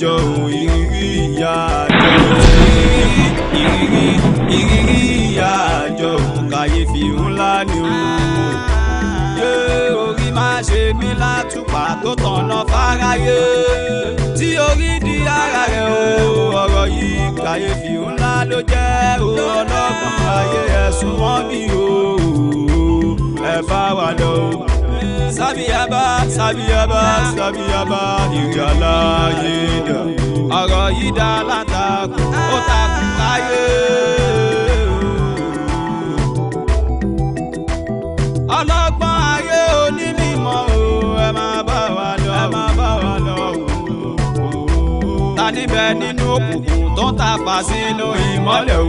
àjọ ìrírí ìyá àjọ ìrírí ìrírí ìyá àjọ kàyéfì ńlá ni o. yé orí má ṣe mí látùpà tó tọ̀nà fáráyé tí orí di ara rẹ̀ o ọ̀rọ̀ yìí kàyéfì ńlá ló jẹ́ o ọlọ́gbọ́n ayé ẹ̀sùn wọn bí o ẹ bá wà lọ sábìyàbá sábìyàbá sábìyàbá ìjàlá yìí dà ọ̀rọ̀ yìí dá látàkù ó takù láyé. ọlọ́gbọ́n ayé onímọ̀ o ẹ máa bá wa lọ ẹ máa bá wa lọ o. ta níbẹ̀ nínú òkùnkùn tó ń tàpá sínú ìmọ́lẹ̀ o.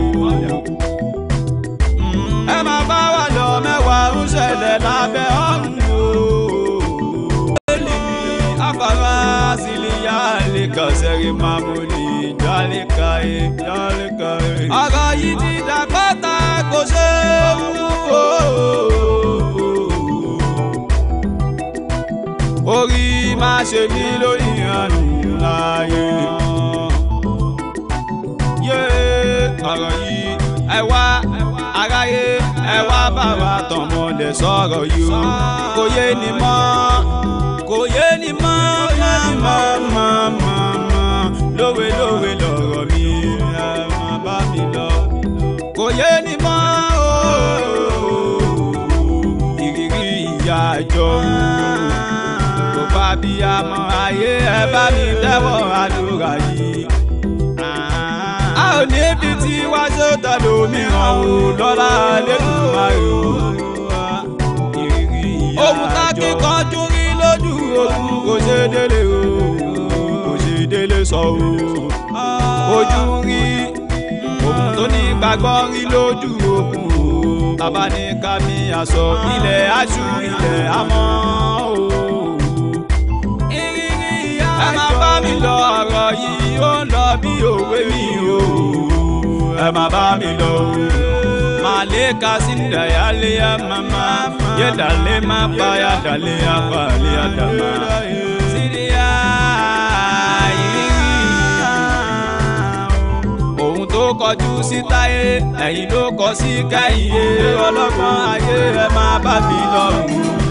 Mm, ẹ máa bá wa lọ mẹ́wàá ń ṣẹlẹ̀ lábẹ́ ọ̀run farasili yali kasẹri mamuli jali kaye jali e. kaye. ọ̀rọ̀ oh, oh, oh. yìí ni dakota kò ṣe é wúwo. orí má ṣe ní lórí àmì láàyè. yé ọ̀rọ̀ yìí ẹ wá aráyé ẹ wá bá wa tọmọlẹ sọ̀rọ̀ yìí kò yé ni mọ́ kò yé ni mọ́ mọ́ mọ́ mọ́ mọ́ lówe lówe lọ̀rọ̀ mi àmọ́ bá mi lọ kò yé ni mọ́ ìrírí ìyá àjọ kò bá bí àmọ́ ayé ẹ bá mi lẹ́wọ̀ àdúrà yìí a ò ní fi tiwa sódà lómìíràn o lọ́la lẹ́kùn máa rò ó ohun tá a kí ojú kò délé o kò ṣe délé sọ o ojú rí òun tó ní gbàgbọ́ rí lójú òkun o bàbá ní kámi àṣọ ilẹ̀ aṣù ilẹ̀ amọ́ o. ẹ máa bá mi lọ ọ̀rọ̀ yìí ó lọ bí òwe mi o ẹ máa bá mi lọ o. màlẹ́ka sí ìdáyàlẹ́ yá màmá yedale mapa yadale abale adama síríà yìí ohun tó kọjú sí táyé ẹ̀yin ló kọ sí kẹ́yìn ọlọ́gbọ́n ayé ẹ máa bá mi lọ́rùn.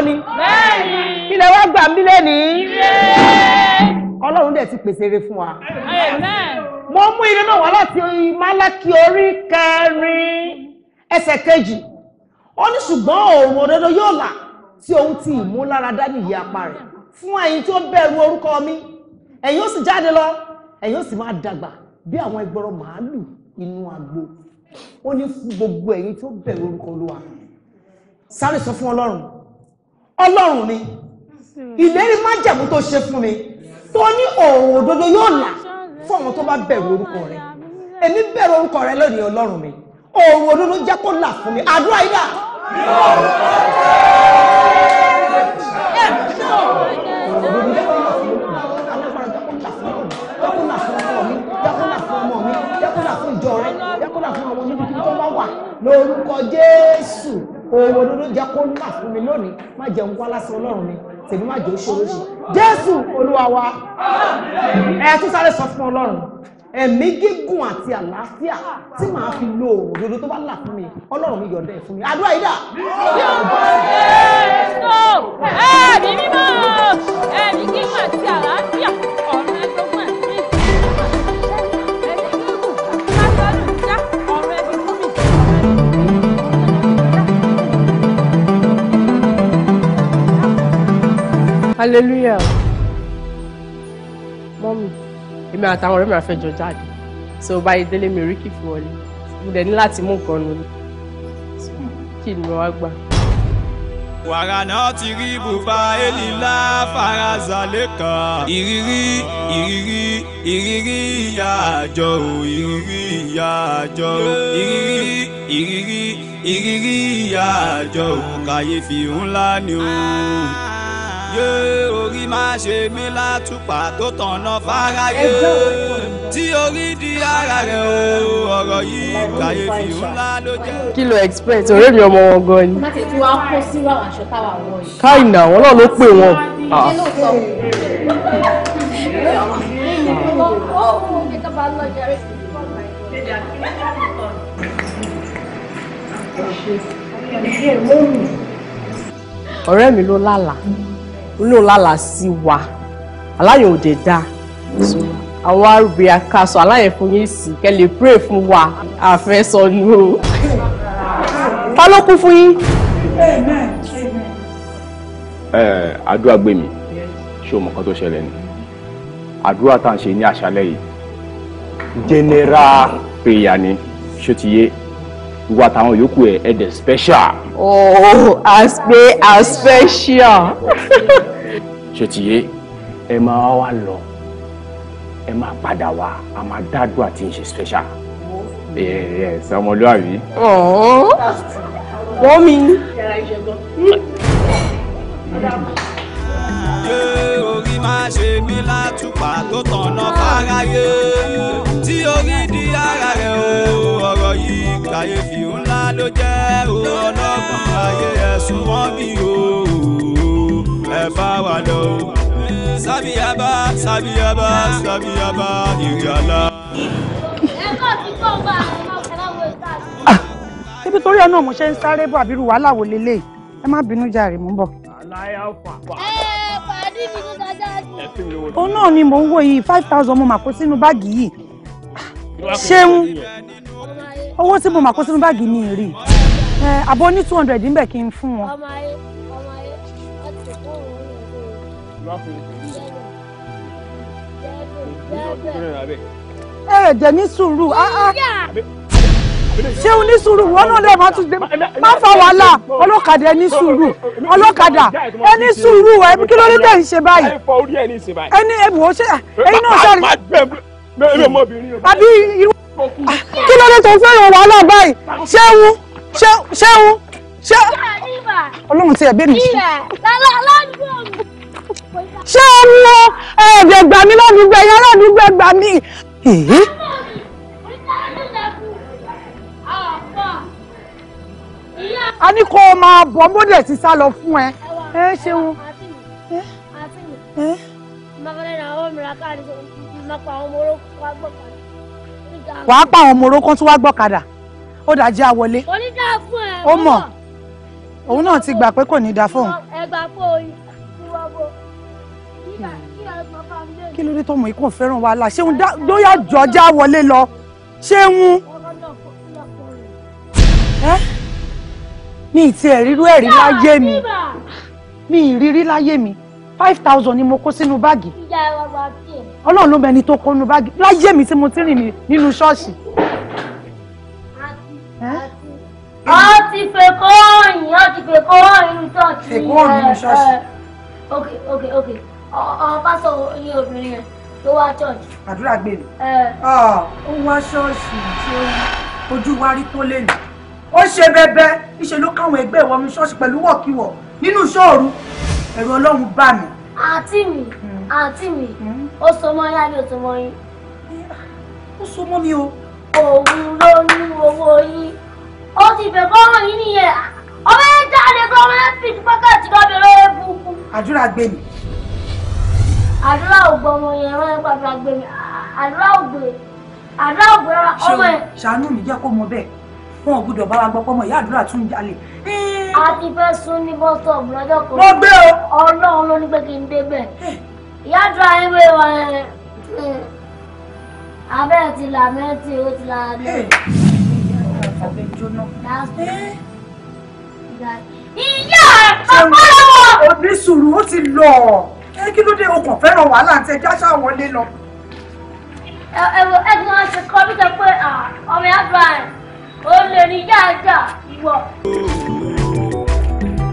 kọ́ ni. bẹ́ẹ̀ni. ilẹ̀ wa gbà mí lẹ́nìí. ọlọ́run dẹ̀ ti pèsè eré fún wa. mo mú irin náà wá láti Málákì orí kẹrin ẹsẹ̀ kejì ó ní ṣùgbọ́n òun òdodo yóò là tí òun ti ìmúláradá nìyí apá rẹ̀ fún ẹ̀yin tí ó bẹ̀rù orúkọ mi ẹ̀yin ó sì jáde lọ ẹ̀yin ó sì máa dàgbà bí àwọn ẹgbọrọ màálù inú agbo ó ní gbogbo ẹ̀yin tí ó bẹ̀rù orúkọ Olúwa sáré sọ fún Ọlọ́run ọlọ́run ni ìlérí májẹ̀mú tó ṣe fún mi tó ní òun òdodo yóò là fún àwọn tó bá bẹ̀rù orúkọ rẹ èmi bẹ̀rù orúkọ rẹ lónìí ọlọ́run mi òun òdodo jẹ́ kó là fún mi àdúrà yìí lórúkọ Jésù òwò dúdú jẹ́ kó là fún mi lónìí má jẹun wá lásán ọlọ́run mi tèmi má jẹ́ òṣèré ṣe jésù olúwa wa ẹ tún sáré sọ fún ọlọ́run ẹ̀mí gígùn àti àlàáfíà tí màá fi lo òwò dúdú tó bá là fún mi ọlọ́run mi yọ̀ǹda ẹ̀ fún mi àdúrà yìí dà. ẹ̀mí mímọ́ ẹ̀mí gígùn àti àlàáfíà. hallelujah mọ́mì èmi àtàwọn ọ̀rẹ́ mi àfẹ́jọ jáde so báyìí délé mi rí kìfì wọlé mo dẹ̀ ní láti mú nǹkan nù kí ni mo wá gbà. wàrà náà ti rí bùbá elila faraza lẹ́kàn ìrírí ìrírí ìrírí ìyá àjọ ò ìrírí ìyá àjọ ò ìrírí ìrírí ìrírí ìyá àjọ ò kàyéfì ńlá ni ó yé orí má ṣe mí látùpà tó tọ̀nà fáráyé tí orí di ara rẹ̀ o ọ̀rọ̀ yìí kàyéfì ńlá ló jẹ́. kí express ọ̀rẹ́ mi ọmọ wọn gan ni. má ti tú wá kó sírò àwọn aṣọ táwa wọ yìí. káìnà wọn náà ló pè wọn. ọ̀rẹ́ mi ló lálàá olóhùn lálàá sí wa aláyàn ò dẹ̀ dáa àwọn arúgbó akáṣọ aláyàn fún yín sí kẹ́ lè pray fún wa àfẹ́sọ ni o ta ló kú fún yín. ẹ àdúrà gbé mi ṣé o mọ̀ kan tó ṣẹlẹ̀ ni àdúrà tá à ń ṣe ní àṣálẹ́ yìí general prayer ni ṣó ti yé ìwà táwọn yòókù ẹ̀ ẹ̀dẹ̀ special. Oh, aspect aspecial. Ṣé ti yé ẹ máa wá lọ ẹ máa padà wá a máa dádùn special. Ẹ̀ẹ́ ẹ̀sán ọmọlúwàbí. Wọ́n oh. mi. Orí máa ṣe mí látùpà ló jẹ́ ọlọ́gbọ́n ayé ẹ̀sùn wọn bí o ẹ bá wa lọ. sábìyàbá sábìyàbá sábìyàbá ìrìàlá. ẹ̀kọ́ ti kọ́ bá àwọn ọmọ ìwé ìta. Ah, ibi torí ẹ náà mo ṣe ń sáré bọ̀ àbírú wàhálà wò lélẹ̀ ẹ má bínú jàre mú bọ̀. aláyà fà. ẹ pàdé mi ní dáadáa. òun náà ni mò ń wò yìí five thousand mo mà kó sínú báàgì yìí ṣéun owó tí mo mà kó sínú báàgì mi rí àbọ̀ ní two hundred níbẹ̀ kí n fún wọn. ọmọ ayé ọmọ ayé láti kó òun lè lò ó. ẹ jẹ́ ní sùúrù ah, ah. ṣé o ní sùúrù wọn náà lè má tún dé má fa wàhálà ọlọ́kadà ẹ ní sùúrù ọlọ́kadà ẹ ní sùúrù ẹ kí ló dé tẹ̀ ń ṣe báyìí ẹni ẹ̀bùn ó ṣe ẹ̀yin náà ṣàrí. àbí irú kí ló dé tó fẹ́ràn wàhálà báyìí ṣéun ṣéun ṣé ọlọ́run ti ẹ̀bẹ̀ mi ṣe. ṣé ẹ mọ ẹ̀ẹ́dẹ̀ gbà mí ládùúgbò ẹ̀yìn aládùúgbò gbà mí. a ní kó o máa bọ̀ mọ́dẹ̀ ti sá lọ fún ẹ. ẹ ṣeun. bàbá rẹ̀ náà ó mìíràn káàdì máa pa àwọn ọmọ olókùn wá gbọ̀ngàn wàá pa àwọn ọmọ orókán tó wá gbọ́kadà ó dàjẹ́ àwọlé ó mọ̀ òun náà ti gbà pé kò ní í da fóun. kí ló dé tó mọ̀ ikú fẹ́ràn wàhálà ṣéun dóyà jọjá wọlé lọ ṣéun. mi ì tiẹ̀ rírú ẹ̀rí láyé mi mi ì rírí láyé mi five thousand ni mo kó sínú báàgì. ọlọ́run ló mẹni tó kó nínú báàgì láyé mi tí mo ti rìn nínú ṣọ́ọ̀ṣì. ó ti fẹ́ kó òyìn ó ti fẹ́ kó òyìn nínú ṣọ́ọ̀ṣì. fẹ́ kó òyìn nínú ṣọ́ọ̀ṣì. Eh, eh, ok ok ok pásọ ní obìnrin yẹn ló wá ṣọ́ọ̀ṣì. àdúrà gbé mi. Eh. ó wá ṣọ́ọ̀ṣì tí ojú wa rí tó lé nì. ó ṣe bẹbẹ níṣẹ́ ló káwọn ẹgbẹ́ ìwọ́nú ṣọ́ọ̀ṣì pẹ̀lú wọ̀kíwọ̀ nínú ṣọ́ọ̀rù ẹ̀rọ ọlọ́run bà mí. àǹtí mi hmm. àǹtí mi hmm? ó so mọ́ yá ni ó so mọ́ yín. ó so mọ́ mi o. òun ló ní owó yín ó ti fẹ́ fọ́ràn yín nìyẹn ọmọ ẹ jáde kó ọmọ ẹ fìdí pákàtí lọ́bẹ̀ lọ́wọ́ burúkú. àdúrà gbé mi. àdúrà ò gbọ́ ọmọ yẹn wọ́n ẹ pàdúrà gbé mi àdúrà ò gbé àdúrà ò gbé ọmọ ẹ. ṣàánú mi jẹ́ kó mọ bẹ́ẹ̀ wọn ò gbúdọ̀ bá wa gbọ́ pọ́mọ ìyá àdúrà tún jalè. a ti fẹ́ sún ní bọ́sọ̀ọ̀bù lọ́jọ́ kan. mo gbé o. ọlọ́run ló ní pé kí n débẹ̀. ìyá àdúrà yín wé wa abẹ́ ti là mẹ́tì ó ti là mẹ́tì. ìyá ọ̀pọ̀lọpọ̀. onísùúrù ó ti lọ ẹ kí ló dé o kàn fẹ́ràn wàhálà àti ẹja ṣàwọlé lọ. ẹ ẹ wo ẹgbẹ́ wọn ṣe kọ́ bí tẹ pé ọmọ yàrá ẹ̀ ó lè ní jáàjà ìwọ.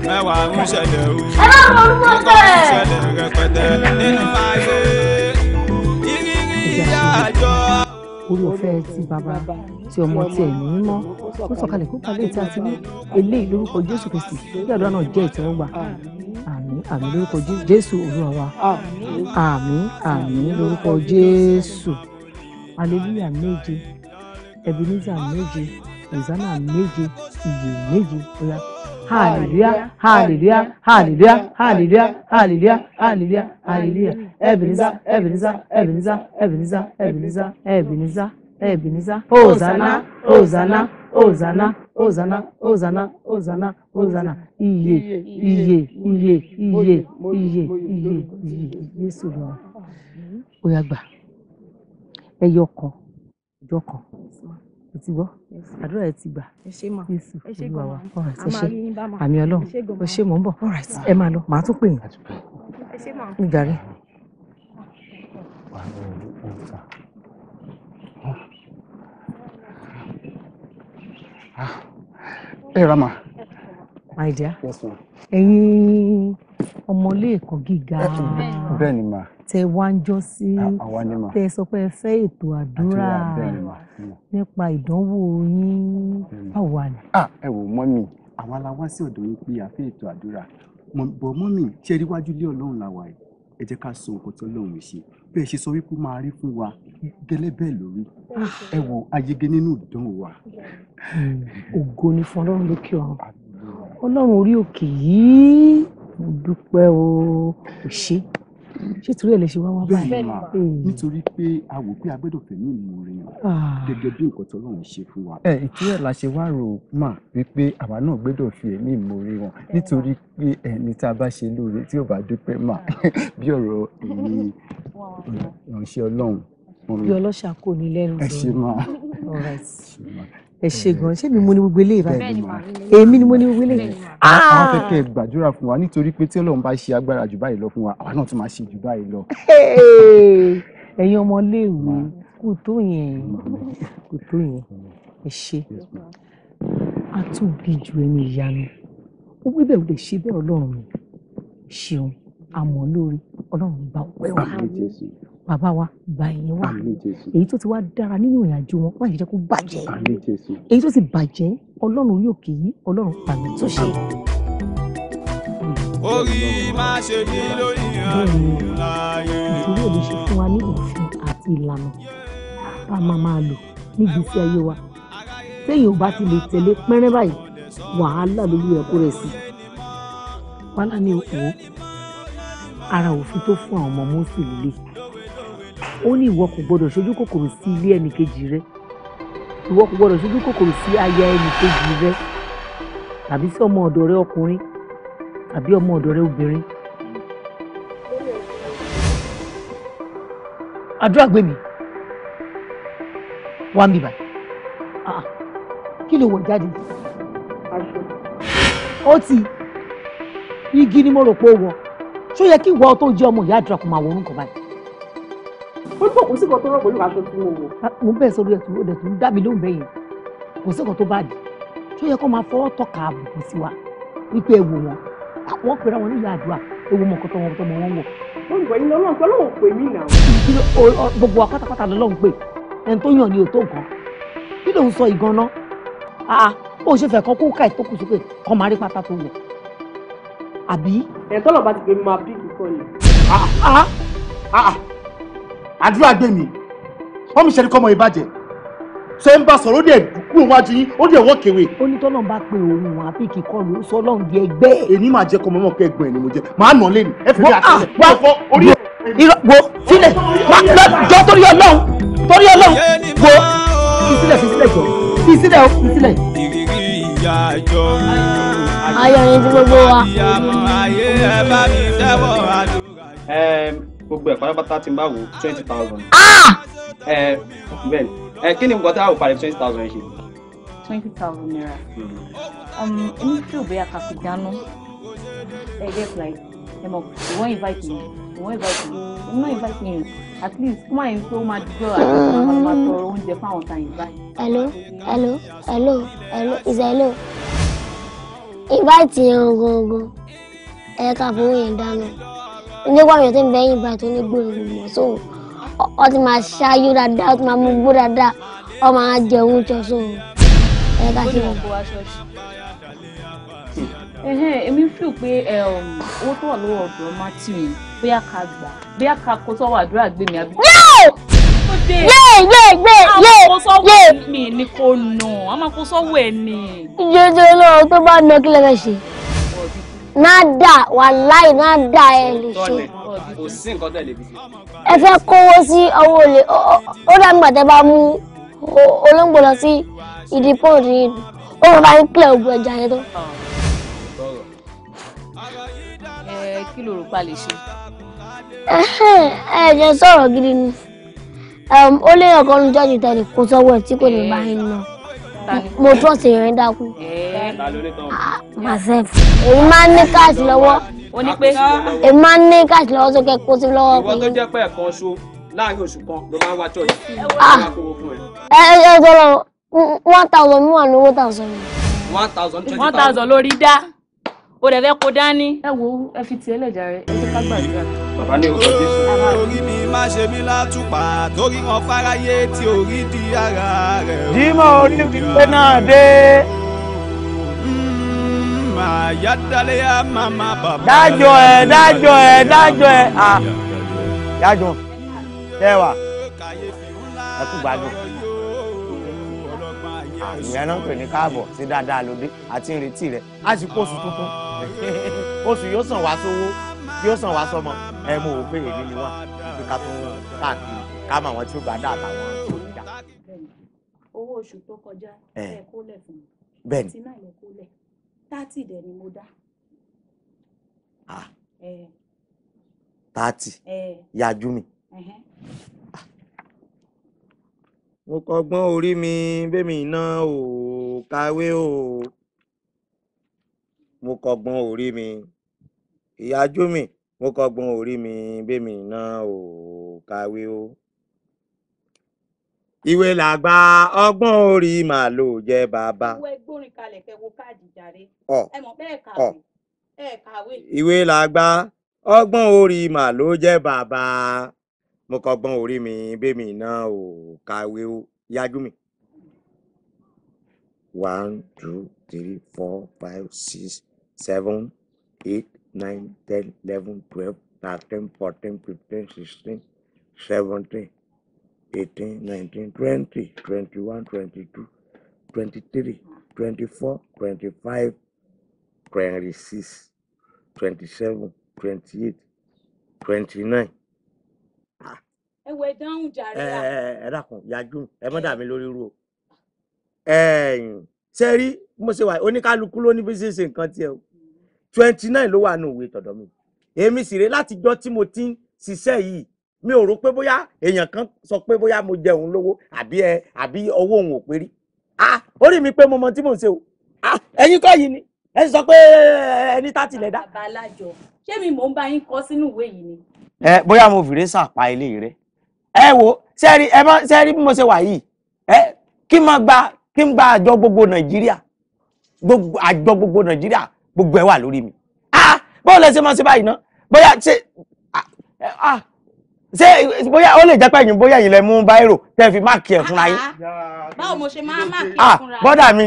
mẹ́wàá ń ṣẹlẹ̀ o. ẹ má mọ orúkọ bẹ́ẹ̀. ń ṣẹlẹ̀ rẹpẹtẹ nínú ayé ìrírí ìyá àjọ. orí ọ̀fẹ́ ti bàbá tí ọmọ tí ẹ̀ ní mọ́ ó sọ̀kalẹ̀ kó pàdé ìta àti ní eléyìí lórúkọ Jésù Kristi bí àdúrà náà jẹ́ ìtẹ́wọ́gbà àmín àmín lórúkọ Jésù Olúwa wa àmín àmín lórúkọ Jésù hallelujah méje ebenezer méje hòsánà méje ìyè méje ọ̀yà hallelujah hallelujah hallelujah hallelujah hallelujah hallelujah hallelujah ẹ̀bìnísà ẹ̀bìnísà ẹ̀bìnísà ẹ̀bìnísà ẹ̀bìnísà ẹ̀bìnísà ẹ̀bìnísà hòsánà hòsánà Ozana Ozana Ozana Ozana Ozana ìyè ìyè Iye Iye Iye Iye Iye Jésù lọ. ó yá gbà ẹyọ kan ọjọ́ kan o ti gbọ́ àdúrà ẹ ti gbà Jésù Olúwa wa ọ̀rẹ́ ẹ ṣe àmì Ọlọ́run ẹ ṣe mò ń bọ̀ ọ̀rẹ́ ẹ máa lọ màá tún pè yín ní gàrí. Ah. ẹ ra ma. my dear ẹ̀yin ọmọlé ẹ̀kọ́ gíga. bẹ́ẹ̀ ni màá tẹ wá ń jọ sí tẹ sọ pé ẹ fẹ́ ètò àdúrà nípa ìdánwò yín báwa ni. ẹ wò mọ́ mi àwọn aláwa sí ọ̀dọ̀ yín pé a fẹ́ ètò àdúrà bọ̀ mọ́ mi ṣe rí wájú lé ọlọ́run làwà yìí ẹ jẹ́ ká sọ nǹkan tí ọlọ́run ṣe bẹ́ẹ̀ ṣe sọ wípé máa rí fún wa gẹ́lẹ́ bẹ́ẹ̀ lórí ẹ wò ayege nínú ìdánwò wa. Hmm, ògo ni fún ọlọ́run lókè ọ̀run ọlọ́run orí òkè yìí mo dúpẹ́ o ò ṣe ṣé torí ẹ lè ṣe wá wá báyìí. bẹ́ẹ̀ ma hmm. nítorí pé a wò pé a gbọ́dọ̀ fẹ̀mí ìmoore hàn ah. gẹ́gẹ́ bí nǹkan tó lọ́run ṣe fún wa. ẹ ìtura la ṣe wá rò mà wípé àwa náà gbọ́dọ̀ fi ẹ̀mí ìmoore hàn nítorí pé ẹni tá a bá ṣe lóore tí ò bá dúpẹ́ mà bí ọ̀rọ̀ èyí ìránṣẹ́ Ọlọ́run. bí ọlọ́ṣà kò ní lẹ́rù lọ. ẹ ṣe máa ẹ ṣe gan ṣé mi mo ní gbogbo eléyìí báyìí èmi ni mo ní gbogbo eléyìí. Ah! àwọn akẹ́kẹ́ gbàdúrà fún wa nítorí pé tí Ọlọ́run bá ṣe agbára jù báyìí lọ fún wa àwa náà tún máa ṣe jù báyìí lọ. ẹ̀yin ọmọléèwé kò tó yẹn kò tó yẹn ẹ ṣe a tún bí ju ẹni ìyanu ó wí bẹ́ẹ̀ ó lè ṣe bẹ́ẹ̀ Ọlọ́run ṣeun àmọ́ lórí Ọlọ́run gbà pẹ́ bàbá wa gba ìyẹn wà èyí tó ti wá dára nínú ìrìn àjò wọn wáyé jẹ́ kó bàjẹ́ èyí tó ti bàjẹ́ ọlọ́run yóò kì í ọlọ́run pàmì tó ṣe. orí má ṣe ní lórí ìrìn àjò. ìṣòro ò lè ṣe fún wa ní òfin àti ìlànà bá a máa máa lò nígbésí ayé wa téèyàn ò ti lè tẹ̀lé pẹ́rẹ́ báyìí wàhálà lórí ẹ̀kọ́ rẹ̀ sí wàhálà ni òkú ara òfin tó fún àwọn ọmọ mọ́sí ó ní ìwọ kò gbọdọ̀ ṣojú kòkòrò sí ilé ẹnìkejì rẹ ìwọ kò gbọdọ̀ ṣojú kòkòrò sí aya ẹnìkejì rẹ tàbí sí ọmọ ọ̀dọ̀ rẹ ọkùnrin tàbí ọmọ ọ̀dọ̀ rẹ obìnrin. àdúrà gbé mi wá ń bìbà ah, kí ló wọ̀ jáde ó ti igi ni mo rò pé ó wọ ṣó yẹ kí ìwọ tó jẹ́ ọmọ ìyá àdúrà kò máa wọrùn kọ báyìí ó ní kò sí kan tó rọ̀ pẹ̀lú aṣọ tí mo wọ̀. Ah, mo bẹ̀ sọ lóye tó tún dá mi lóhùn bẹ́yẹn kò sí kan tó bá dì tó yẹ kó máa fọwọ́ tọ̀ka àbùkù sí wa wípé ẹ wò ah, wọn àwọn pèrè àwọn oníyà àdúrà ewu mọ nǹkan tó wọn tó mọ wọn wò. olùkọ́ yìí lọ́nà tó lóun pè mí nà. gbogbo àpátápátá lọ́n pè ẹni tó yàn ni ò tó nǹkan kí ló ń sọ ìgànná ah, ó ṣe fẹ́ kọ́ kó ká ìtókù sókè kọ́ máa rí pátá tó wọ̀ àbí. ẹ̀ tọ́lọ̀ bá ti pè mí máa bí kíkọ́ ni àdúrà gbé mi wọ́n mi ṣẹ́ni kọ́mọ ìbàjẹ́ ṣe ń bá sọ̀rọ̀ ó dẹ̀ kú iwájú yín ó dẹ̀ wọ́n kéwé. ó ní tọ́lọ́ bá pe òun wọn àbí kí kọlu ó sọ ọlọ́run di ẹgbẹ́. èmi máa jẹ́ kọ́mọ mọ́kẹ́ ẹgbẹ́ ni mo jẹ́ máa nà lẹ́nu ẹ fi bí àtẹ̀lẹ̀ wá fọ orí ẹ̀. wo sílẹ̀ jọ torí ọlọ́run torí ọlọ́run wo fi sílẹ̀ fi sílẹ̀ jọ fi sílẹ̀ o fi sílẹ̀. ayọ̀ yẹn gbogbo wa gbogbo ẹ̀ pátápátá ti ń bá wò ah, twenty thousand. Ah! ẹ bẹ́ẹ̀ ẹ kí ni nǹkan tí a ò parí twenty thousand yìí ṣe. twenty thousand naira hmm. um, èmi fi òbí àkàfi dáná ẹ get like ẹ mọ̀ you wan invite me you wan invite me you wan invite me at least kí wọ́n yẹn tó máa dúró àti wọ́n máa tọrọ oúnjẹ fáwọn tá invite. hello hello hello hello is hello invite yẹn gangan ẹ ká fowó yẹn dáná nígbà yẹn tó ń bẹ yín ìbàdàn onígbòòrò mọ̀ so ọ ti máa ṣáájú dáadáa ọ ti máa mú gbó dáadáa ọ máa jẹ ohun jọ so ẹ ká sí wọn. èmi feel pé owó tó wà lọ́wọ́ ọ̀dọ́ matthew yìí bóyá ká gbà bóyá ká kó sọ́wọ́ àdúrà gbé mi àbí. yé yé yé yé yé mi ni kò nà á máa kó sọ́wọ́ ẹ̀ ni. ìjọba náà tó bá nà kí lè fẹ́ ṣe. Nada, wàláì nada ẹ lè ṣe. kò sí nǹkan tẹ̀lé bí. ẹ fẹ́ kówó sí ọwọ́ olè ó dàgbà tẹ́ bá mú olóńgbò lọ sí ìdí pọ́ọ̀dù yìí ó máa bá ń kílẹ̀ ògùn ẹja yẹn tó. ẹ kí ló rò pa lè ṣe. ẹ jẹ́ sọ̀rọ̀ gidi ni ó léyàn kan lu jọ́ọ̀jì tẹ̀lé kó sọ́wọ́ ẹ̀ tí kò ní bá náà mo trust èèyàn dákú. Eh. Ah, myself èyí máa ń ní káàsì lọ́wọ́ èyí máa ń ní káàsì lọ́wọ́ sókè kó sí lọ́wọ́ pé. ìwọ tó jẹ́ pé ẹ̀kan ṣo láàrin oṣù kan ló máa ń wá church ah. ẹ ẹ ẹ sọ̀rọ̀ one thousand mi wà ní owó thousand. one thousand twenty thousand. one thousand lórí dá o dẹ̀ fẹ́ kó dání. ẹ wo ẹ fi tiẹ̀ lẹ̀ jàre ẹ jẹ́ ká gbàdúrà. bàbá ní orúkọ jésù. orí mi má ṣe mí látùpà torí wọn fáráyé tí orí di ara rẹ̀. jímọ̀ orí mi pé náà dé. Mm, àyádálẹ́yà màmá bàbá. dájọ́ ẹ dájọ́ ẹ dájọ́ ẹ dájọ́ ẹ wà ẹ gbádùn ìyẹn náà ń pè ní káàbọ̀ sí dáadáa lóde àti ìrètí rẹ̀ á ti kó oṣù tuntun oṣù yóò sàn wá sówó yóò sàn wá sọmọ ẹ mọ òun pé èmi ni wà kí ká tó káàkiri ká mọ àwọn tí ó gbà dá àtàwọn tó ń jà. owó oṣù tó kọjá ẹ kó lẹ̀ fún mi bẹ́ẹ̀ni tí náà ni mo dá. Ah. tátì yájú mi mo kọ́gbọ́n orí mi bẹ́mi iná o kàwé o mo kọ́gbọ́n orí mi ìyájú mi mo kọ́gbọ́n orí mi bẹ́mi iná ò kàwé o. ìwé làgbà ọgbọ́n orí màá lò jẹ́ bàbá. ìwé gbórin kalẹ̀ kẹ́ wo káàdì jàre. ẹ mọ̀ bẹ́ẹ̀ kàwé ẹ kàwé. ìwé làgbà ọgbọ́n orí màá lò jẹ́ bàbá mo kọ́gbọ́n orí mi bẹ́mi náà ò kàwé ó yájú mi. one two three four five six seven eight nine ten eleven twelve thirteen fourteen fifteen sixteen seventeen eighteen nineteen twenty twenty one twenty two twenty three twenty four twenty five twenty six twenty seven twenty eight twenty nine ẹ wẹ dáhùn jàre. ẹ ẹ ẹ dákun yájú ẹ mọ dàbí lórí irú o ṣe rí mo ṣe wà oníkálukú ló ní bí ṣe ṣe nǹkan tiẹ̀ o twenty nine ló wà ní òwe tọ̀dọ̀ mi èmi sì rè látijọ́ tí mo ti ń ṣiṣẹ́ yìí mi ò rò pé bóyá èèyàn kan sọ pé bóyá mo jẹ òun lówó àbí ẹ àbí owó òun ò pé rí ah orí mi pé mo mọ tí mò ń ṣe o ah ẹ̀yin kọ́ yìí ni ẹ sọ pé ẹni tá tilẹ̀ dá. bàbá alájọ ṣé mi mò ń bá yín kọ sínú ìwé yìí ni. ẹ bóyá mo fìrè sàpá eléyìí rẹ ẹ wo sẹ́ẹ̀rí ẹ mọ sẹ́ẹ̀rí bí mo ṣe wà yìí ẹ kí n máa gba kí n gba àjọ gbogbo nàìjíríà gbogbo àjọ gbogbo nàìjíríà gbogbo ẹ wà lórí mi ah báwo lẹ ṣe máa ṣe báyìí ná bóyá ṣe ah ṣé bóyá ó lè jẹ́ pé ẹ̀yin bóyá ẹ̀yin lẹ mú báírò tẹ́ fi máàkì ẹ̀ fúnra yín. báwo mo ṣe máa máàkì ẹ̀ fúnra yín. bọ́dà mi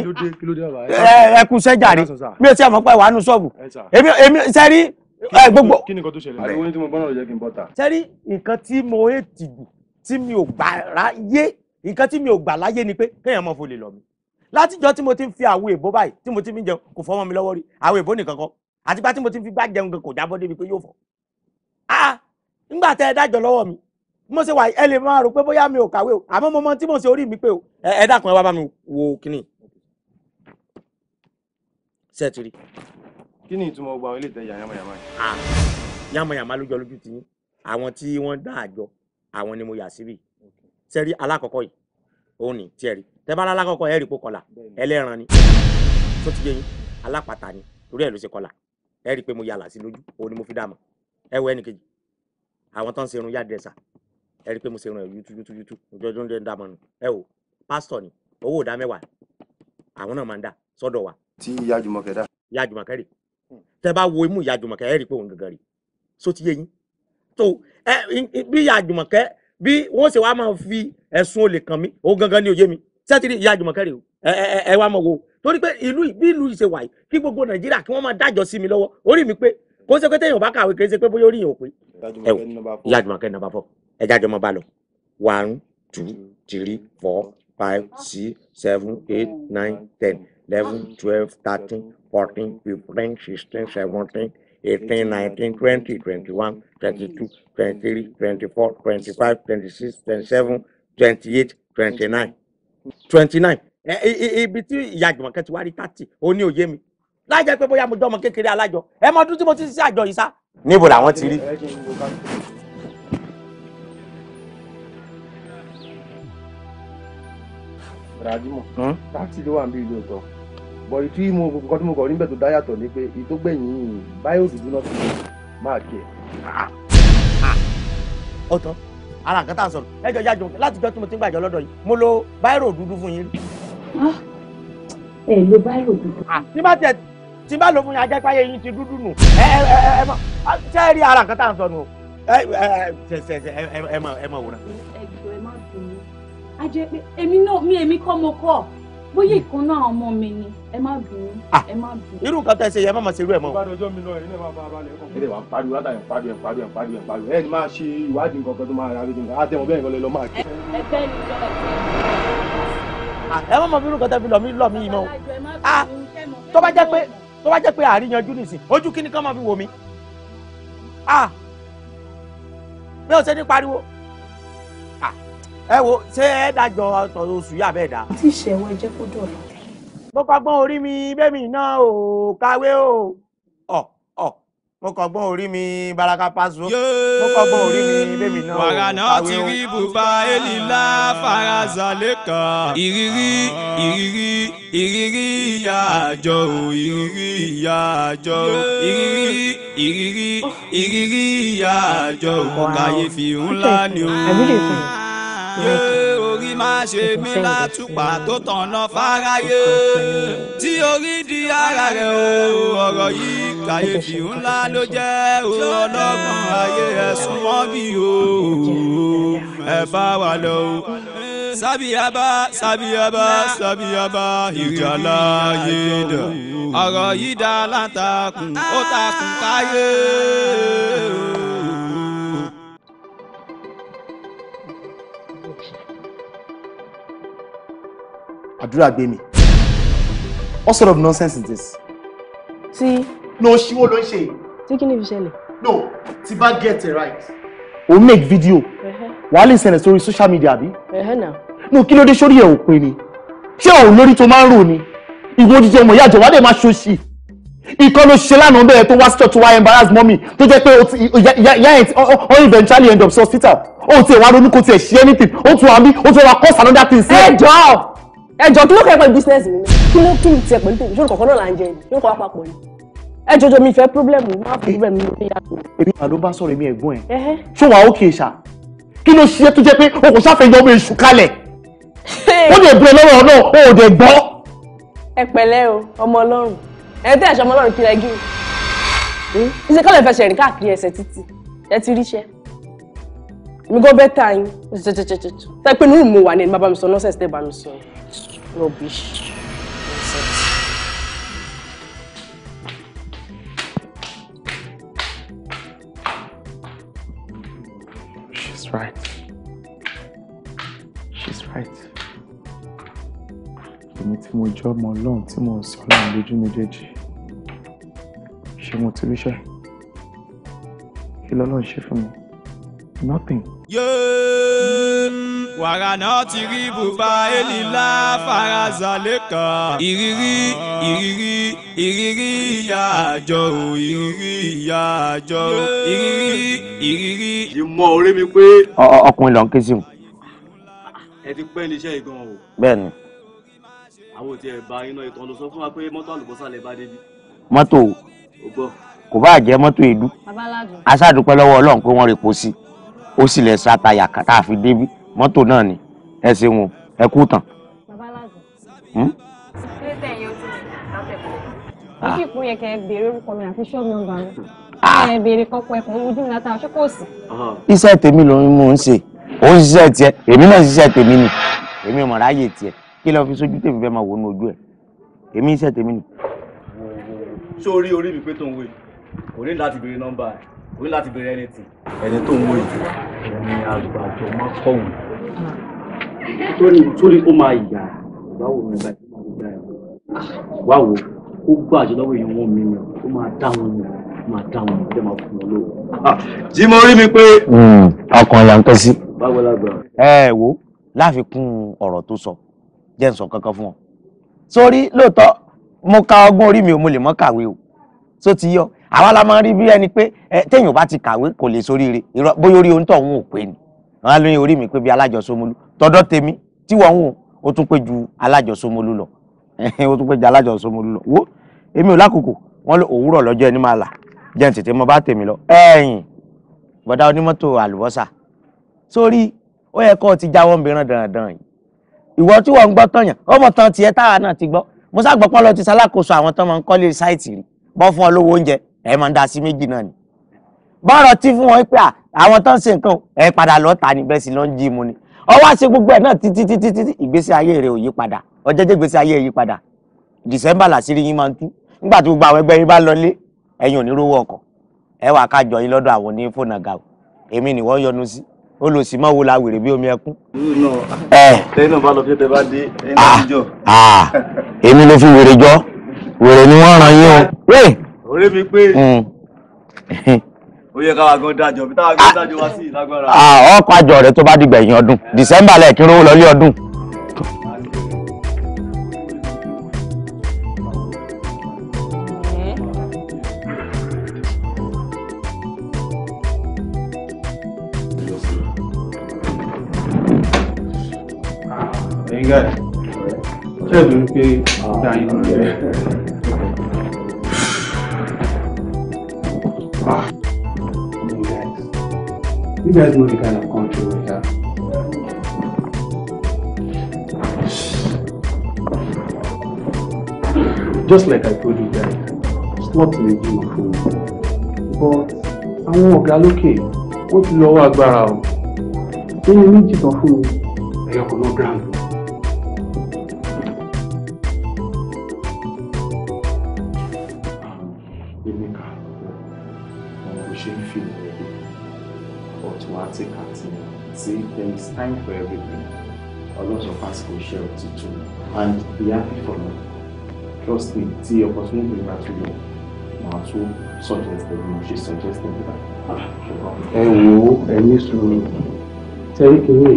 ẹ kú sẹ́jàre mi ò tí ẹ̀ mọ̀ pé wàá èmi sẹ́rí gbogbo. kí ni nǹkan tó ṣẹlẹ̀ àbí wọ́n ní tí mo gbọ́n náà lọ jẹ́ kí n bọ́ ta. sẹ́rí nǹkan tí mo hé tì jù tí mi ò gbà láyé nǹkan tí mi ò gbà láyé ni pé kéèyàn mọ̀ fòlè lọ mi látijọ́ tí mo ti ń fi àwo èbó báyìí tí mo ti fi jẹun kò fọmọ mi lọ́wọ́ rí àwo èbó nìkan kọ́ àtipá tí mo ti fi bá jẹun kò jábọ́ débi pé yóò fọ́ ah ńgbà tẹ ẹ dájọ́ lọ́wọ́ mi mo ṣe wà ẹ lè máa rò pé bóyá mi ò kàwé o àmọ́ mo mọ tí mo ṣe orí mi pé o ẹ dákun ẹ wá bá mi wo kíní. sẹ́ẹ̀tìrì. kí ni ìtumọ̀ gbogbo ilé ìtajà yamayama yìí. yamayama ló lójú ti yín àwọn tí wọ́n dá àjọ àwọn ni mo yà síbì sẹ́rí alákọ̀ọ́kọ́ yìí òun ni tiẹ̀ rí tẹ́bálá alákọ̀ọ́kọ́ ẹ̀rí po kọlà ẹlẹ́ran ni tó ti yé yín alápàtà ni torí ẹ̀ ló ṣe kọlà ẹ̀rí pé mo yà làásì lójú òun ni mo fi dààmú ẹ wọ ẹnìkejì àwọn tó ń serun yá dẹ́sà ẹ̀rí pé mo serun ẹ̀ yútú yútú yútú ìjọjọ́ ń ń dààmú nù ẹ wò pásítọ̀ ni owó ìdá mẹ́wàá àwọn náà máa ń dà sọ́dọ̀ wa. tí ìyá Jùmọ̀kẹ́ dá. ìyá Jùmọ̀kẹ́ rè tẹ́ bá wo imú ìyá Jùmọ̀kẹ́ ẹ̀rí pé òun gàngàn rè só so bí ìyá àjùmọ̀kẹ́ bí wọ́n ṣe wá máa fi ẹ̀sùn olè kàn mí o gangan ni òye mi sẹ́tìrì ìyá àjùmọ̀kẹ́ rè o ẹ wá mọ̀ wo torí pé ìlú bí ìlú ìṣe wà yìí kí gbogbo nàìjíríà kí wọ́n máa dájọ́ sí mi lọ́wọ́ orí mi pé kó ṣe pé téèyàn bá kàwé kì í ṣe pé bóyá orí yẹn ò pé ẹ wò ìyá àjùmọ̀kẹ́ nọ́mbà fọ ẹ jájọ mọ́ bá lọ one two three four five six seven eight nine ten eleven twelve thirteen fourteen fifteen sixteen seventeen 18, 19, 20, 21, 22, 23, 24, 25, 26, 27, 28, 29. 29. Ibi tí ìyá àjùmọ̀ kẹ́ ti wá rí thirty ó ní òye mi. Láìjẹ́ pé bóyá mo jọ ọmọ kékeré alájọ. Ẹ mọ ọdún tí mo ti ṣe àjọ yìí sá. Níbo làwọn ti rí? Ràdímọ̀, hmm? táàtì ló wà níbi ìlú ọ̀tọ̀ bọ̀ ìtú mo kọ́ tí mo kọ̀ níbẹ̀ tó dá yàtọ̀ ni pé ìtó gbẹ̀yìn báyọ̀ dúdú náà ti máa kí ẹ. ọ̀tọ̀ ara nǹkan tá a sọ̀rọ̀ ẹjọ́ yájọ láti jọ́ tí mo ti ń gbàjọ́ lọ́dọ̀ yìí mo lo báyọ̀ dúdú fún yín. Ah, ẹ lo báyọ̀ dúdú. Ah, tí bá tiẹ̀ tí bá lo fún yín ajá páyé yín ti dúdú nù ẹ ẹ ẹ ẹ ah, ṣe é rí ara nǹkan tá a sọ̀rọ̀ ẹ ẹ ẹ ẹ ẹ mọ̀ wòran. ẹjọ́ ẹ má dùn mí a bóyá ìkan náà ọmọ mi ni ẹ má bínú ẹ má bínú. irú nǹkan tá ẹ ṣe yẹ má máa ṣe irú ẹ mọ́. ìbádọ́jọ́ mi náà ẹ̀yin náà máa bá a balẹ̀ ọkọ̀. ẹ̀rẹ̀ wà ń pariwo látàrí ń pariwo ń pariwo ń pariwo ń pariwo ẹ̀ ní máa ṣe ìwádìí nǹkan kan tó máa ra lójú nǹkan á tẹ̀wọ̀n bẹ́ẹ̀ lọ máa. ẹ bẹ́ẹ̀ ni lọ́ọ̀ ẹ má mọ bí irú nǹkan tẹ́ fi lọ̀ mí lọ̀ mí yìí mọ́ tó bá jẹ́ pé tó bá jẹ́ pé àríyanjú nìsín ojú kí ni kán máa fi wò mí mi ò ṣe ní pariwo ẹ wo ṣé ẹ dájọ ọtọ oṣù yà bẹ́ẹ̀ dá. tí ìṣẹ̀wọ̀ ẹ jẹ́ kó dọ̀la. mo kọgbọ́n orí mi bẹ́mi náà ò kàwé o ọ̀ ọ̀ mo kọgbọ́n orí mi baraka paṣọ mo kọgbọ́n orí mi bẹ́mi náà ò kàwé o. wàrà náà ti rí bùbá elila faraza lẹ́kàn ìrírí ìrírí ìrírí ìyá àjọ ìrírí ìyá àjọ ìrírí ìrírí ìrírí ìyá àjọ kàyéfì ńlá ni o yé orí má ṣe mí látùpà tó tọ̀nà fáráyé tí orí di ara rẹ̀ o ọ̀rọ̀ yìí kàyéfì ńlá ló jẹ́ o ọlọ́gbọ́n ayé ẹ̀sùn wọn bí o ẹ bá wà lọ o. sábìyàbá sábìyàbá sábìyàbá ìjàlá yé dà ọ̀rọ̀ yìí dá látàkùn ó takùn káyé o. àdúrà gbé mi what sort of nonsense is this. ti. no ṣíwó ló ń ṣe yìí. tí kí ni fi ṣẹlẹ̀. no ti bá get it right. o make video wàá lè sẹ̀lẹ̀ sórí social media bí. no kí ló dé sórí ẹ̀ ò pin ni ṣé òun lórí tó máa ń rò ni ìwọ ojijì ọmọ ìyá àjọwádé máa ṣòṣì ìkan ló ṣe lánàá bẹ́ẹ̀ tó wá sí church wá embarrass mọ́mì tó jẹ́ pé ìyá ẹ̀ ọ eventually end up hospital ó ti ẹ̀ wá ronú kó tiẹ̀ ṣe anything ó tún wá bí ó tún wá cause another thing sí ẹ̀. ẹ jọ̀ọ́ ẹjọ kí ló kẹ pẹ̀lú business mi kí ló kí ni tiẹ̀ pẹ̀lú tèmi ṣé olùkọ̀ọ̀kan náà là ń jẹ ni yóò kọ́ apapọ̀ ni ẹ jọjọ mi fẹ́ problem má fi problem mi lórí yàtọ̀. èmi àló bá sọ̀rọ̀ èmi ẹ̀gbọ́n ẹ̀ ṣó wàá ó kìí ṣá kí ló ṣiṣẹ́ tó jẹ́ pé o kò sáfẹ́ yọ ọmọ èṣù kalẹ̀ ó lè bẹ̀rẹ̀ lọ́rọ̀ náà o ò dẹ̀ gbọ́. ẹ pẹ̀lẹ́ o ọmọ ọlọ́run ẹ tẹ́ ẹ̀ṣọ́ ọmọ ọlọ́run kí lẹ gí o iṣẹ́ rìn káàkiri ẹsẹ̀ títì ẹ ti ríṣẹ́ mi gan bẹ́tà yín tẹ́ pé nínú mo wà ní ẹni bàbá mi sọ nọ́sẹ̀sì tẹ́ bá mi sọ rubbish. She's right. She's right. Èmi tí mo jọ́ ọmọ ọlọ́run tí mo sọ ọlọ́run lójú méjèèjì. Ṣé mo ti ríṣẹ́? Kí lọ́lọ́run ṣe fún mi? nothing. wàrà náà ti rí bùbá elila faraza lẹ́kàn ìrírí ìrírí ìrírí ìyá àjọ o ìrírí ìyá àjọ o ìrírí ìrírí. ìmọ̀ ọ̀rẹ́ mi pé. ọkùnrin ló ń ké sí o. ẹ ti pẹ́ níṣẹ́ ìgan o. bẹ́ẹ̀ni. àwọn òtí ẹ̀ bá iná ìtàn ló sọ fún wa pé mọ́tò àlùbọ́sà lè bá débi. mọ́tò kò bá jẹ́ mọ́tò èédú. aṣáàdúpẹ́ lọ́wọ́ Ọlọ́run pé wọ́n rè pọ̀ sí i ó sì lẹ̀ sá tayà a fi dé mọ́tò náà ni ẹ ṣe ẹ kú tán. Hmm? Ah. Ah. Ah. iṣẹ́ tèmi ló ń mú un ṣe òun ṣiṣẹ́ tiẹ̀ èmi náà ṣiṣẹ́ tèmi ni èmi mọ̀ ráyè tiẹ̀ kí lọ́ọ́ fi sójú tèmi fẹ́ máa wò ní ojú ẹ̀ èmi ṣiṣẹ́ tèmi ni. sórí orí mi pé tó ń wé kò ní láti béèrè nọ́mbà ẹ̀ kò ní láti bẹ̀rẹ̀ anything. ẹni tó ń wọ ìjù ẹni àgbàjọ má kọ̀wé. torí torí ó máa yà báwo ni ìgbà tí wọ́n gbà yà wá wo ó gbà jù lọ́wọ́ èèyàn wọn mi yàn ó máa dá wọn yàn ó máa dá wọn yàn ó máa fún wọn lóòrùn. Ah, jí mo rí mi pé. Hmm, ọkàn là ń pẹ́ sí. báwo la gbà. ẹ wo láfikún ọ̀rọ̀ tó sọ jẹ́ ń sọ kankan fún ọ sórí lóòótọ́ mo ka ọgbọ́n orí mi ò mo lè mọ́ kàwé o tó ti yọ àwa la máa rí bí ẹni pé téèyàn bá ti kàwé kò lè sóríire bóyá orí ohun tó òun ò pé ni wọn á lóyún orí mi pé bí alájọsọmọlú tọ̀dọ̀ tèmi tí wọn ń wò ó tún pé ju alájọsọmọlú lọ ó tún pé ju alájọsọmọlú lọ wo èmi ò lákòókò wọn lọ òwúrọ̀ lọ́jọ́ ẹni máa là jẹ́ ń tètè mọ bá tèmi lọ ẹ̀yìn bọ̀dá onímọ́tò àlùbọ́sà sórí ó yẹ kó o ti jáwọ́ ń bìíràn dandan yìí ìwọ tí wọn ń gbọ́ tọ̀yàn ọmọ tán tiẹ̀ táwa náà ti gbọ́ mo sáà ti ṣalákòóso àwọn tán máa ń kọ́lé sáìtì rí bọ́ fún ọ lówó oúnjẹ ẹ máa ń dá sí méjì náà ni bọ́ọ̀rọ̀ tí fún wọn pé àwọn tán ṣe nǹkan ẹ padà lọ́ọ́ ta ni bẹ́ẹ̀ sì lọ́ọ́ ń jí mu ni ọwọ́ àṣẹ gbogbo ẹ̀ náà títí títí títí ìgbésí ayé rẹ̀ ò yí padà ọjọ́jẹ́ ìgbésí ayé yí padà December làṣírí yín máa ń tú nígbà tí gbogbo àwọn ẹgbẹ́ yín bá lọlé ẹ̀yin ò ní rówó ọkọ̀ ẹ wà kájọ yín lọ́dọ̀ àwọn ní fóònù àga o èmi nìwọ́ yọnu sí ó lọ sí mọ́wó la wèrè bí omi ẹkún. Ah, ah, èmi ló fi wèrè jọ wèrè ni wọ́n ràn yín o orí mi pé hmm. ó yẹ káwa gan dájọ bí táwa gan dájọ wá sí ìlágbára. ọkọ àjọ rẹ tó bá dìgbà ẹ̀yìn ọdún eh. december lẹ́ẹ̀kí rówó lọlé ọdún. ṣé ìbí wípé ọ̀gá yín ló ń bẹ̀rẹ̀. You guys know the kind of country we have. Just like I told you guys, slot lè jí mọ̀ fún mi. But àwọn ọ̀gá lókè wọ́n ti lọ́wọ́ You need to méjì kan fún mi, ẹ̀yọ̀kan náà brand. kátikàti See, there is time for everything A lot of us ọlọ́sọ̀ pásítọ̀ ṣe òtítọ́ and be happy for me trust me tí opportunity bá tún yọ you. tún suggest ẹ̀ mo ṣe suggest ẹ̀ nígbà Hey, wò ó ẹ̀yin sùúrù take kìíní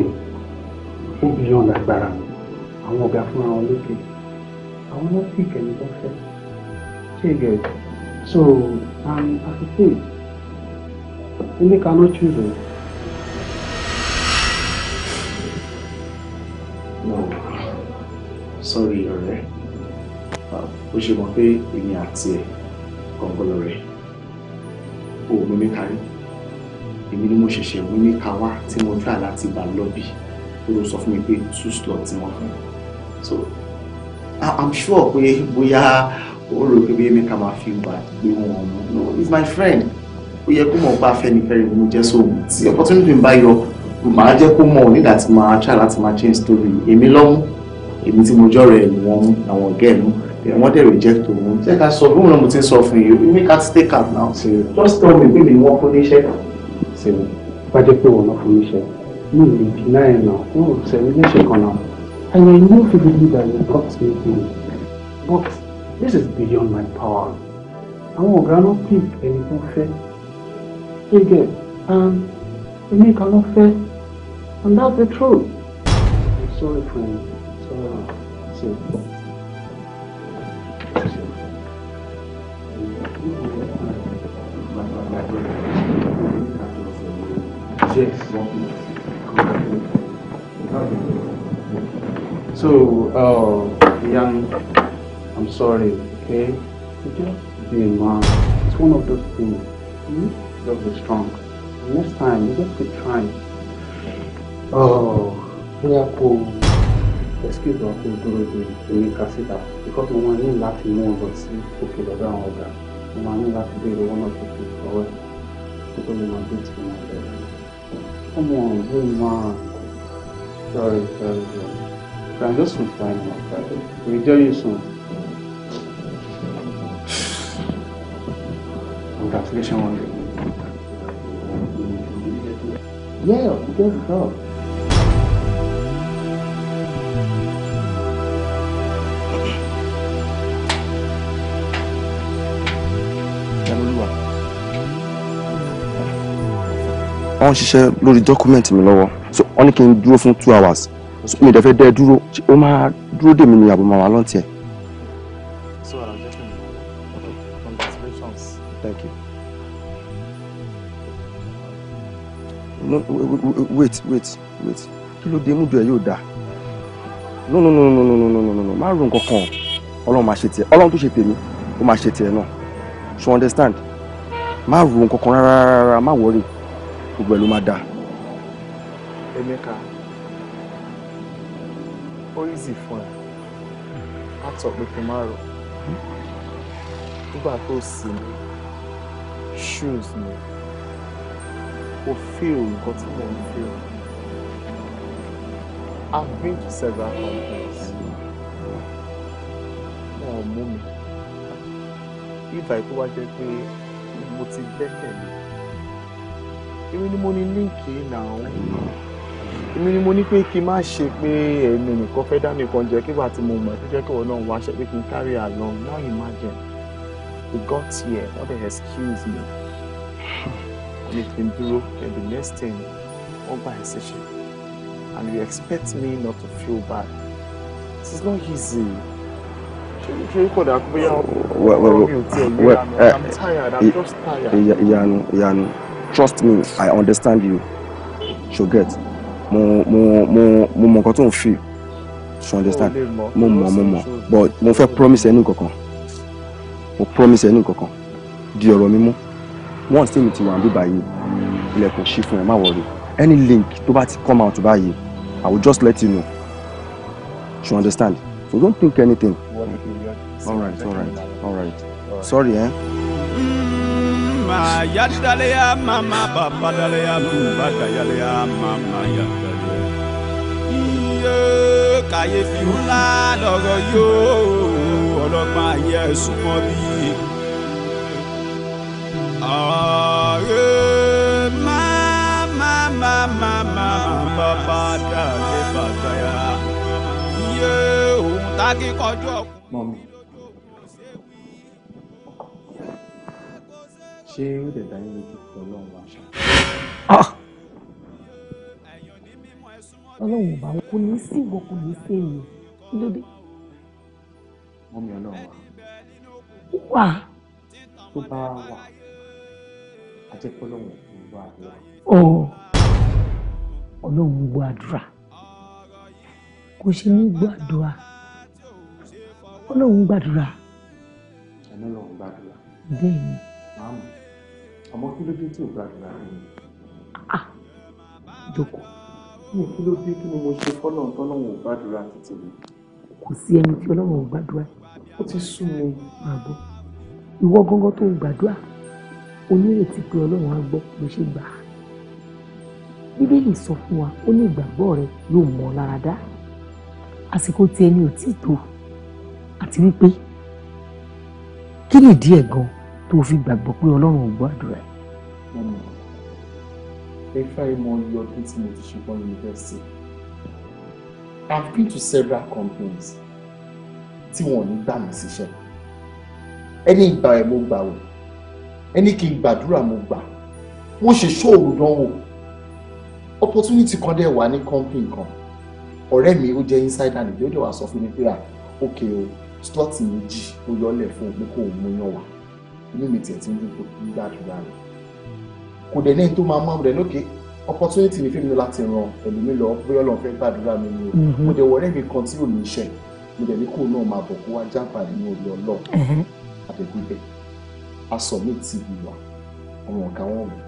ó beyond agbára mi àwọn ọ̀gá fúnra wọn lókè àwọn náà sì kẹ́ni tó it. ṣé gẹ̀ẹ́ so I'm um, as I say, we make our own choices. no sorry ọ̀rẹ́ ah, ó ṣe mọ̀ pé èmi àti ẹ̀ gọ̀ǹgọ̀lọ̀ rẹ̀ ò mú mi kárí èmi ni mo ṣẹ̀ṣẹ̀ mú mi ká wá tí mo gbà láti gbà lọ́bì ó ló sọ fún mi pé two slot tí wọ́n fún so I am sure pé bóyá ó rò pé bí èmi ká máa fi wà gbé wọn mú no he's my friend ó yẹ kó mọ̀ bá fẹ́ni fẹ́ni mo jẹ́ sóhun tí opportunity ń bá yọ màá jẹ́ kó mọ̀ nígbà tí màá try láti máa change story èmi lọ́mú èmi tí mo jọ́rọ̀ ẹ̀ ni wọ́n mú àwọn ọ̀gá ẹ̀ mú wọ́n dẹ̀ reject òun jẹ́ ká sọ bóun náà mo ti sọ fún yìí you make us take am now ṣe just tell me pé mi wọ́n fún níṣẹ́ ṣe wọ́n. bá jẹ́ pé wọ́n náà fún níṣẹ́ mi lè dínà ẹ̀ náà wọ́n ò sẹ́ni léṣe kan náà and I know if you believe that you got me in but this is beyond my power àwọn ọ̀gá náà pick ẹni tó fẹ́ ṣé gẹ̀ ẹ̀ ẹ̀mí kan náà fẹ́. And that's the truth. I'm sorry for you. Sorry. sorry. Yes. So, uh, young, I'm sorry, okay? Just be a man. It's one of those things. Mm -hmm. Just be strong. And next time, you just keep trying. Oh, bóyá kò excuse wa kò dúró de orí kásíta because mo máa ní láti mú un lọ sí òkè lọ́dọ̀ àwọn ọ̀gá mo máa ní láti béèrè owó náà tó fi lọ́wọ́ ẹ̀ kó tó lè máa gbé tí mo máa ọmọ ìlú máa sorry sorry sorry you can just resign my father we join you soon. congratulations on your. yeah you get job. wọ́n ṣiṣẹ́ lórí document mi lọ́wọ́ so wọ́n ní kí n dúró fún two hours so mi dẹ̀fẹ́ dẹ́ dúró ó máa dúró dèmi ni àbọ̀ máa wà lọ́ntì ẹ̀. thank you. no wait wait wait kí ló dé múdù ẹ yóò dáa no no no no no no no no no má ro nǹkan kan ọlọ́run máa ṣe tiẹ̀ ọlọ́run tó ṣe tèmi ó máa ṣe tiẹ̀ náà so understand má ro nǹkan kan rárá rárá má wọrí gbogbo ẹ̀ ló máa dáa. Emeka ó rí sì fún ẹ látọ̀ pé kí n má rò nígbà tó sì ní shoes ni ó feel nǹkan tí mo ń feel I've been to several countries. wọn ò mú mi ìgbà ìkó wá jẹ́ pé mo ti gbẹ́kẹ̀lé èmi ni mo ní líǹkì náà èmi ni mo ní pé kí n má ṣe pé ẹnu nìkan fẹ́ dá mi kan jẹ kígbà tí mo mọ̀ ẹ́ tó jẹ́ kí náà wá pé kí n carry along now imagine we got here what the excuse me wọ́n ní kí n dúró and the next thing wọ́n gba ẹ̀ ṣẹṣẹ and you expect me not to feel bad it is not easy ìyanu ìyanu ìyanu trust me i understand you so get mo mo mo mo mọ nǹkan tó ń feel so understand mo mo mo mo. but mo fẹ́ promise ẹni kankan mo promise ẹni kankan di ọ̀rọ̀ mi mú once tí mi ti wà ń bí báyìí ilẹ̀kùn ṣí fún ẹ má wọrí any link tó bá ti come out báyìí i will just let you know so understand so don't think anything all right all right all right sorry eh mama yadaleya mama babadaleya mbadayaleya mama yadaleya. iye kàyéfì ńlá lọ̀rọ̀ yóò ọlọ́gbọ́n ayé súnmọ́ bí. ọ̀rẹ́ mama mama mama babadale badaya. iye òun tá kí kọjú ọkùnrin. ṣé ó dẹ̀ dá yín lójú pé ọlọ́run wá ṣá. Ah! ọlọ́run ò bá wọn kò ní í sí ìwọ kò ní í sí èyí kí ló dé. wọ́n mi ọlọ́run wá. wà. tó bá wà á jẹ́ pé ọlọ́run ò ní wá àdúrà. ọlọ́run gbọ́ àdúrà kò ṣe ní gbọ́ àdúrà ọlọ́run gbàdúrà. ẹni ọlọ́run gbàdúrà. bẹ́ẹ̀ ni. màámi àmọ́ kí ló dé tí ò gbàdúrà rẹ ni. Ah, jókòó. mi kí ló dé kí ni mo ṣe fọ́nà tọ́lọ́wọ̀n ò gbàdúrà títí mi. kò sí ẹni tí ọlọ́run ò gbàdúrà. ó ti sún mi. máa bọ́ ìwọ gángan tó ń gbàdúrà onírètí pé ọlọ́run á gbọ́ ló ṣe gbà á bíbélì sọ fún wa ó ní ìgbàgbọ́ rẹ yóò mọ lára dá àsìkò tí ẹni ò tí tó àti wípé kí nìdí ẹ̀ gan-an tó fi gbàgbọ́ pé ọlọ́run ò gbọ́ àdúrà yìí. ẹ fẹ́ ọdún tí mo ti ṣe yunifásitì I've been to several companies tí wọn ò ní gbà mí síṣẹ́ ẹni ìgbà ẹ̀ mo gbà wò ẹni kì í gbàdúrà mo gbà wọ́n ṣe ṣóòrù dánwò opportunity kan dẹ̀ wà ní company kan ọ̀rẹ́ mi ó jẹ́ insider nìyí ó dẹ̀ wá sọ fún mi pé à ah, ókè o slot méjì ó yọ ọ́ lẹ̀ fún mi kó mú yàn wá. Limited mi tiẹ̀ ti ń dúpọ̀ gbàdúrà rẹ̀ kò dẹ̀ lẹ́yìn tó máa mọ́ rẹ̀ lókè opportunity ni fíìmù láti ràn ẹlòmíì lọ bóyá Ọlọ́run fẹ́ gbàdúrà mi ni mm-hmm. mo dẹ̀ wọ̀rẹ́ mi kan tí ò ní iṣẹ́ mo dẹ̀ ní kó náà máa bọ̀ kó wá jábàá nínú orí Ọlọ́run mm-hmm. àbẹ̀gbẹ̀ aṣọ mi ti bì wá ọmọ ọ̀gá wọn rè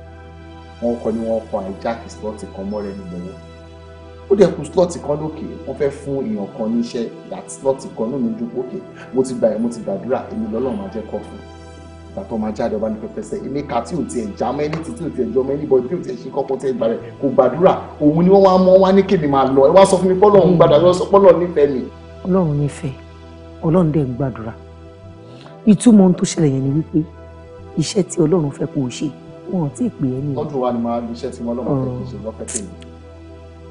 wọn kọ ni wọn kọ àìjáàkì slọ́ọ̀tì kan mọ́rẹ́ nínú wọn ó dẹ̀ kù slọ́ọ̀tì kan lókè wọ́n fẹ́ fún èèyàn kan níṣẹ́ that slọ́ọ̀tì kan náà ní dúpọ̀ òkè mo ti gbà yẹn mo ti gbàdúrà èmi lọ́lọ́run máa jẹ́ kọ́ fún un gbàtọ́ máa jáde ọba ní pẹpẹsẹ emeka tí ò tiẹ̀ já mọ́ ẹni tí ò tiẹ̀ jọ mọ́ ẹni bọ́ tí ò tiẹ̀ ṣe kọ́kọ́ tí ẹ gbà rẹ̀ kò gbàdúrà òun ni wọ́n wá mọ́ wá ní kèmí máa lọ ẹ wá sọ fún mi pọ́lọ́ òun gbàdúrà sọ pọ́lọ́ nífẹ̀ẹ́ mi. ọlọ́run nífẹ̀ẹ́ ọlọ́run dẹ̀ ń gbàdúrà ìtumọ̀ ohun tó ṣẹlẹ̀ yẹn ni wípé iṣẹ́ tí ọlọ́run fẹ́ kó o ṣe wọn ò tí ì pè é ní. ọdún wa ni màá lu iṣẹ́ tí ọlọ́run fẹ́ kí n ṣe lọ́fẹ̀ẹ́ pè mí.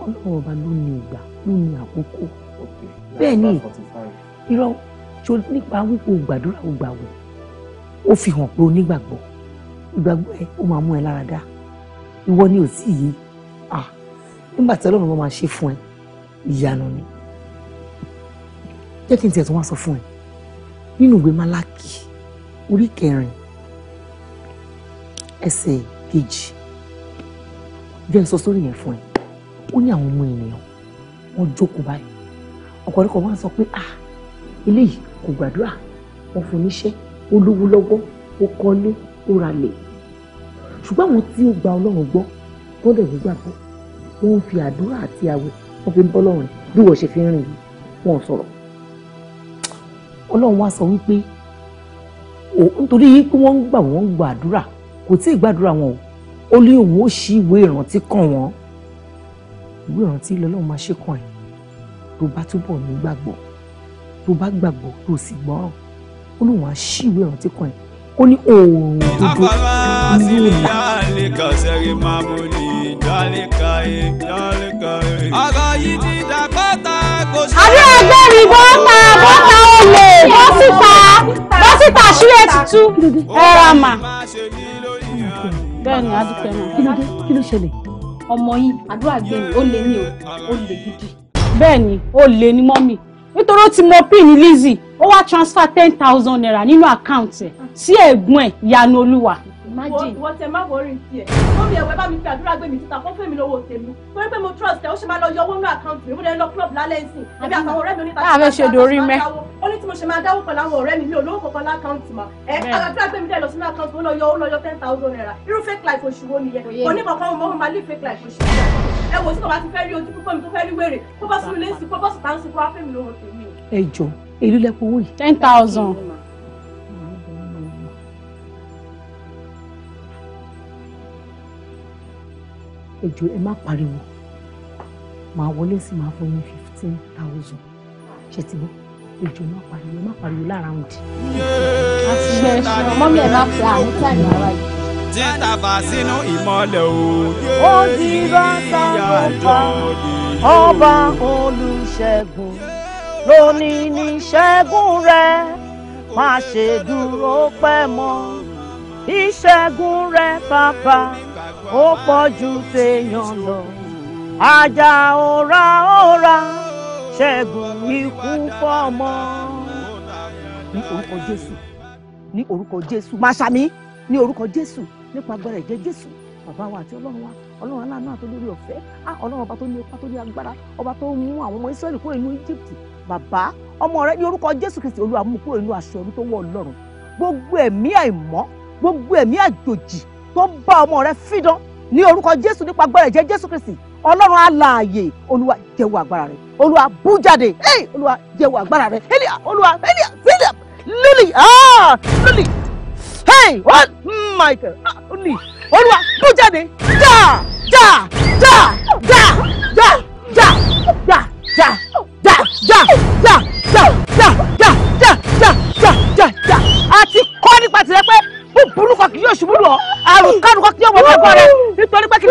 ọlọ́run ọba ló ní ìgbà ló o gbàdúrà o gbàwẹ̀ ó fi hàn pé o nígbàgbọ́ ìgbàgbọ́ ẹ ó máa mú ẹ lára dá ìwọ ni ò tí yìí ah nígbà tí ọlọ́run máa ṣe fún ẹ ìyanu ni jẹ́ kí n tiẹ̀ tún wá sọ fún ẹ nínú ìwé Málákì orí kẹrin ẹsẹ̀ kejì jẹ́ n sọ sórí yẹn fún ẹ ó ní àwọn ọmọ ènìyàn wọ́n jókòó báyìí ọ̀pọ̀lọpọ̀ wọ́n á sọ pé ah eléyìí kò gbàdúrà wọ́n fún níṣẹ́ ó lówó lọ́wọ́ ó kọ́lé ó ralẹ̀ ṣùgbọ́n àwọn tí ó gba ọlọ́run gbọ́ tó dẹ̀ ń gbàgbọ́ wọ́n ń fi àdúrà àti àwẹ̀ wọ́n fi ń bọ́ lọ́rùn bí wọ́n ṣe fi ń rìn yìí wọ́n sọ̀rọ̀ ọlọ́run wá sọ wípé nítorí pé wọ́n ń gbà wọ́n ń gba àdúrà kò tí ì gbàdúrà wọn o ó lé òun ó ṣí ìwé ìrántí kàn wọ́n ìwé ìrántí lọ́lọ́run máa ṣe kàn ẹ́ tó bá túbọ̀ ní gbàgbọ́ tó bá gbàgbọ́ tó sì gbọ́ràn ó lóun á ṣí ìwé ìrántí kan ẹ̀ ó ní oòrùn dúdú ní òòlù. àbí agbẹ́rì bọ́ta bọ́ta olè bọ́ síta bọ́ síta ṣílẹ̀ tutù ẹ̀rọ àmà. bẹ́ẹ̀ ni adúpẹ́ náà kí ló dé kí ló ṣẹlẹ̀. ọmọ yìí àdúrà gbẹ̀yìn ó lè ní o ó lè gidi. bẹ́ẹ̀ ó lè ní mọ́mì nítorí ó ti mọ pin Lizzy ó wá transfer ten thousand naira nínú àkáǹtì ẹ̀ sí ẹ̀gbọ́n ẹ̀ Ìyanu Olúwa imagine. wọ́n tẹ má wọrí tiẹ̀ wọ́n mi ẹ̀wẹ́ bá mi fi àdúrà gbé mi síta kó fún mi lówó tèmi torí pé mo trust ẹ ó ṣe máa lọ yọ owó ní àkáǹtì mi mo lè lọ club lálẹ́ ìsìn ẹbí àtàwọn ọ̀rẹ́ mi oníta tí mo ṣe dorí mẹ́. ó ní tí mo ṣe máa dáwó pẹ̀lú àwọn ọ̀rẹ́ mi mi ò lówó kankan lákáǹtì mà ẹ àdúrà gbé mi dẹ̀ lọ sínú àkáǹtì mo lọ yọ ó lọ yọ ten thousand naira irú fake life ẹ jọ̀ọ́ ẹ má pariwo màá wọlé sí màá fún yín fifteen thousand ṣe ti bọ́ ẹ má pariwo má pariwo lára ń di. àti ṣe é ṣe ọmọ mi ẹ má fẹ́ àwọn táyà ara yìí. títa bá sínú ìmọ̀lẹ̀ o. ó di rántà lọ́ba ọba olùṣègùn lónìí ní ṣẹ́gun rẹ̀ má ṣe dúró pẹ́ mọ́ ìṣẹ́gun rẹ̀ bàbá ó pọ̀ ju téèyàn lọ ajá òra òra ṣẹ́gun ikú fọ́mọ. ní orúkọ jésù ní orúkọ jésù máa ṣàmì ní orúkọ jésù nípa agbára ẹ̀jẹ̀ jésù bàbá wa àti ọlọ́run wa ọlọ́run aláàánú àtọ́lórí ọ̀fẹ́ ọlọ́run ọba tó ní ipa tó ní agbára ọba tó mú àwọn ọmọ israẹli kúrò nínú egypt bàbá ọmọ rẹ ní orúkọ jésù kristi olúwa mú kúrò nínú aṣọ ọdún tó wọ ọlọ́run gbogbo ẹ̀mí àìmọ́ gbogbo ẹ̀mí àjòjì tó bá ọmọ rẹ fídán ní orúkọ jésù nípa agbára ẹ̀jẹ̀ jésù kristi ọlọ́run alààyè olúwa jẹ́wọ́ agbára rẹ olúwa bú jáde olúwa jẹ́wọ́ agbára rẹ elia olúwa elia elia luli ah hey what michael ah olúwa bú jáde já já já já já já já já já já já já já já já já já já a ti kọ́ nípa tirẹ̀ pé burú kan kì yóò ṣubú lọ àrùn kárùn kan kì yóò wọlé ọgbọ́n rẹ nítorí pé kí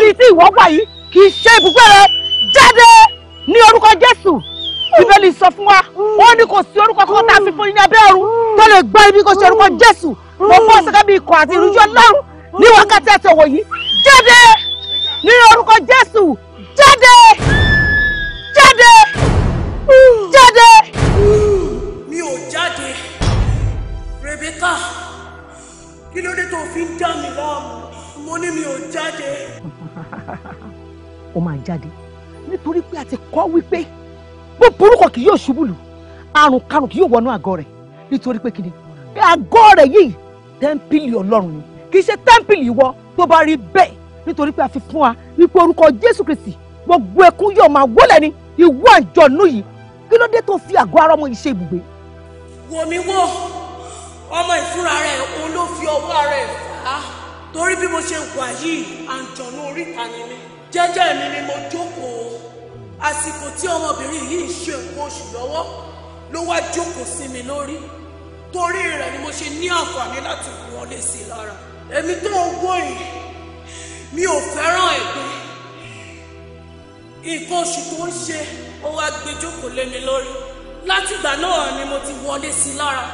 ni tí ìwọ wà yìí kì í ṣe ibùgbé rẹ jáde ní orúkọ Jésù bíbélì sọ fún wa ó ní kò sí orúkọ kan tá a fi fún yín ní abẹ́ ọ̀run tó lè gbọ́ ibi kò sí orúkọ Jésù mo fọ́ sẹ́kẹ́ bí ikọ̀ àti ìrújú Ọlọ́run ní wákàtí àti òwò yìí jáde ní orúkọ Jésù jáde jáde jáde. mi ò jáde Rebecca kí ló dé tó fi ń dá mi láàmú mo ní mi ò jáde. ó máa jáde nítorí pé a ti kọ́ wípé bó burúkọ kì yóò ṣubú lù àrùn karùn kì yóò wọnú àgọ́ rẹ̀ nítorí pé kìnìún àgọ́ rẹ̀ yìí tẹ́ńpìlì ọlọ́run ni kì í ṣe tẹ́ńpìlì ìwọ tó bá rí bẹ́ẹ̀ nítorí pé a fi fún wa wípé orúkọ jésù kristi gbogbo ẹkún yóò máa wólẹ̀ ni ìwọ àjọ̀nú yìí kí ló dé tó fi àgọ́ ara ọmọ yìí ṣe ibùgbé. wò mí wò ọmọ ìfúnra rẹ̀ òun ló fi ọwọ́ rẹ̀ fà á torí bí mo ṣe wà yìí àǹjọ̀nú oríta ni mi jẹ́jẹ́ mi ni mo jókòó àsìkò tí ọmọbìnrin yìí ṣe nǹkan oṣù lọ́wọ́ ló wá jókòó sí mi lórí torí rẹ̀ ni mo ṣe ní àǹfààní láti wọlé sí i lára èmi tó ń wò yìí mi ò fẹ́ràn ẹ̀gbin nǹkan oṣù tó ń ṣe ó wá gbé jókòó lé mi lórí látìgbà náà ni mo ti wọlé sí i lára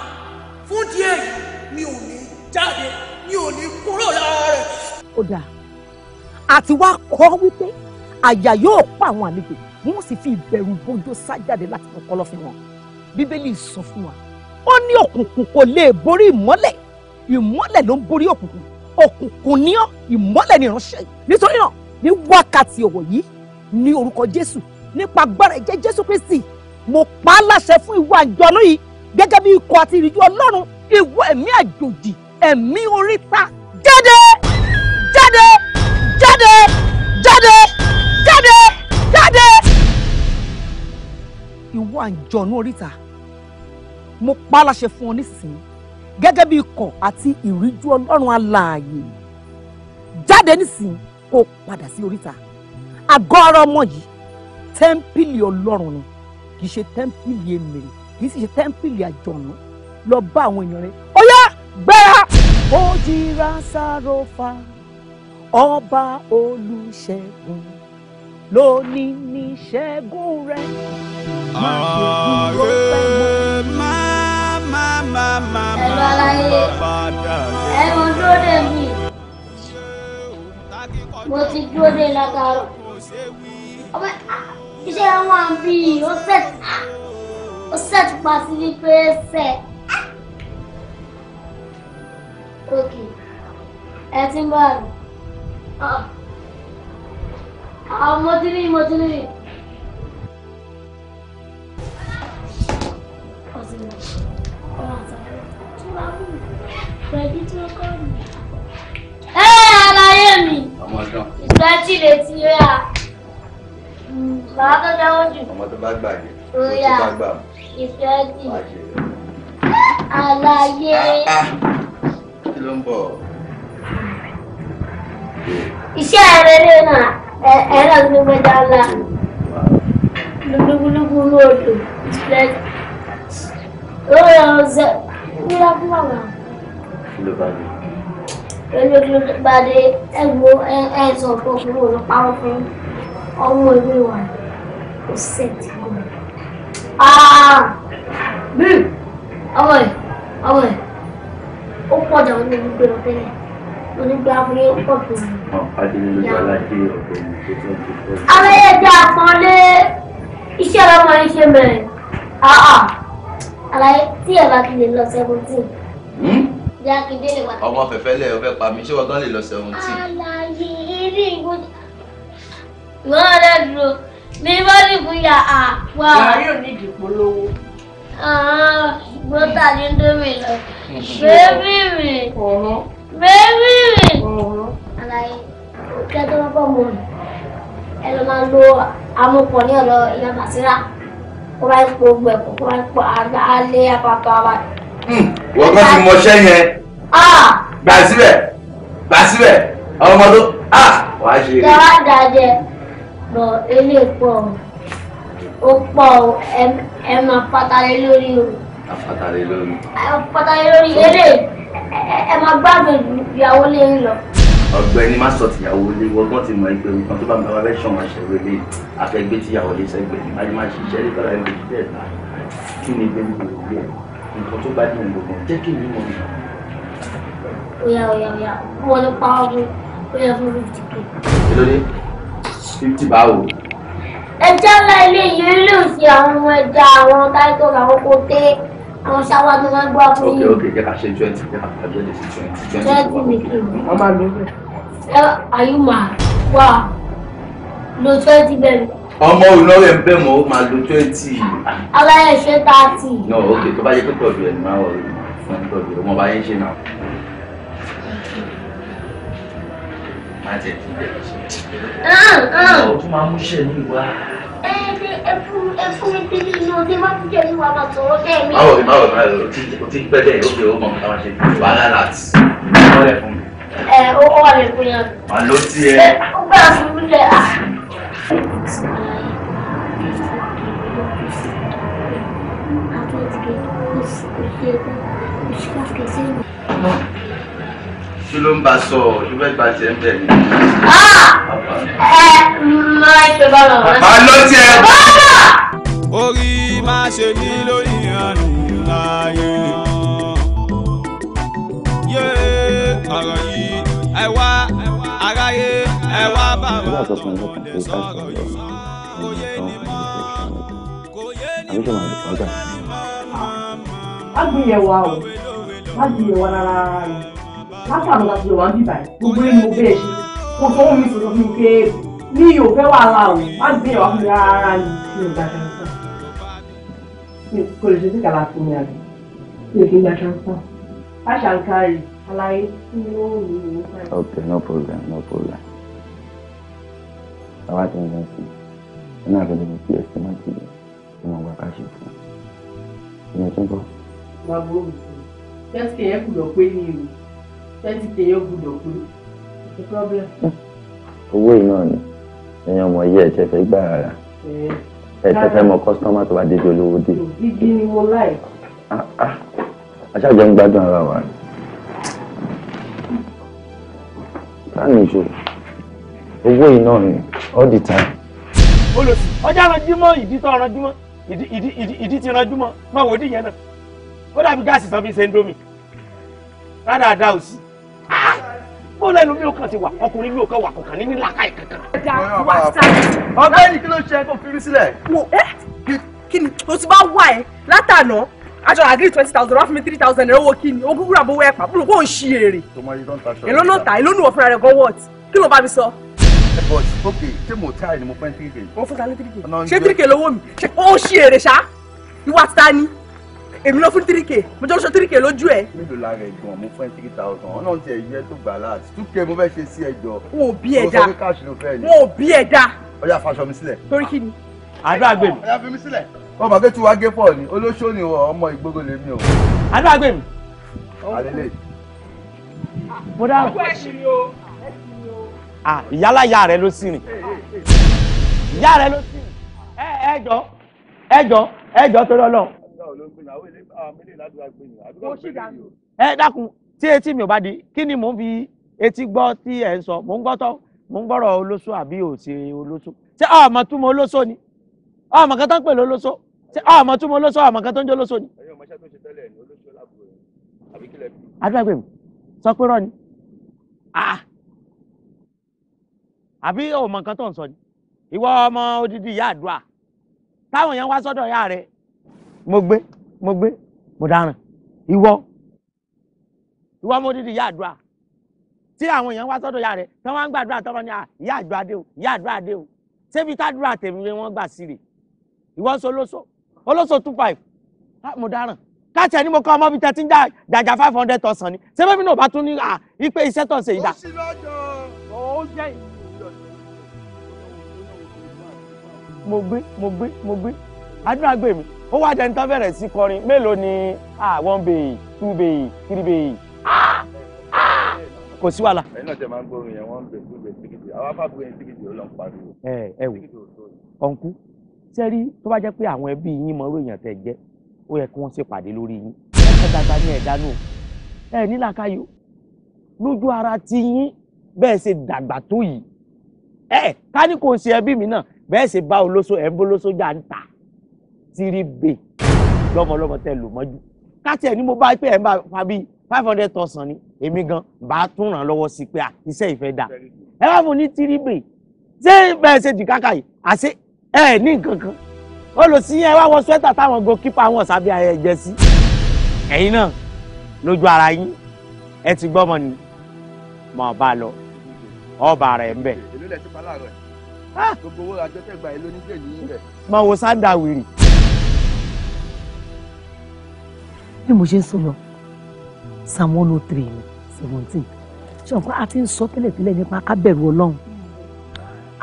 fún díẹ̀ yìí mi ò ní jáde mi ò ní kúrò lára rẹ̀. ó dáa àti wá kọ́ wípé àyà yóò pa àwọn àlejò wọ́n sì fi ìbẹ̀rù bójó sá jáde láti kọ́kọ́ lọ fi wọn bíbélì sọ fún wa ó ní òkùnkùn kò lè borí ìmọ́lẹ̀ ìmọ́lẹ̀ ló ń borí òkùnkùn òkùnkùn ní ọ́ ìmọ́lẹ̀ ni ìránṣẹ́ nítorí náà ní wákàtí ọ̀wọ̀ yìí ní orúkọ jésù nípa agbára ẹ̀jẹ̀ jésù kristi mo pa á láṣẹ fún ìwà àjọ lóyìí gẹ́gẹ́ bí ikọ̀ àti ìrìjú ọlọ́run ìwọ ẹ̀mí àjòjì ẹ̀mí oríta jáde jáde jáde jáde jáde jáde. ìwọ àǹjọ̀nú oríta mo pa á láṣẹ fún ọ nísìnyí gẹ́gẹ́ bí ikọ̀ àti ìrìjú ọlọ́run alààyè jáde nísìnyí kó padà sí oríta àgọ́ ara ọmọ yìí tẹ́ḿpìlì ọlọ́run ni kì í ṣe tẹ́ḿpìlì èmèrè kì í sì ṣe tẹ́ḿpìlì àjọ̀nù lọ bá àwọn èèyàn rẹ ó yá gbéra. ó jìra sárófà ọba olùṣègùn lóní níṣègùn rẹ má ṣe dúró pẹ́ mọ́. ẹ̀rọ aláyé ẹ̀rọ dúró mi. mí mo ti dúró dè látàárọ̀ ọmọ ah, iṣẹ́ wọn bí ó fẹ́ ó ṣàtúpa sí wípé fẹ́ òkè ẹ ti ń bá rò àwọn mọ́tìrì mọ́tìrì. Ẹ aláyé Ìgbà tí lè ti rẹ̀ à. Bàbá tó dáwọ́ jù. Ọmọ tó bá gbàgbé. Oya ìfẹ́ dì. Àlàyé. Ah, ah. Kí ló ń bọ̀? Iṣẹ́ rere náà ẹ̀rọ gbígbẹ́jà ńlá. Lúgbúlúgbú lóòdù ìfẹ́. Oya ọ̀zẹ̀ kúrò fúlàmà. Kí ló bá dé? Pẹ̀lú kí ló bá dé ẹ̀gbọ́n ẹ̀ẹ́sọ̀ fún ọkùnrin òun fún ọmọ ìlú wa. Kò sẹ́ẹ̀tì. Ah! Bíi ọmọ ẹ̀ ọmọ ẹ̀ ó pọ̀ jà ó ní gbé lọ tẹ́lẹ̀ ó ní gbé abúlé ó pọ̀ tó ní. Abẹ́yẹ jẹ́ àpọ́nlé iṣẹ́ ọlọ́mọ yìí ṣe mẹ́rin. Àlàyé tí ẹ̀ bá ti lè lọ seventeen. Jákèjé lè wá. Ọmọ fẹ̀fẹ́ lẹ̀ ọ̀fẹ́ pa mi ṣé wọ́n gan lè lọ seventeen. Àlàyé eré ìwọ́n. Ìwọ́n náà dúró. Mímọ́lì fún yà á wá. Yàrá yóò ní ìdìpọ̀ lówó. Gbọ́dọ̀ ní Dómi lọ. Bébí mi. Bébí mi. Àlàyé kí ẹ tó bá bọ̀ mọ́ ẹ lọ máa lo amúpọ̀ ní ọ̀dọ̀ ìyá Bàṣírà. Kó bá ń po gbẹ̀ kó bá ń po alẹ́ àpapọ̀ àbá. Hmm, wọ́n kàn ti mọṣẹ́ yẹn. Gbà síbẹ̀ gbà síbẹ̀ ọmọ wàá ṣe. Jọ̀wọ́ dájẹ́ bọ̀ eré pọ̀ ó pọ̀ ẹ máa pátálé lórí o. pátálé lórí. pátálé lórí eré ẹ máa gbádùn ìyàwó lé ń lọ. ọ̀gbẹ́ni má sọ tìyàwó lé wọgbọn ti mọ ẹgbẹ́ nǹkan tó bá mi bá fẹ́ sàn máa ṣe wẹlé akẹgbẹ́ tíyàwó lé sẹgbẹ ní má má ṣiṣẹ́ ní bàbá ẹgbẹ́ bẹ́ẹ̀ náà kí ni gbẹmí gbẹmí gbẹ nǹkan tó bá dín gbogbo jẹ kí ni mo nà. oya oya oya wọn ló pa ọgbẹ oya fún fifty k. kí fifty báwo. ẹja ńlá ilé yìí lè ṣe àwọn ọmọ ẹja àwọn titles àwọn kote àwọn ṣáwá tó máa ń gbọ́ fún yìí. ok ok jẹ́ ká ṣe twenty jẹ́ ká ṣe twenty sí twenty. twenty nìkan. wọ́n máa lo bẹ́ẹ̀. ẹ àyùmá wà lo twenty bẹ́ẹ̀ ọmọ olórí ẹ bẹ mọ ó máa lo twenty. aláyẹ ṣe thirty. no ok tó bá yẹ pé tọ̀dù ẹ̀ ní máa wọ̀ fún ẹ̀ tọ̀dù ẹ̀ wọ́n bá ṣe náà. má jẹ́ kí n bẹ̀rẹ̀ ṣe ọ̀rọ̀ tó máa mú ṣe ní ìwà. ẹ ẹ fún ẹ fún mi bíbí inú ọdẹ má fi jẹ ìwà bàtà ọwọ́ dẹ mi. báwo ni báwo báwo o ti o ti pẹ́ bẹ́ẹ̀ ó bẹ ó mọ nǹkan máa ṣe wàhálà láti ọ̀rẹ́ fún mi. ẹ ó ó wà lẹkùn yẹn. wà ló ti ẹ. ó gbà fún mi lẹ. Ah. Não kí ló ń bá sọ ọ ṣùgbọ́n ìgbà ń bẹ̀ mí. bàbá ló tiẹ̀. orí má ṣe ní lórí ìrànú láàyè. yé ọ̀rọ̀ yìí ẹ wá aráyé ẹ wá bàbá ọmọdé sọ̀rọ̀ yìí kò yé ni mọ́ kò yé ni mọ́ ni mọ́ mọ́. má gbìyànjú wa o má gbìyànjú wa rárá láti àbọ̀dá ti wà ń bìbà yìí gbogbo ẹni bẹ́ẹ̀ ṣe kò sọ́wọ́ mi sọ̀rọ̀ fún mi pé mi ò fẹ́ wàhálà o má gbé ìwà fún mi rárá ni mi ò gba transfer kò lè ṣe sí kàlà fún mi àbí mi ò kí ń gba transfer aṣàǹkárì àlàyé tí ó ní ìwé fún mi. okay no problem no problem àwa ti ń gbọ́n sí i ní àgbẹ̀dẹ̀ mi kí ẹsẹ̀ má jìnnà tí mo gbà ká ṣe fún un ìyẹn tó ń bọ̀. wàá gbóòmù sí i jẹ́sìkì yẹn kù pé ní ìlú twenty k yóò gbúdọ̀ kú no problem. owó iná ni èèyàn mọ̀ yí ẹ̀jẹ̀ fẹ́ gbà rárá eh. ẹ̀jẹ̀ fẹ́ mọ kọ́sítọ́mà tó bá dé olówó dé. gidi ni mo láì. Ah, ah. aṣáájú ń gbádùn ara wa ni. sáàmì ìṣòro owó iná ni all the time. olùsí ọjà ranjú mọ ìdí tó ranjú mọ ìdí ìdí ìdí ti ranjú mọ máa wò ó dìyẹn náà ó dàbí gáàsì tán fi ṣe ń dómi rádàá dá òsì ó lẹ́nu mi ò kàn ti wà ọkùnrin mi ò kàn wà kọ̀ọ̀kan ní nílàkàì kankan. ọ̀gbẹ́ni kí ló ṣe kó fi mí sílẹ̀. wo ẹ kí ni o ti bá wà ẹ látànà aṣọ àgírí twenty thousand wá fún mi three thousand ẹ̀rọ owó kí ni ogún wúrà bówó ẹ̀ pa búrò kó n ṣí èrè. èló náà ta èló nù wọ fúnra rẹ̀ gan wọ́ọ̀tì kí ló bá mi sọ but okay ṣé mo tí àyè ni mo fẹ́ tíríkè. mo fún ta ní tíríkè ṣé tíríkè lówó mi ṣé ó ṣí èrè ṣá ìwà ta ni èmi ló fún three k mo jọ sọ three k lójú ẹ. mélòó lára ẹ̀gbọ́n mo fún ẹ three thousand ọ̀nà tí ẹ̀yẹ tó gbà láti two k mo fẹ́ ṣe sí ẹjọ́. wọn ò bí ẹja wọn ò bí ẹja. ọjà faṣọ mi sílẹ̀. torí kí ni. àdúrà gbé mi. ọjà fi mi sílẹ̀. wọn bàbá tí wàá gé pọ̀ ni olóṣó ni wọ ọmọ ìgbógun lèmi o. àdúrà gbé mi. àlele. mo dá. ọkọ ẹ̀sìn ni o. ìyálà ìyá rẹ ló sì rìn. ìyá rẹ ló sì rìn. ẹ ẹ jọ ẹ jọ ẹ jọ torí Ọlọ́run ló ń pè ní àwọn ilé àwọn ilé ìlàdúrà pè ní àdúrà pè ní. ẹ dákun tí etí mi ò bá di kí ni mò ń fi etí gbọ́ tí ẹ̀ ń sọ mò ń gbọ́ mò ń gbọ́rọ̀ olóṣó àbí òsè olóṣó ṣé ọmọ túmọ̀ olóṣó ni ọmọ kan tó ń pè ní olóṣó ṣé ọmọ túmọ̀ olóṣó ọmọ kan tó ń jẹ́ olóṣó ni. ẹyọ ọmọ iṣẹ́ tó ṣe tẹ́lẹ̀ ni olóṣó lábúrò rẹ̀ àbí kílẹ̀ bí. àdúrà pè mí sọ pé rọ́ọ̀ni ah! àbí ọmọ kan tó ń sọ ni ìwọ ọmọ odidi ìyá àdúrà táwọn yẹn wá sọ́dọ̀ ìyá rẹ̀ mo gbé mo gbé mo dáràn ìwọ ìwọ mo dídì ìyá àdúrà tí àwọn èèyàn wá sọ́dọ̀ ìyá rẹ̀ tí wọ́n ń gbàdúrà tọ́mọ ní ìyá àdúrà dé o ìyá àdúrà dé o ṣébi tádúrà tèmi ni gbà sí ìwọ sọ olóṣò olóṣò two five mo dáràn káàtì ẹni mo kọ́ ọmọ bíi thirteen jàjà five hundred thousand ni ṣé bẹ́ẹ̀ mi náà bá tún ní ipe iṣẹ́ tó ṣe ìdá. mo gbé mo gbé mo gbé àdúrà gbé mi ó wá jẹni tán bẹ̀rẹ̀ sí kọrin mélòó ni one bay two bay three bay kò sí wàhálà. ẹ̀yin náà tẹ máa ń gbóòórùn yẹn one bay two bay three bay àwọn afáàbò yẹn three bay ó lọ ń pariwo. ẹ ẹ wò ọ̀nkú sẹ́rí tó bá jẹ́ pé àwọn ẹbí yín mọ ròyìn tẹ̀ jẹ́ ó yẹ kí wọ́n ṣèpàdé lórí yín ẹ dàgbà ní ẹ̀dá nù ẹ nílàkàyò lójú ara ti yín bẹ́ẹ̀ ṣe dàgbà tó yìí ẹ ká ní kò ń ṣe ẹbí mi náà bẹ́ẹ̀ ṣe bá olóṣó ẹ̀ ń bó olóṣó jà ń ta tírìbè lọ́mọlọ́mọ tẹ lò mọ́jú káàtì ẹ̀ ní mo bá pé ẹ̀ ń bá fa bíi five hundred thousand ni èmi gan bá tún ràn lọ́wọ́ sí pé iṣẹ́ ìfẹ́ dà ẹ wá fún ní tírìbè ṣé bẹ́ẹ̀ ṣe dìkákà yìí àṣé ẹ ní nǹkan kan ó lọ sí ẹ wá wọ sweater táwọn goalkeeper wọn sábẹ́ ayẹyẹ sí ẹ̀yin náà lójú ara yín ẹ ti gbọ́mọ ni mọ̀ bá lọ ọba rẹ̀ ń bẹ̀. èlò lẹ ti pa láàárọ̀ ẹ̀ gbogbo owó àjọ tẹ̀gbà èlò nígbè ní ibẹ̀. máa wo sáńdà wìrì. bí mo ṣe ń sọ lọ psalm one oh three ni seventeen oh ṣùgbọ́n a ti ń sọ tẹ́lẹ̀tẹ́lẹ̀ nípa ká bẹ̀rù ọlọ́run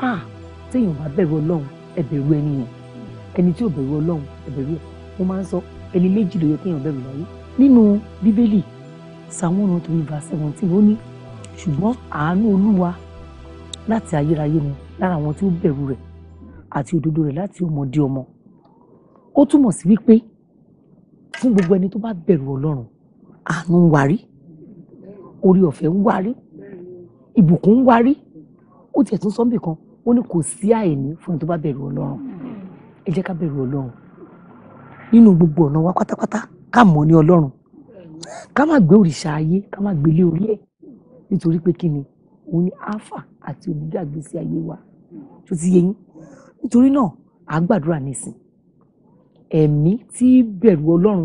ah téèyàn bá bẹ̀rù ọlọ́run ẹ bẹ̀rù ẹni yẹn ẹni tí ò bẹ̀rù ọlọ́run ẹ bẹ̀rù ẹ mo máa ń sọ ẹni méjì ló yẹ kéèyàn bẹ̀rù láyé nínú bíbélì psalm one oh three verse seventeen ó ní ṣùgbọ́n àánú olúwa láti ayérayé ni lára àwọn tí ó bẹ̀rù rẹ̀ àti òdodo rẹ̀ láti ọmọdé ọmọ ó túmọ̀ sí wípé fún gbogbo ẹni tó bá bẹ̀rù ọlọ́run àánú ń wárí orí ọ̀fẹ́ ń wárí ìbùkún ń wárí ó tiẹ̀ tún sọ́nbì kan ó ní kò sí àìní fún ẹni tó bá bẹ̀rù ọlọ́run ẹ jẹ́ ká bẹ̀rù ọlọ́run nínú gbogbo ọ̀nà wa pátápátá ká mọ̀ ní ọlọ́run ká má gbé òrìṣà ayé ká má gbélé orí ẹ̀ nítorí pé kí ni òun ni alpha àti omega gbèsè ayé wa tó ti yẹ yín nítorí náà à ń gbàdúrà nísìnyí ẹ̀mí tí bẹ̀rù ọlọ́run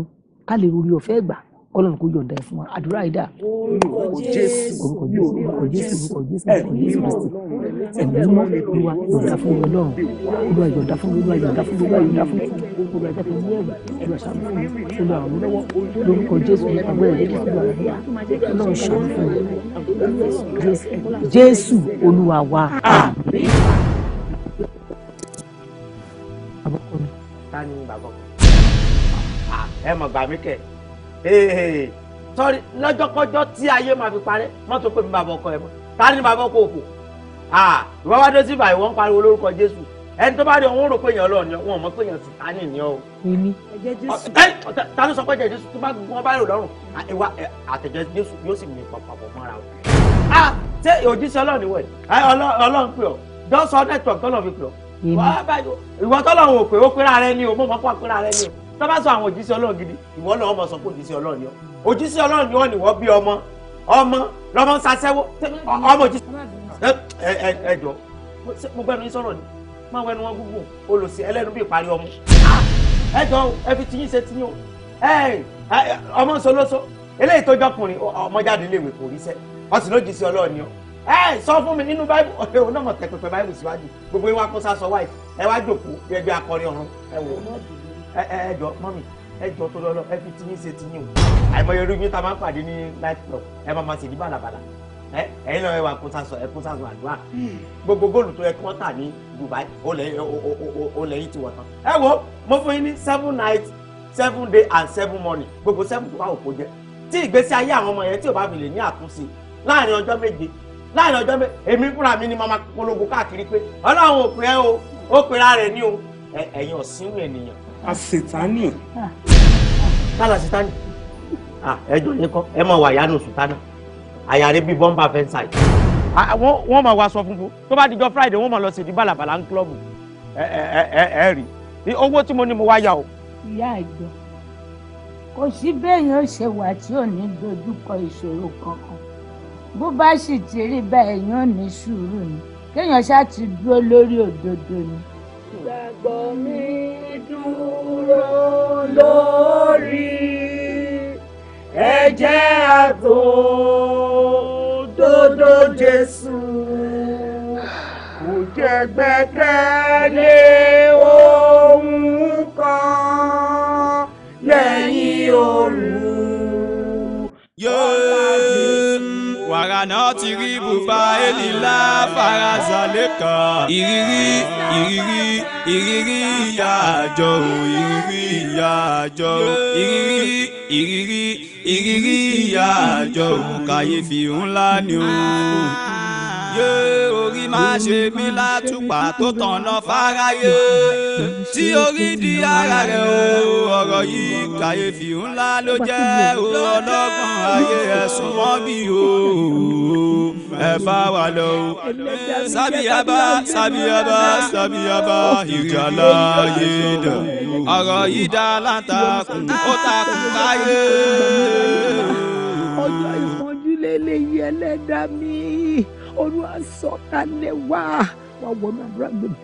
ká lè rori ọ̀fẹ́ gbà kọ́lọ́run kó yọ̀ǹda ẹ̀ fún wa àdúrà yìí dà. orúkọ jésù orúkọ jésù orúkọ jésù orúkọ jésù ẹ̀mí mímọ́ olúwa yọ̀ǹda fún mi ọlọ́run olúwa yọ̀ǹda fún mi olúwa yọ̀ǹda fún mi olúwa yọ̀ǹda fún mi olúwa yọ̀ǹda fún mi olúwa ṣàánú fún mi olúwa àwọn lọ́wọ́ lórúkọ jésù àgbẹ̀ rẹ̀ lè fún wa ọlọ́run ṣàánú fún mi jésù olúwa wa. àbúkọ mi ta ni bàbá kan ah, ẹ mọ̀ gbà mí kẹ̀ sọrí lọ́jọ́kọ́jọ́ tí ayé máa fi parẹ́ mọ́tò pé mi bàbá ọkọ ẹ mọ́ ta ni bàbá ọkọ òkò ah, ìwọ́n wá dé sí ìbàyẹ̀ wọ́n ń pariwo lórúkọ Jésù ẹni tó bá rí òun rò pé èèyàn lọ́ọ̀ ni wọ́n mọ̀ pé èèyàn Sàtánì ni ọ́. èmi ẹ̀jẹ̀ Jésù. ta ló sọ pé ẹ̀jẹ̀ Jésù tó bá gbogbo wọn bá rò lọ́rùn ìwà àtẹ̀jẹ̀ Jésù yóò sì mí papọ̀ mọ́ra o. Ah, ṣé òjíṣẹ́ Ọlọ́run ni wẹ̀ Ọlọ́run pè ọ́ dọ́sọ̀ network tọ́lọ́ fi pè ọ́ wàá báyọ̀ ìwọ tọ́lọ́run ò pé ó pera rẹ ni o mo mọ̀ pọ̀ pera rẹ ni o tó bá sọ àwọn òjíṣẹ́ ọlọ́run gidi ìwọ náà ọmọ sọ pé òjíṣẹ́ ọlọ́run ni ọ òjíṣẹ́ ọlọ́run ni wọ́n ni wọ́n bí ọmọ ọmọ lọ́mọ sasẹ́wó ọmọ òjíṣẹ́ ẹ̀jọ̀ mo gbẹ́nu yín sọ̀rọ̀ ni máa wẹnu wọn gúgùn olùsí ẹlẹ́nu bíi parí ọmọ ẹ̀jọ̀ ẹbí tiyín ṣe tiyín o ọmọ ń eléyìí tó jọkùnrin ọmọ jáde léèwé kò ríṣẹ́ ọ̀sìn lójíṣẹ́ ọlọ́run ni ọ ẹ sọ fún mi nínú báìbù ọ̀rẹ́ òun náà mọ̀ tẹ pẹpẹ báìbù síwájú gbogbo ìwà kó sásọ wáìf ẹ wá jòkóó bí ẹgbẹ́ akọrin ọ̀run ẹ wò ẹ ẹ jọ mọ́mì ẹ jọ tó lọ́lọ́ ẹ fi tiyín ṣe tiyín o àìmọye irú yín ta máa ń pàdé ní life club ẹ máa ma ṣèdí bàlàbàlà ẹ ẹyin náà ẹ wà kó sásọ ẹ kó sásọ àdúrà gbogbo góòlù tó yẹ kí wọ́n tà ní Dubai ó lẹ́yìn tí wọ́n tán ẹ wo mo fún yín ní seven night seven day and seven morning gbogbo seven tó bá òkò jẹ tí ìgbésí ayé àwọn ọmọ yẹn tí ò bá fi lè ní àtúnṣe láàrin ọjọ́ méje láàrin ọjọ́ bẹ́ẹ̀ èmi fúnra mi ni màmá polongo káàkiri pé ọlọ́run ò pè é o ó pera rẹ̀ ní o ẹ̀yin ọ̀sìnwó ènìyàn. àṣetánì. tálà ṣetánì ẹjọ́ yẹn kọ́ ẹ máa wà yánu sùtánà àyàrí bíi bọ́mbà fẹ́ǹsáì. wọ́n máa wá aṣọ funfun tó bá dijọ́ friday wọ́n máa lọ sí di bàlàbàlà ń kílọ̀bù ẹ ẹ ẹ rí owó tí mo ní mo wá yà o. ìyá àjọ kò sí bẹ́ẹ̀ yẹn ó ṣe wà tí ò ní dojúkọ ìṣòro kankan bó bá sì ti rí bẹ́ẹ̀ yóò ní sùúrù ni kéèyàn ṣáà ti dúró lórí òdodo ni. gbàgbọ́ mi dúró lórí ẹ̀jẹ̀ àtò dodo Jésù kò jẹ́ gbẹ́kẹ̀lé ohun kan lẹ́yìn òru. yóò ìrànà ti rí bùbá èlì ńlá faraza lẹ́kàn. ìrírí ìrírí ìrírí ìyá àjọ òun ìrírí ìyá àjọ òun ìrírí ìrírí ìrírí ìyá àjọ òun kàyéfì ńlá ni òun yé orí má ṣe mí látùpà tó tọ̀nà fáráyé tí orí di ara rẹ̀ o ọ̀rọ̀ yìí kàyéfì ńlá ló jẹ́ o ọlọ́gbọ́n ayé ẹ̀sùn wọn bí o ẹ fà wà lọ o sábìyàbá sábìyàbá sábìyàbá ìjàlá yé dà ọ̀rọ̀ yìí dá látàkùn ó takùn káyé. ọjọ́ ìpọ́njú lélẹ́yìí ẹlẹ́dàá mi olúwa sọ̀kalẹ̀ wá wá wọnú àdúrà gbẹ̀mí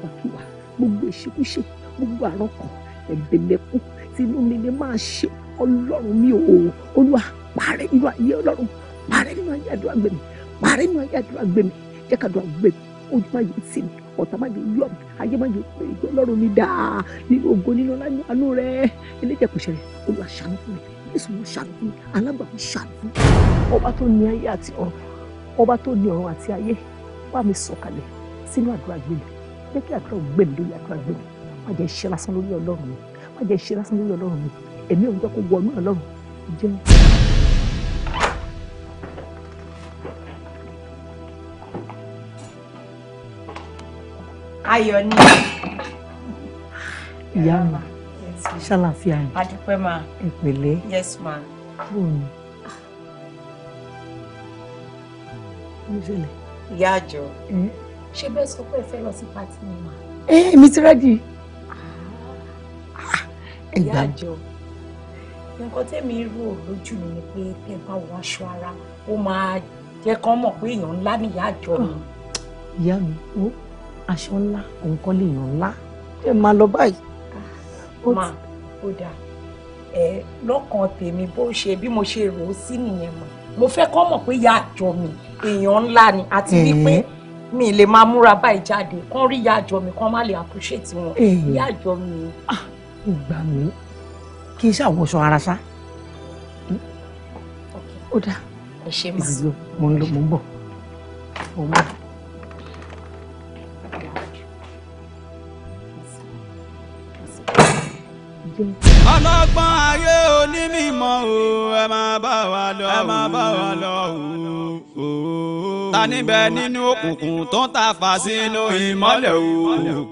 gbogbo ìwàkiwà gbogbo ìṣekúṣe gbogbo àrọ́kàn ẹ̀bẹ̀lẹ̀kù tínú mi ni máa ṣe ọlọ́run mi ò olúwa parẹ́ nínú ayé ọlọ́run parẹ́ nínú ayé àdúrà gbẹ̀mí parẹ́ nínú ayé àdúrà gbẹ̀mí jẹ́ ká àdúrà gbẹ̀mí ojú máa yọ sí mi ọ̀tá máa yọ yọ mi ayé máa yọ pé ìjọ ọlọ́run mi dà nínú ògo nínú àánú rẹ eléjẹ kò ṣẹlẹ̀ olúwa ṣàánú fún mi Jésù mo ṣàánú fún mi alágbàmú ṣàánú fún mi ọba tó ní ayé àti ọ̀run ọba tó ní ọ̀run àti ayé bá mi sọ̀kalẹ̀ sínú àdúrà gbé mi jẹ́ kí àdúrà gbé mi lórí àdúrà gbé mi má jẹ́ ṣe lásán lórí ọlọ́run mi má jẹ́ ṣe lásán lórí ọlọ́run mi èmi ò ń jẹ́ kó wọnú ọlọ́run jẹ́. ayọ̀ ni. ìyá mi ṣàlàfíà yín. adúpẹ́ máa. ẹ yes ma. bóun ni. mo ṣẹlẹ̀. ìyá àjọ mm. ṣé bẹ́ẹ̀ sọ pé ẹ fẹ́ lọ sí pátì mi mà. ẹ mi ti rẹ́dì. Ah. ìyá nǹkan tẹ́mi rò lójú mi ni pé tẹ́ bá wọ aṣọ ara ó máa jẹ́ kán mọ̀ pé èèyàn ńlá ni ìyá àjọ mi. Ah. ìyá mi ó aṣọ ńlá òun kọ́ lè yàn ńlá ẹ máa lọ báyìí. máa ah. ó dáa ẹ lọ́kàn tèmi bó ṣe bí mo ṣe rò ó sí nìyẹn mọ̀ mo fẹ́ kán mọ̀ pé ìyá àjọ mi èèyàn ńlá ni àti wípé mi lè máa múra báyìí jáde kán rí ìyá àjọ mi kán má lè appreciate wọn ìyá àjọ mi. ìgbà ah, mi kì í ṣàwọṣọ ara ṣá hmm. ó dá ẹ ṣe máa ìdílé mo ń lọ mo ń bọ̀ mo ń bọ̀. ọlọ́gbọ́n ayé onímọ̀ o ẹ máa bá wa lọ ẹ máa bá wa lọ o ta níbẹ̀ nínú òkùnkùn tó ń ta fà sínú ìmọ́lẹ̀ o.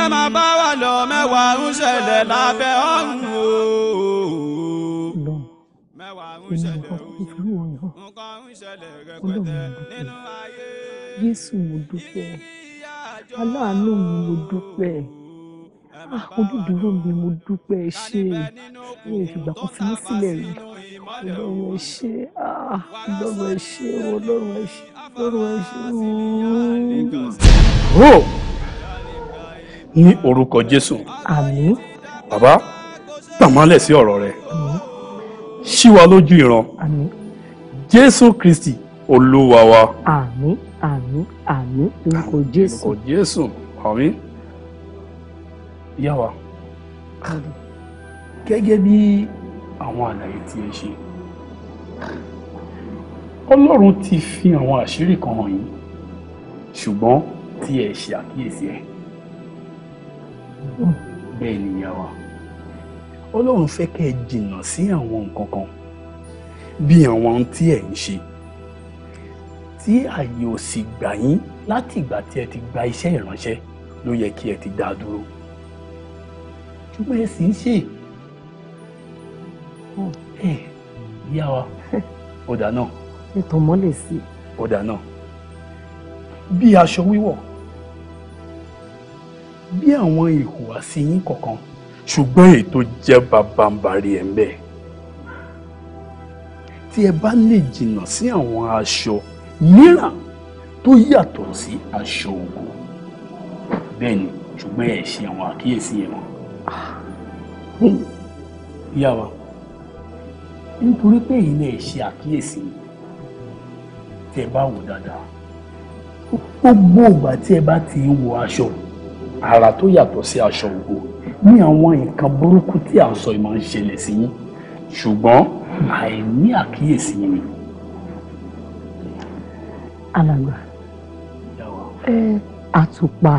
ẹ máa bá wa lọ mẹ́wàá ń ṣẹlẹ̀ lábẹ́ ọ̀run o. mẹ́wàá ń ṣẹlẹ̀ o. nǹkan ń ṣẹlẹ̀ rẹpẹtẹ nínú ayé. Jésù mo dúpẹ́ aláàánú mi mo dúpẹ́. Ah, ojúdúró mi mo dúpẹ́ ẹ ṣé mi ò fìgbà kan fi mí sílẹ̀ rí ah, ọlọ́run ẹ ṣé ọlọ́run ẹ ṣé ọlọ́run ẹ ṣé ọlọ́run ẹ ṣé. o ní orúkọ Jésù. àmín. bàbá tàmálẹ̀ sí ọ̀rọ̀ rẹ ṣí wa lójú ìran. àmín. Jésù Kristi olúwa wa. àmín àmín àmín orúkọ Jésù. orúkọ Jésù àmín ìyá wa gẹ́gẹ́ bí àwọn àlàyé tí ẹ ṣe ọlọ́run ti fi àwọn àṣírí kan hàn yín ṣùgbọ́n tí ẹ ṣe àkíyèsí ẹ bẹ́ẹ̀ ni ìyá wa ọlọ́run fẹ́ kẹ́ ẹ jìnnà sí àwọn nǹkan kan bí àwọn ohun tí ẹ ń ṣe tí ààyè ò sì gbà yín láti ìgbà tí ẹ ti gba iṣẹ́ ìránṣẹ́ ló yẹ kí ẹ ti dá dúró ṣùgbọ́n ẹ aṣọ wíwọ̀ bí àwọn ìhùwàsí yín kọ̀ọ̀kan ṣùgbọ́n èyí jẹ́ bàbàǹbarì ẹ̀ ń bẹ tí ẹ bá lè jìnnà sí àwọn aṣọ mìíràn tó yàtọ̀ sí aṣọ ògùn bẹ́ẹ̀ ni ṣùgbọ́n ẹ ṣe àwọn àkíyèsí yẹn mọ́ ìyá wa nítorí pé èyí lè ṣe àkíyèsí tẹ bá wò dáadáa gbogbo ìgbà tí ẹ bá ti wọ aṣọ àrà tó yàtọ̀ sí aṣọ ògo ní àwọn nǹkan burúkú tí à ń sọ yìí máa ń ṣẹlẹ̀ sí yín ṣùgbọ́n àìní àkíyèsí yín ni. alàgbà àtùpà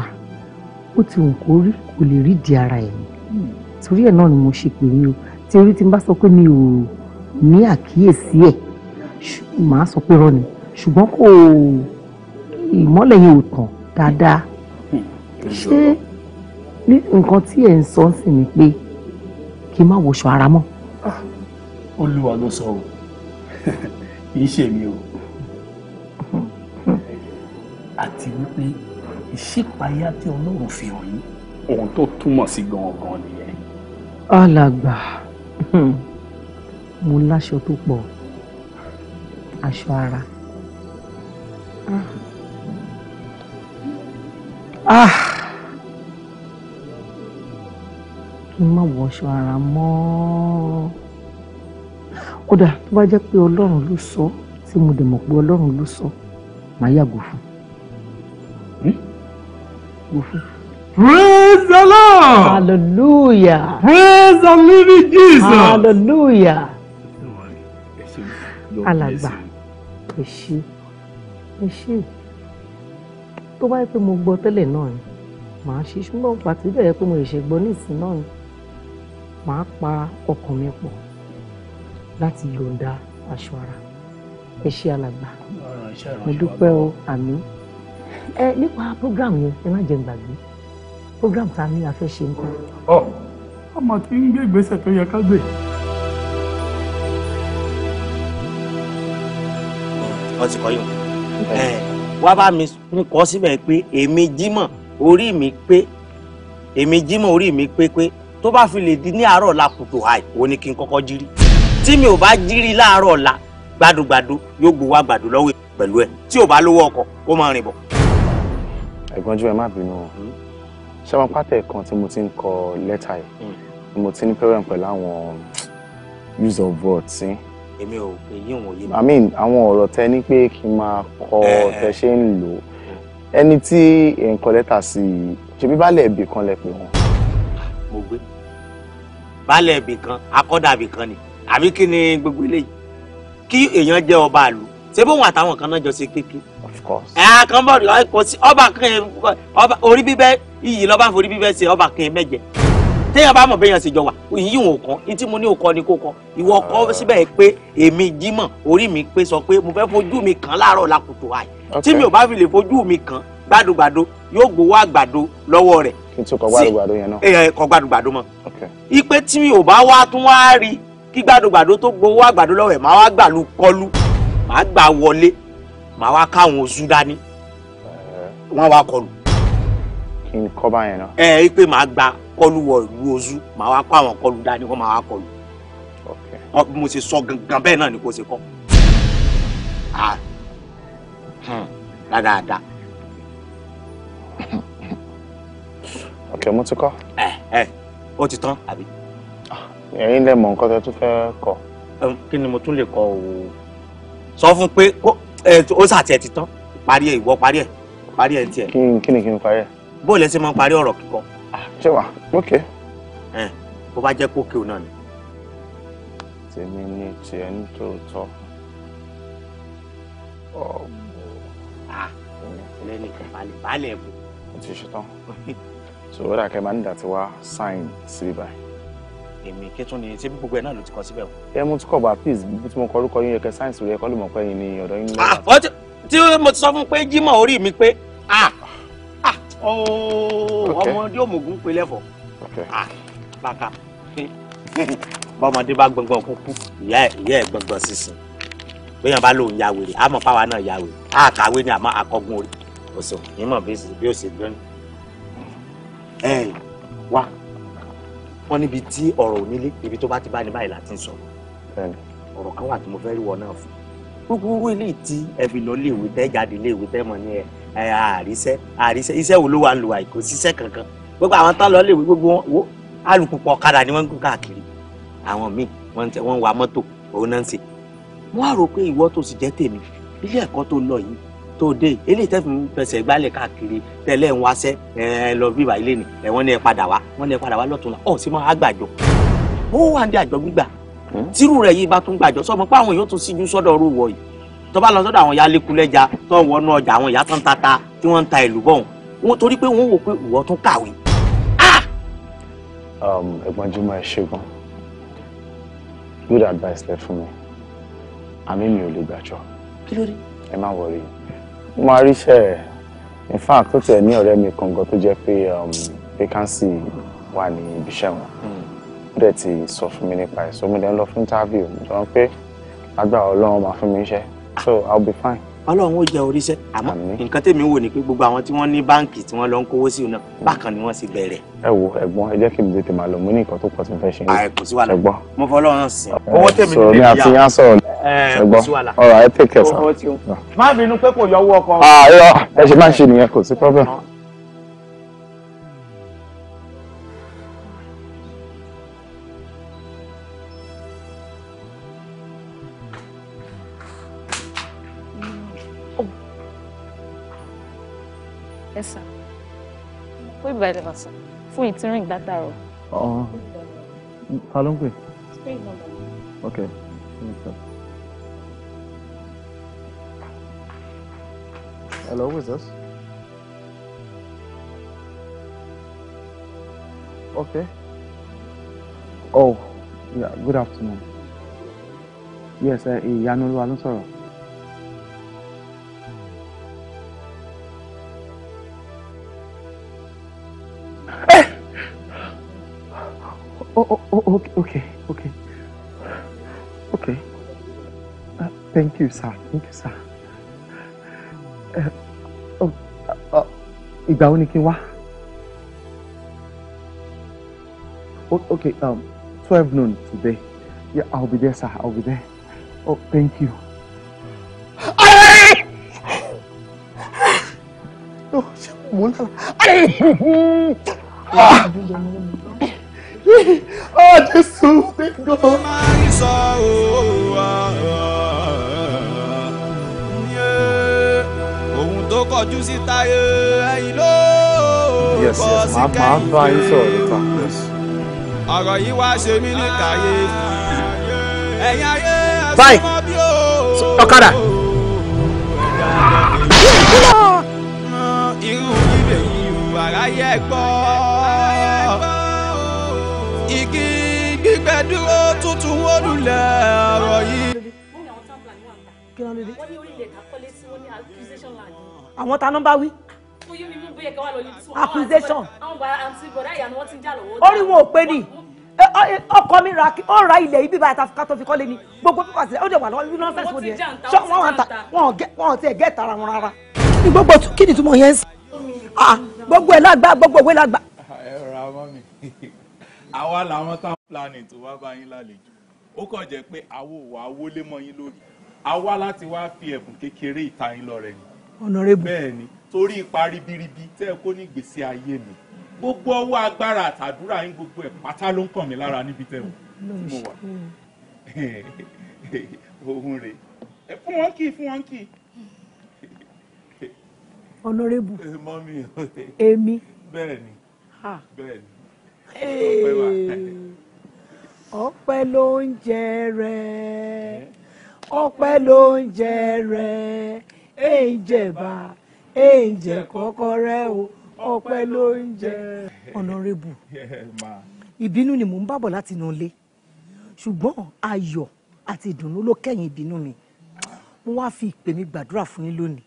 ó ti wù kó rí kò lè rí di ara ẹ̀ Hmm. torí ẹ̀ náà ni mo ṣe pè yín o torí tí n bá sọ pé mi ò ní àkíyèsí ẹ̀ màá sọ pé rọ ni ṣùgbọ́n kò ìmọ́lẹ̀ yẹn ò tàn dáadáa hmm. ṣé nǹkan tí ẹ̀ ń sọ ń sìn ni pé kí n má wọṣọ ara mọ́. Ah, olúwa ló sọ o kì í ṣe mi o hmm. àti wípé ìṣípayá tí ọlọ́run fi hàn yín ohun tó túmọ̀ sí gangan nìyẹn. alàgbà hmm, mo láṣọ tó pọ̀ aṣọ ara. Ah, kí n má wọṣọ ara mọ́ kódà tó bá jẹ́ pé ọlọ́run ló sọ tí mo dẹ̀ mọ̀ pé ọlọ́run ló sọ màá yàgò fún. Hmm? Gò fún. Praise the Lord. Hallelujah. Praise the living Jesus. Hallelujah. Alàgbà, ẹ ṣé, ẹ ṣé. Tó bá yẹ pé mo gbọ́ tẹ́lẹ̀ náà ni, màá ṣe ṣùgbọ́n pàtó bẹ̀rẹ̀ pé mo lè ṣe gbọ́ nísìn náà ni. Màá pa ọkàn mi pọ̀ láti yọ̀ǹda aṣọ ara. Ẹ ṣé alàgbà. Mo dúpẹ́ o, àmín. Ẹ nípa program yẹn, ẹ má jẹun gbàgbé program ta ni a fẹ́ ṣe nǹkan. ọ ọmọ tí ń gbé ìgbésẹ̀ tó yẹ ká gbé. wọ́n ti kọ́ yìí wá bá mi ń kọ́ síbẹ̀ pé èmi Jímọ̀ orí mi pé èmi Jímọ̀ orí mi pé pé tó bá fi lè di ní àárọ̀ ọ̀la kùtù àì òun ni kí n kọ́kọ́ jírí tí mi ò bá jírí láàárọ̀ ọ̀la gbàdúgbàdú yóò gbowó àgbàdo lọ́wọ́ pẹ̀lú ẹ̀ tí ò bá lówó ọkọ̀ ó máa rìn bọ̀. ẹ̀gbọ́n jù ẹ má bínú o hmm? ṣáwọn pátẹ kan tí mo ti ń kọ lẹ́tà yìí hmm. ni mo ti ní problem pẹ̀lú àwọn use of words sí. èmi ò pè yí òun yé mi. i mean àwọn ọ̀rọ̀ tẹ ní pé kí n máa kọ eh, eh. tẹ ṣe ń lò hmm. ẹni tí ẹ̀ ń kọ lẹ́tà sí i ṣebí baálé ẹ̀bì kan lẹ pè wọ́n. mo gbé baálé ẹ̀bì kan akọ́dàbì kan ni àbí kí ni gbogbo eléyìí kí èèyàn jẹ́ ọba àlù ṣé bóun àtàwọn kan náà jọ ṣe kékeré. of course. ẹ̀ kan bọ̀ ọkọ̀ sí ọba kan yẹn orí bíbẹ́ iyì lọ́ba forí bíbẹ́ ṣe ọba kan yẹn mẹ́jẹ. téèyàn bá mọ̀ bẹ́yàn ṣe jọ wà yìí wọn ò kàn ní tí mo ní ni kò kàn ìwọ kọ́ ah. síbẹ̀ pé èmi Jímọ̀ orí mi pé sọ pé mo fẹ́ fojú mi kàn láàárọ̀ lákòótò àì tí mi ò bá fi lè fojú mi kàn gbàdúgbàdó yóò gbowó àgbàdo lọ́wọ́ rẹ̀. kí n tún kọ gbàdúgbàdó yẹn náà. ẹ kọ gbàdúgbàdó mọ. ipe tí mi ò bá wá tún wá rí kí gbàdúgbàdó tó gbowó àgbàdo lọ́wọ́ ẹ̀ máa wá gbàlú kọlu màá gbà wọlé màá wá káwọn oṣù dání wọ́n wá kọlù. kí n kọ́ báyẹn náà. ẹ ẹ pé màá gba kọlù wọ ìlú oṣù màá wá kó àwọn dání kó màá wá kọlù. mo ṣe sọ gangan bẹ́ẹ̀ náà ni kò ṣe kọ́. Hmm, dáadáa. Ok, mo ti kọ́. ẹ ẹ O ti tán àbí. ẹ̀yin lè mọ nǹkan tẹ́ tún fẹ́ kọ. kí ni mo tún lè kọ o sọ fún pé ó ṣàtẹ̀ ti tán parí ẹ̀ ìwọ parí ẹ̀ parí ẹ̀ tiẹ̀. kí ni kí ni parí ẹ̀. bó o lẹ ṣe máa parí ọ̀rọ̀ kíkọ. Ah, ṣé wà ok. ẹ bó bá jẹ́ pókè o náà ni. tèmi ni tiẹ̀ ń tó tọ́ ọ̀gbọ̀n. Ah, lẹ́nìkan balẹ̀ balẹ̀ bò. mo ti ṣetán sọ̀rọ̀ dà kẹ́ máa ń dà tí wá sáìn síbí báyìí èmi kétún ni ṣé gbogbo ẹ náà ló ti kọ síbẹ̀ o. ẹ mú tí kò bá please bí tí mo kọ orúkọ yín yẹkẹ sáyẹnsì rẹ kọ́ ló mọ̀ pé yín ní ọ̀dọ́ yín lẹ́yìn. tí mo ti sọ fún pé Jímọ̀ orí mi pé ah, ah, ọmọdé òmùgún pé lẹ́fọ̀ ah, bàkà bọ́mọdé bá gbọ̀ngbọ̀n kúkú ìyá ẹ̀ gbọ̀ngbọ̀n sísìn bóyá bá lóun ya wèrè àmọ́ páwa náà ya wèrè àkàwé ni àmọ́ akọ́gun orí òsò ìmọ̀ bí ó ṣe gbẹ́ni. ẹ wá wọ́n níbi tí ọ̀rọ̀ onílé ibi tó bá ti bá ní báyìí láti sọ ọ̀rọ̀ kan wà tí mo fẹ́ rí wọn náà fún kúkúrú ilé tí ẹ fi lọ tẹ jáde léèwé tẹ mọ ní ẹ àríṣẹ àríṣẹ iṣẹ́ wo ló wà lù àìkò síṣẹ́ kankan gbogbo àwọn tán lọ léèwé gbogbo wọn alùpùpù ọ̀kadà ni wọ́n ń gùn káàkiri àwọn míì wọ́n ń wa mọ́tò òun náà ń ṣe. wọ́n á rò pé ìwọ tó sì jẹ́ tèmi ilé ẹ̀kọ́ tó lọ yìí tó dé eléyìí tẹ́ fi ń fẹsẹ̀ gbálẹ̀ káàkiri tẹ́lẹ̀ ń wáṣẹ́ ẹ lọ bí ìwà ilé ni ẹ wọ́n ní ẹ padà wá wọ́n ní ẹ padà wá lọ́tún la ọ̀ sí máa gbàjọ ó wà ní àjọ gbígbà hmm? tírù rẹ̀ yìí bá tún gbàjọ sọmọ pé àwọn èèyàn tún síjú sọ́dọ̀ ọrú wọ̀ yìí tó lọ sọ́dọ̀ àwọn ìyá lẹ́kulẹ́ja tó ń wọnú ọjà àwọn ìyá tán tata tí wọ́n ń ta ìlú bọ̀ wọn torí pé wọ́n wò pé ah! um, good advice lẹ fún mi àmì mi ò lè gbàjọ kí ló dé ẹ má wọrí mo máa ríṣẹ́ rẹ̀ in fact ó tiẹ̀ ní ọ̀rẹ́ mi kan gan tó jẹ́ pé um, vacancy wà ní ibiṣẹ́ wọn hmm. ó dẹ̀ ti sọ fún mi nípa ẹ̀ so mo dẹ̀ ń lọ fún interview mo jọ pé agbára ọlọ́run máa fún mi iṣẹ́ so I'll be fine ọlọ́run ó jẹ oríṣẹ́ àmọ́ nǹkan tèmi wò ni pé gbogbo àwọn tí wọ́n ní báǹkì tí wọ́n lọ ń kówó sí náà hmm. bákan ni wọ́n sì bẹ̀rẹ̀. ẹ wo ẹ̀gbọ́n ẹ jẹ́ kí n tètè máa lọ mú ní nǹkan tó pọ̀ tí mo fẹ́ ṣe. àì kò sí wàhálà ẹ̀gbọ́n mo fọ ọlọ́run sìn owó tèmi ní tèmi yá sọ̀rọ̀ ní àti yá sọ̀rọ̀ ẹ tẹ̀kẹ̀ sà. má bínú pé kò yọ owó ọkọ. Ah, ẹ ṣe má ṣe nìyẹn kò sí problem. bíbá ilẹ̀ màsán fún ìtìrìn ìgbàtàrọ̀. ta ló ń pè. ok. hello who is this. okay. oh yeah, good afternoon. yes ìyanu eh, olúwa ló ń sọ̀rọ̀. oh, oh, oh, oh okay, okay. Okay. Uh, thank you, sir. Thank you, sir. Uh, oh, uh, uh, ìgbà oh, ni kí Okay, um, 12 noon today. Yeah, I'll be there, sir. I'll be there. Oh, thank you. Oh, Ah, pegou. kọjú síta ẹ ẹyin ló bọ́ sí kẹ́yìn. Vai, o. ọ̀kadà. igi gbígbẹ́ dúró tuntun wọ́n lulẹ̀ ọ̀rọ̀ yìí. àwọn ta nọ́mbà wí. accusation. orí wọn ò pé ni ọkọ mi ra ọ ra ilẹ̀ ibi báyìí ká tó fi kọ́lé ni gbogbo pípa sílẹ̀ ó dẹ̀ wà lọ́wọ́ nínú ọ̀sẹ̀ ìṣòdì ẹ̀ ṣọ́ wọn wà ń ta wọn ò tiẹ̀ gẹ́ tara wọn rárá. ní gbogbo kí ni túmọ̀ yẹn ń sìn ah, gbogbo ẹ̀ lágbá gbogbo ìwé lágbá. ẹ rọra mọ́ mi àwa làwọn town planning tó wá bá yín lálejò ó kàn jẹ́ pé àwo wà á wọlé mọ́ yín lórí àwa láti wá fi ẹ̀bùn kékeré ìta yín lọ́rẹ ni. honorable bẹ́ẹ̀ ni torí ipa ribiribi tẹ́ ẹ kó ní gbèsè ayé mi gbogbo ọwọ́ agbára àtàdúrà yín gbogbo ẹ̀ pátá ló ń kàn mí lára níbi tẹ́ ò mo wà ohun rè é fún wọn kì í fún wọn kì í. honorable èmi. bẹ́ẹ̀ ni bẹ́ẹ̀ ni ọpẹ́ ló ń jẹ rẹ ọpẹ́ ló ń jẹ rẹ èjẹba èjẹ kọkọrẹ o ọpẹ́ ló ń jẹ. ọ̀nàrẹ́bù ìbínú ni mò ń bábọ̀ láti inú ilé ṣùgbọ́n ayọ̀ àti ìdùnnú ló kẹ́yìn ìbínú mi mo wá fi ìpè mi gbàdúrà fún yín lónìí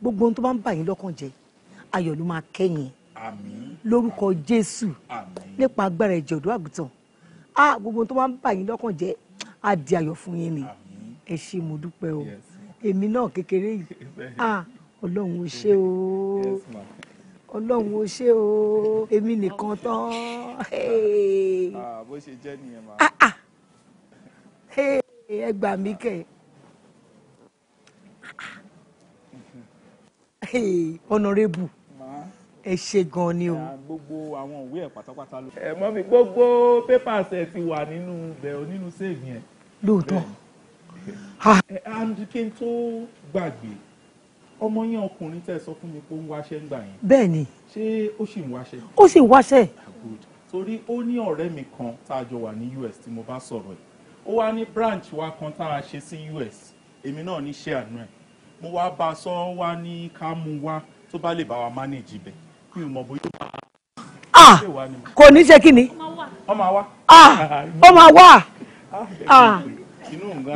gbogbo ohun tó bá ń bà yín lọ́kàn jẹ́ ayọ̀ ló máa kẹ́yìn lórúkọ jésù nípa agbára ẹ̀jẹ̀ ọ̀dọ́ àgùntàn a gbogbo tó máa ń bà yín lọ́kàn jẹ́ á di ayọ̀ fún yín ni ẹ ṣé mo dúpẹ́ o èmi náà kékeré yìí a ọlọ́run ó ṣe o ọlọ́run ó ṣe o èmi nìkan tán. bó ṣe jẹ́ nìyẹn máa. Ah, ah. ẹ gbà mí kẹ́ ọ̀nàrẹ́bù ẹ ṣe gan ni o. gbogbo àwọn òwe ẹ pátápátá ló. ẹ mọ mi gbogbo papers ẹ ti wà nínú bẹ̀rù nínú save yẹn. lóòótọ́. Ah. and kí n tó gbàgbé ọmọ yẹn ọkùnrin tẹ sọ fún mi pé ó ń wáṣẹ́ ń gbà yẹn. bẹ́ẹ̀ni. ṣé ó sì ń wáṣẹ́. ó sì ń wáṣẹ́. Ah, torí ó ní ọ̀rẹ́ mi kan tá a jọ wà ní US tí mo bá sọ̀rọ̀ ẹ̀ ó wá ní branch wa kan tá a ṣe sí US èmi náà ní ṣe àánú ẹ̀ mo wá bá a sọ wá ní ká mú wá tó bá lè bá wa manage ibẹ̀ ah kò ní ṣe kí ni ó máa wá ah ó ah, ah.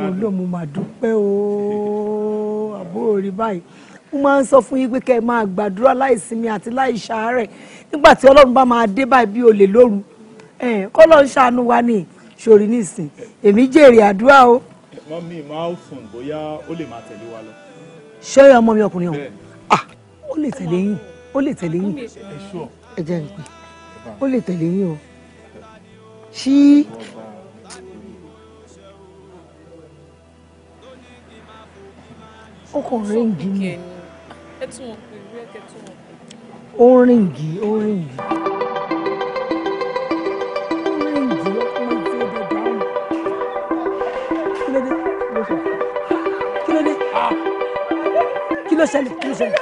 olóò mo máa dúpẹ́ ooo àbúrò rí báyìí mo máa ń sọ fún yín pé kẹ́ ẹ máa gbàdúrà láìsinmi àti láìṣàárẹ̀ nígbà tí ọlọ́run bá máa dé báyìí bí olè lóru kọ́lọ́ ń ṣàánú wa ní ìṣòrí nísìn èmi jèrè àdúrà o. ẹ̀gbọ́n mi máa ń sùn bóyá ó lè máa tẹ̀lé wa lọ. ṣé ọmọ mi ọkùnrin ọ̀hún ah, ó lè tẹ̀lé yín ó lè tẹ̀lé yín ẹ jẹ́ n pè ó lè tẹ̀lé yín o ṣí. ó kàn ríǹgì ni ó ń ríǹgì ó ló ṣẹlẹ̀ kí ló ṣẹlẹ̀.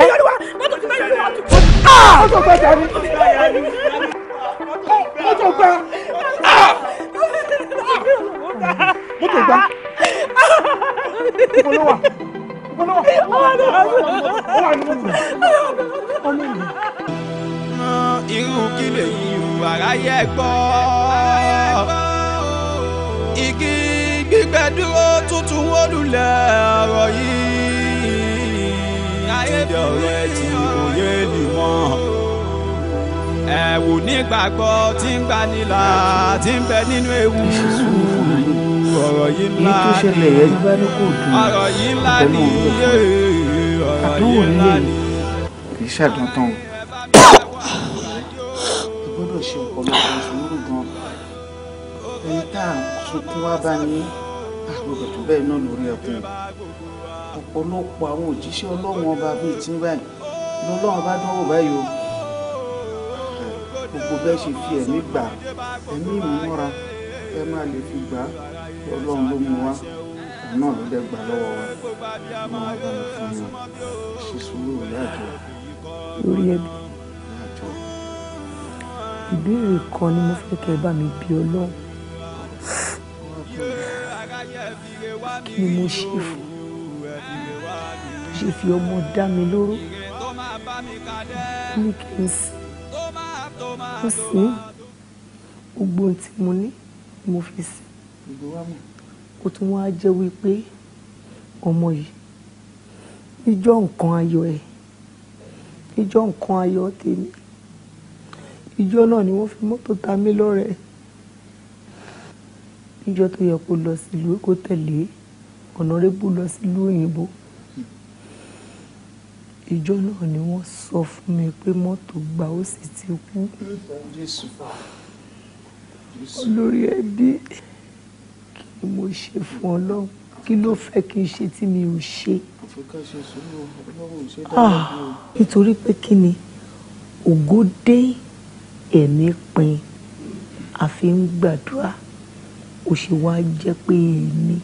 ẹ yọ níwá mọ́tò tí bẹ́ẹ̀ yọ níwá tó. irú kí lèyí ìwà aráyé gbọ́ igi gbígbẹ dúró tuntun wó lulẹ̀ ọ̀rọ̀ yìí ìdè ọ̀rẹ́ tí òye lè wọ́n. ẹ̀wù nígbàgbọ́ tí ń gbanilà tí ń bẹ nínú ewu ọ̀rọ̀ yìí ńlá ni ọ̀rọ̀ yìí ńlá ni ọ̀rọ̀ yìí ńlá ni. kì í ṣàdántàn gbọ́dọ̀ ṣe ọ̀pọ̀lọpọ̀ sùúrù gan ẹni tá à ń sunkún wá bá ní àgbègbè tó bẹ́ẹ̀ náà lórí ẹkùn ọ̀pọ̀lọpọ̀ àwọn òjíṣẹ́ ọlọ́run ọba bíi tí báyìí lọ́lọ́run bá dánwò báyìí o gbogbo bẹ́ẹ̀ ṣe fi ẹ̀mí gbà ẹ̀mí ìmúra ẹ má lè fi gbà ọlọ́run ló mú wa náà ló dẹ́ gbà lọ́wọ́ wa ní wọn bá mi fún mi ṣe sùúrù láàjọ. lórí ẹbí ìbéèrè kan ni mo fẹ́ kẹ́ ẹ bá mi bí ọlọ́run kí ni mo ṣe fún ṣe fi ọmọ dá mi lóró ní kí n sì ó sì ń gbogbo ohun tí mo ní mo fi sí kó tún wá jẹ́ wípé ọmọ yìí níjọ́ nǹkan ayọ̀ ẹ̀ níjọ́ nǹkan ayọ̀ tèmi ìjọ náà ni wọ́n fi mọ́tò ta mí lọ́rẹ níjọ́ tó yẹ kó lọ sílùú kó tẹ̀lé ọ̀nàrẹ́bù lọ sílùú òyìnbó ìjọ náà ni wọ́n sọ fún mi pé mọ́tò gbà ó sì ti kú olórí ẹbí kí ni mo ṣe fún ọlọ́run kí ló fẹ́ kí n ṣe tí mi ò ṣe ah, nítorí pé kí ni ògo dé ẹ̀mí pin àfi ń gbàdúrà ó ṣe wá jẹ́ pé èmi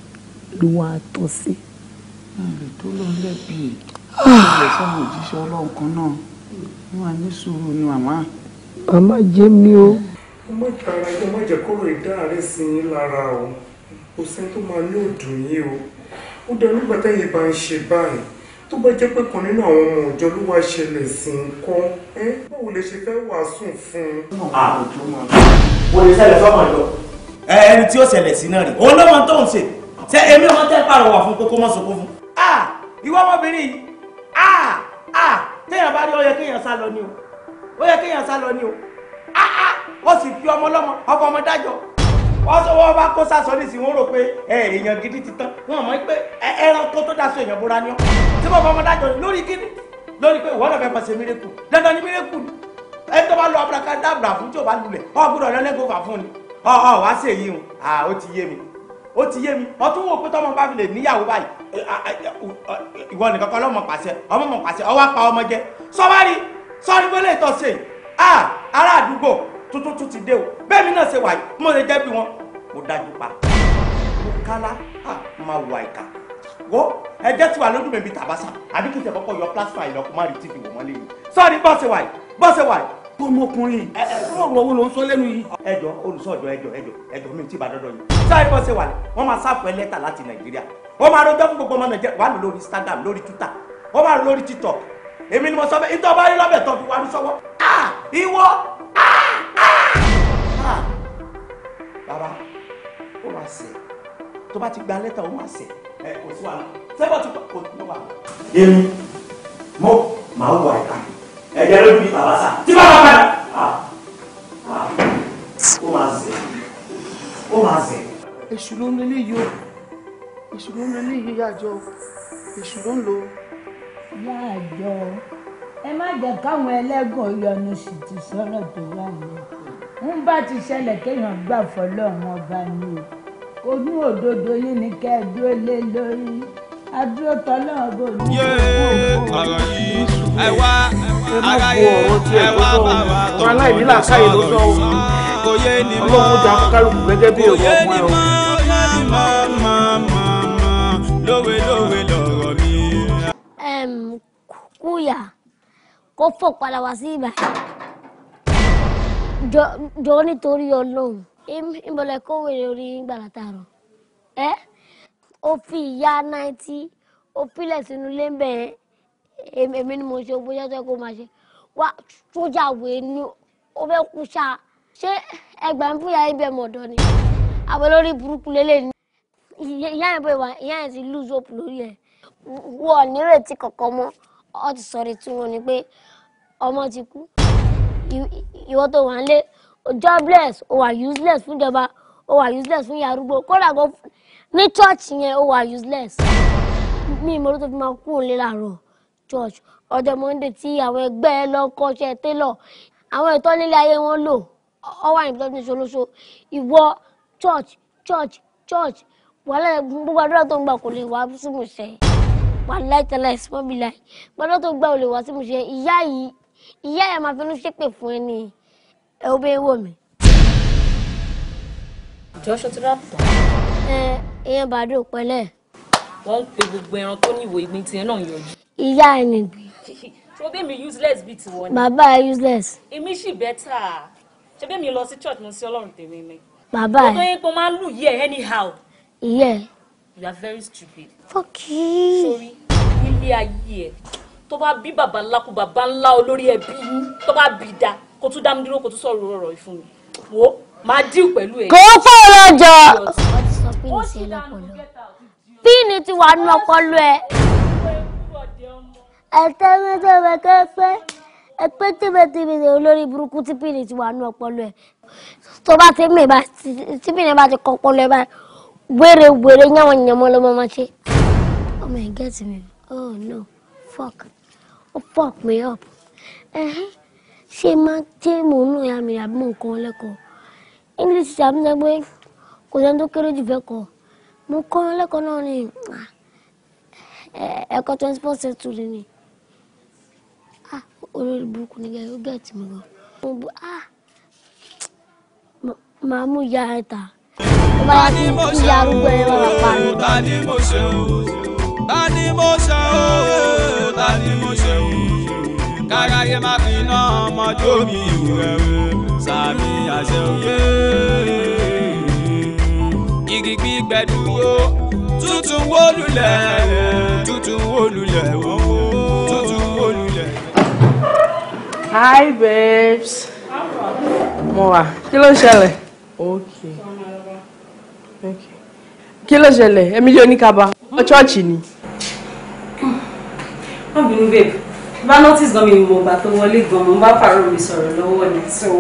ló wá tọ́ sí ìṣẹ̀lẹ̀ sọ́mọ òjíṣẹ́ ọlọ́run kan náà ní wàá ní sùúrù ni màmá. màmá jẹ́ o. ẹ má jara ẹ má jẹ́ kóró ìdáàrẹ́ sí yín lára o kò sẹ́ni tó máa ní òdùn yín o ó dá nígbà táyé bá ń ṣe báyìí tó bá jẹ́ pé kan nínú àwọn ọmọ òjò ló wá ṣẹlẹ̀ sí i kọ́ ẹ báwo lè ṣe fẹ́ wàásù fún un. wọ́n ah, lè ṣẹlẹ̀ sọ́mọ ìjọ. ẹni tí ó ṣẹlẹ̀ sí náà rè òun ló mọ tóun ṣe ṣe èmi ọmọ tẹ́ pàrọwà fún kókó mọ́sọ̀kó ah ah téèyàn bá rí ó yẹ kéèyàn sá lọ ni o ó yẹ kéèyàn sá lọ ni o ah ah ó sì fi ọmọ lọ́mọ ọkọ ọmọ dájọ́ wọ́n bá kó sásọ ní ìsìn wọ́n rò pé èèyàn gidi ti tán wọ́n mọ̀ pé ẹranko tó dáṣọ èèyàn bóra ni ọ́ tí wọ́n bá ọmọ dájọ́ lórí kíni lórí pé ìwọ́n náà fẹ́ máa ṣe mírèkù dandan ni mírèkù ni ẹni tó bá lọ abúlé ká dábùrà fún tí ò bá lulẹ̀ ọ́ gbúdọ̀ lọ́lẹ́gbọ̀fà fún ni ọ̀ ọ̀ wá sí èyí o ó ti yé mi ó ti yé mi ọtún wò pé tọmọ bá fi lè níyàwó báyìí ìwọ nìkan kan lọmọ pàṣẹ ọmọ mọ pàṣẹ ọwọ apá ọmọ jẹ sọwárí sọrí wọlé ìtọ́sẹ̀ à ará àdúgbò tuntun tún ti dé o bẹ́ẹ̀ mi náà ṣe wàyí mo lè jẹ́ bí wọn mo dájú pa mo kálá à máa wà ìka wo ẹjẹ ti wà lójú mi bíi tàbáṣà àbí kìí ṣe kọ́kọ́ yọ plasma ìlọkùnmárì tv wò mọ́lẹ́yìn sọrí bọ́ọ̀ṣẹ̀ wàyí bọ́ọ̀ṣẹ̀ wàyí tó mọkùnrin ẹ ẹ lọ́wọ́ wo ló ń sọ lẹ́nu yìí. ẹjọ olùsọjọ ẹjọ ẹjọ ẹjọ mi ti bá dọdọ yìí sáré bọ́ sí wàlẹ̀ wọ́n máa sáfù ẹ láti nàìjíríà wọ́n máa rojọ́ fún gbogbo ọmọ nàìjíríà wà lórí instagram lórí twitter wọ́n máa lórí tiktok èmi ni mo sọ bẹ́ẹ̀ ìtọ́ bá rí lọ́bẹ̀ tó fi wá sọ́wọ́ ah ìwọ ah ah bàbá ó máa sẹ̀ tó bá ti gba lẹ́tà ó máa sẹ̀ ẹ kò sí wàhálà sẹ́gbọ̀n ti kò tó wà ẹ̀jẹ̀ ló bí bàbá sá tí bàbá padà ah. Ah. ó máa zẹ̀ ó máa zẹ̀. èṣù ló ń lé léyìí o èṣù ló ń lé léyìí yájọ èṣù ló ń lo. yájọ ẹ má jẹ́ káwọn ẹlẹ́gàn yọnu sì ti sọ̀rọ̀ tó wà yìí ń bá ti ṣẹlẹ̀ kéèyàn gbà fọlọ́run ọba ni o onú òdodo yìí ni kẹ́ ẹ dúró lé lórí adúró tọ́lọ́run bò ní yéé ọ̀rọ̀ yìí ẹ wá aráyé ẹ wá bá wa tọ́ aláìní làákàyè ló sọ o ọlọ́run jà fún kálukú gẹ́gẹ́ bí ọ̀rọ̀ ọmọ kúyà kó fò padà wá sí ibà jọ nítorí ọlọ́run ìbọ̀lẹ̀ kówé lórí gbàrà tààrọ̀ ẹ́ ó fi ìyá náìtì ó pilẹ̀ sínú lébẹ̀ẹ́ èmi ni mo ṣe gbogbo iṣẹ́ tó yẹ kó máa ṣe wá sójà wèé ni ó fẹ́ kú ṣáà ṣé ẹgbàá ń fún ìyá ni àwọn olórí burúkú lélẹ̀ ni ìyá yẹn bẹ́ẹ̀ wá ìyá yẹn ti lose hope lórí ẹ̀ wọ́n ò nírètí kankan mọ́ ọ ti sọ̀rọ̀ tí wọ́n ní pé ọmọ ti kú ìwọ tó wà ń lé jobless ó wà useless fún ìjọba ó wà useless fún ìyá arúgbó kódà gan ní church yẹn ó wà useless mi ìmọ̀lótó fi máa kú òun lé làárọ̀ church ọjọ́ monday tí àwọn ẹgbẹ́ ẹ lọ kọ́ṣẹ́ tailor àwọn ẹ̀tọ́ nílé ayé wọn lò ọwọ́ àyìnbó ní ṣolóṣo ìwọ church church church wàhálà gbogbo àdúrà tó ń gbà kò lè wá sí ìmúṣẹ wàhálà ìtẹlẹ ìsọmọbìlà gbọdọ tó gbà ò lè wá sí ìmúṣẹ ìyá yìí ìyá yẹn máa fẹnu ṣépè fún ẹ ní ẹ ó bẹ wò mí. joshua ti rà tán. ẹ ìyẹn bàdó pẹ̀lẹ́. wọn ń pe gbogbo ẹran tó ní ìwò ìgbín tiẹ̀ náà yọjú ìyá ẹ nìgbì. ṣọbẹ mi useless bíi tiwọn ni. bàbá ẹ useless. èmi sì bẹ́tà ṣọbẹ mi lọ sí church mo sí ọlọ́run tèmi mi. bàbá ẹ. ọdún yẹn pé máa ń lù yẹ anyhow. ìyẹ. you are very stupid. fọkì. sori nílé ayé ẹ tó bá bí bàbá ńlá kú bàbá ńlá olórí ẹbí tó bá bí da kó tún dá mi dúró kó tún sọ̀rọ̀ ọ̀rọ̀ rẹ̀ mi wo máa dín pẹ̀lú ẹ. kò fọ́ ọlọ́jọ́. ó ti sọ pé ní ṣe lọ́pọ̀lọ́ píìnì ti wà nú ọpọlọ ẹ ẹ̀tẹ́mẹ́tẹ́mẹ́ kẹ́fẹ́ ẹ̀pẹ́ tẹ́mẹ́tẹ́mẹ́ olórí burúkú tí pínlẹ̀ ti wà nú ọpọlọ ẹ̀ tó bá ti mẹ́ tí pínlẹ̀ bá ti kọ́ ọpọlọ ẹ̀ báyìí wéré wéré yánwọ̀n yánwọ̀n ló máa ṣe. ọmọ ẹ̀ get me oh no fuck ó fuck me up ṣé máa ṣé mò ń nù ya mi àbí mò ń kọ́ lẹ́kọ̀ọ́ english ti àmì sọ pé kò sẹ́ni tó kéré jù fẹ́ kọ́ mo kọ́ lẹ́kọ̀ọ́ náà ni ah, ẹ̀kọ́ twenty four century ni olórí burúkú ni gẹ́gẹ́ gẹ́gẹ́ tí mo lọ. mo bu ah, a máa mú ya ẹ ta. bá a ti kú ya arúgbó ẹ wà pa ni. ta ni mo ṣe o ta ni mo ṣe o ta ni mo ṣe o káráyé má fi iná ọmọdé omi ìwúrẹ́ sàmì àṣẹ òye igi gbígbẹ dúró tuntun wó lulẹ̀ tuntun wó lulẹ̀ owó. Hi babes. Moa. Kilo Kí Okay. Okay. Kí ló ṣẹlẹ̀? Èmi jẹ́ oníkaba. Ọ chọ́ọ̀chì ni. Má bínú babe. Bá notice gan mi mo gbà tó wọlé gan mo bá pàrọ̀ mi sọ̀rọ̀ lọ́wọ́ ni so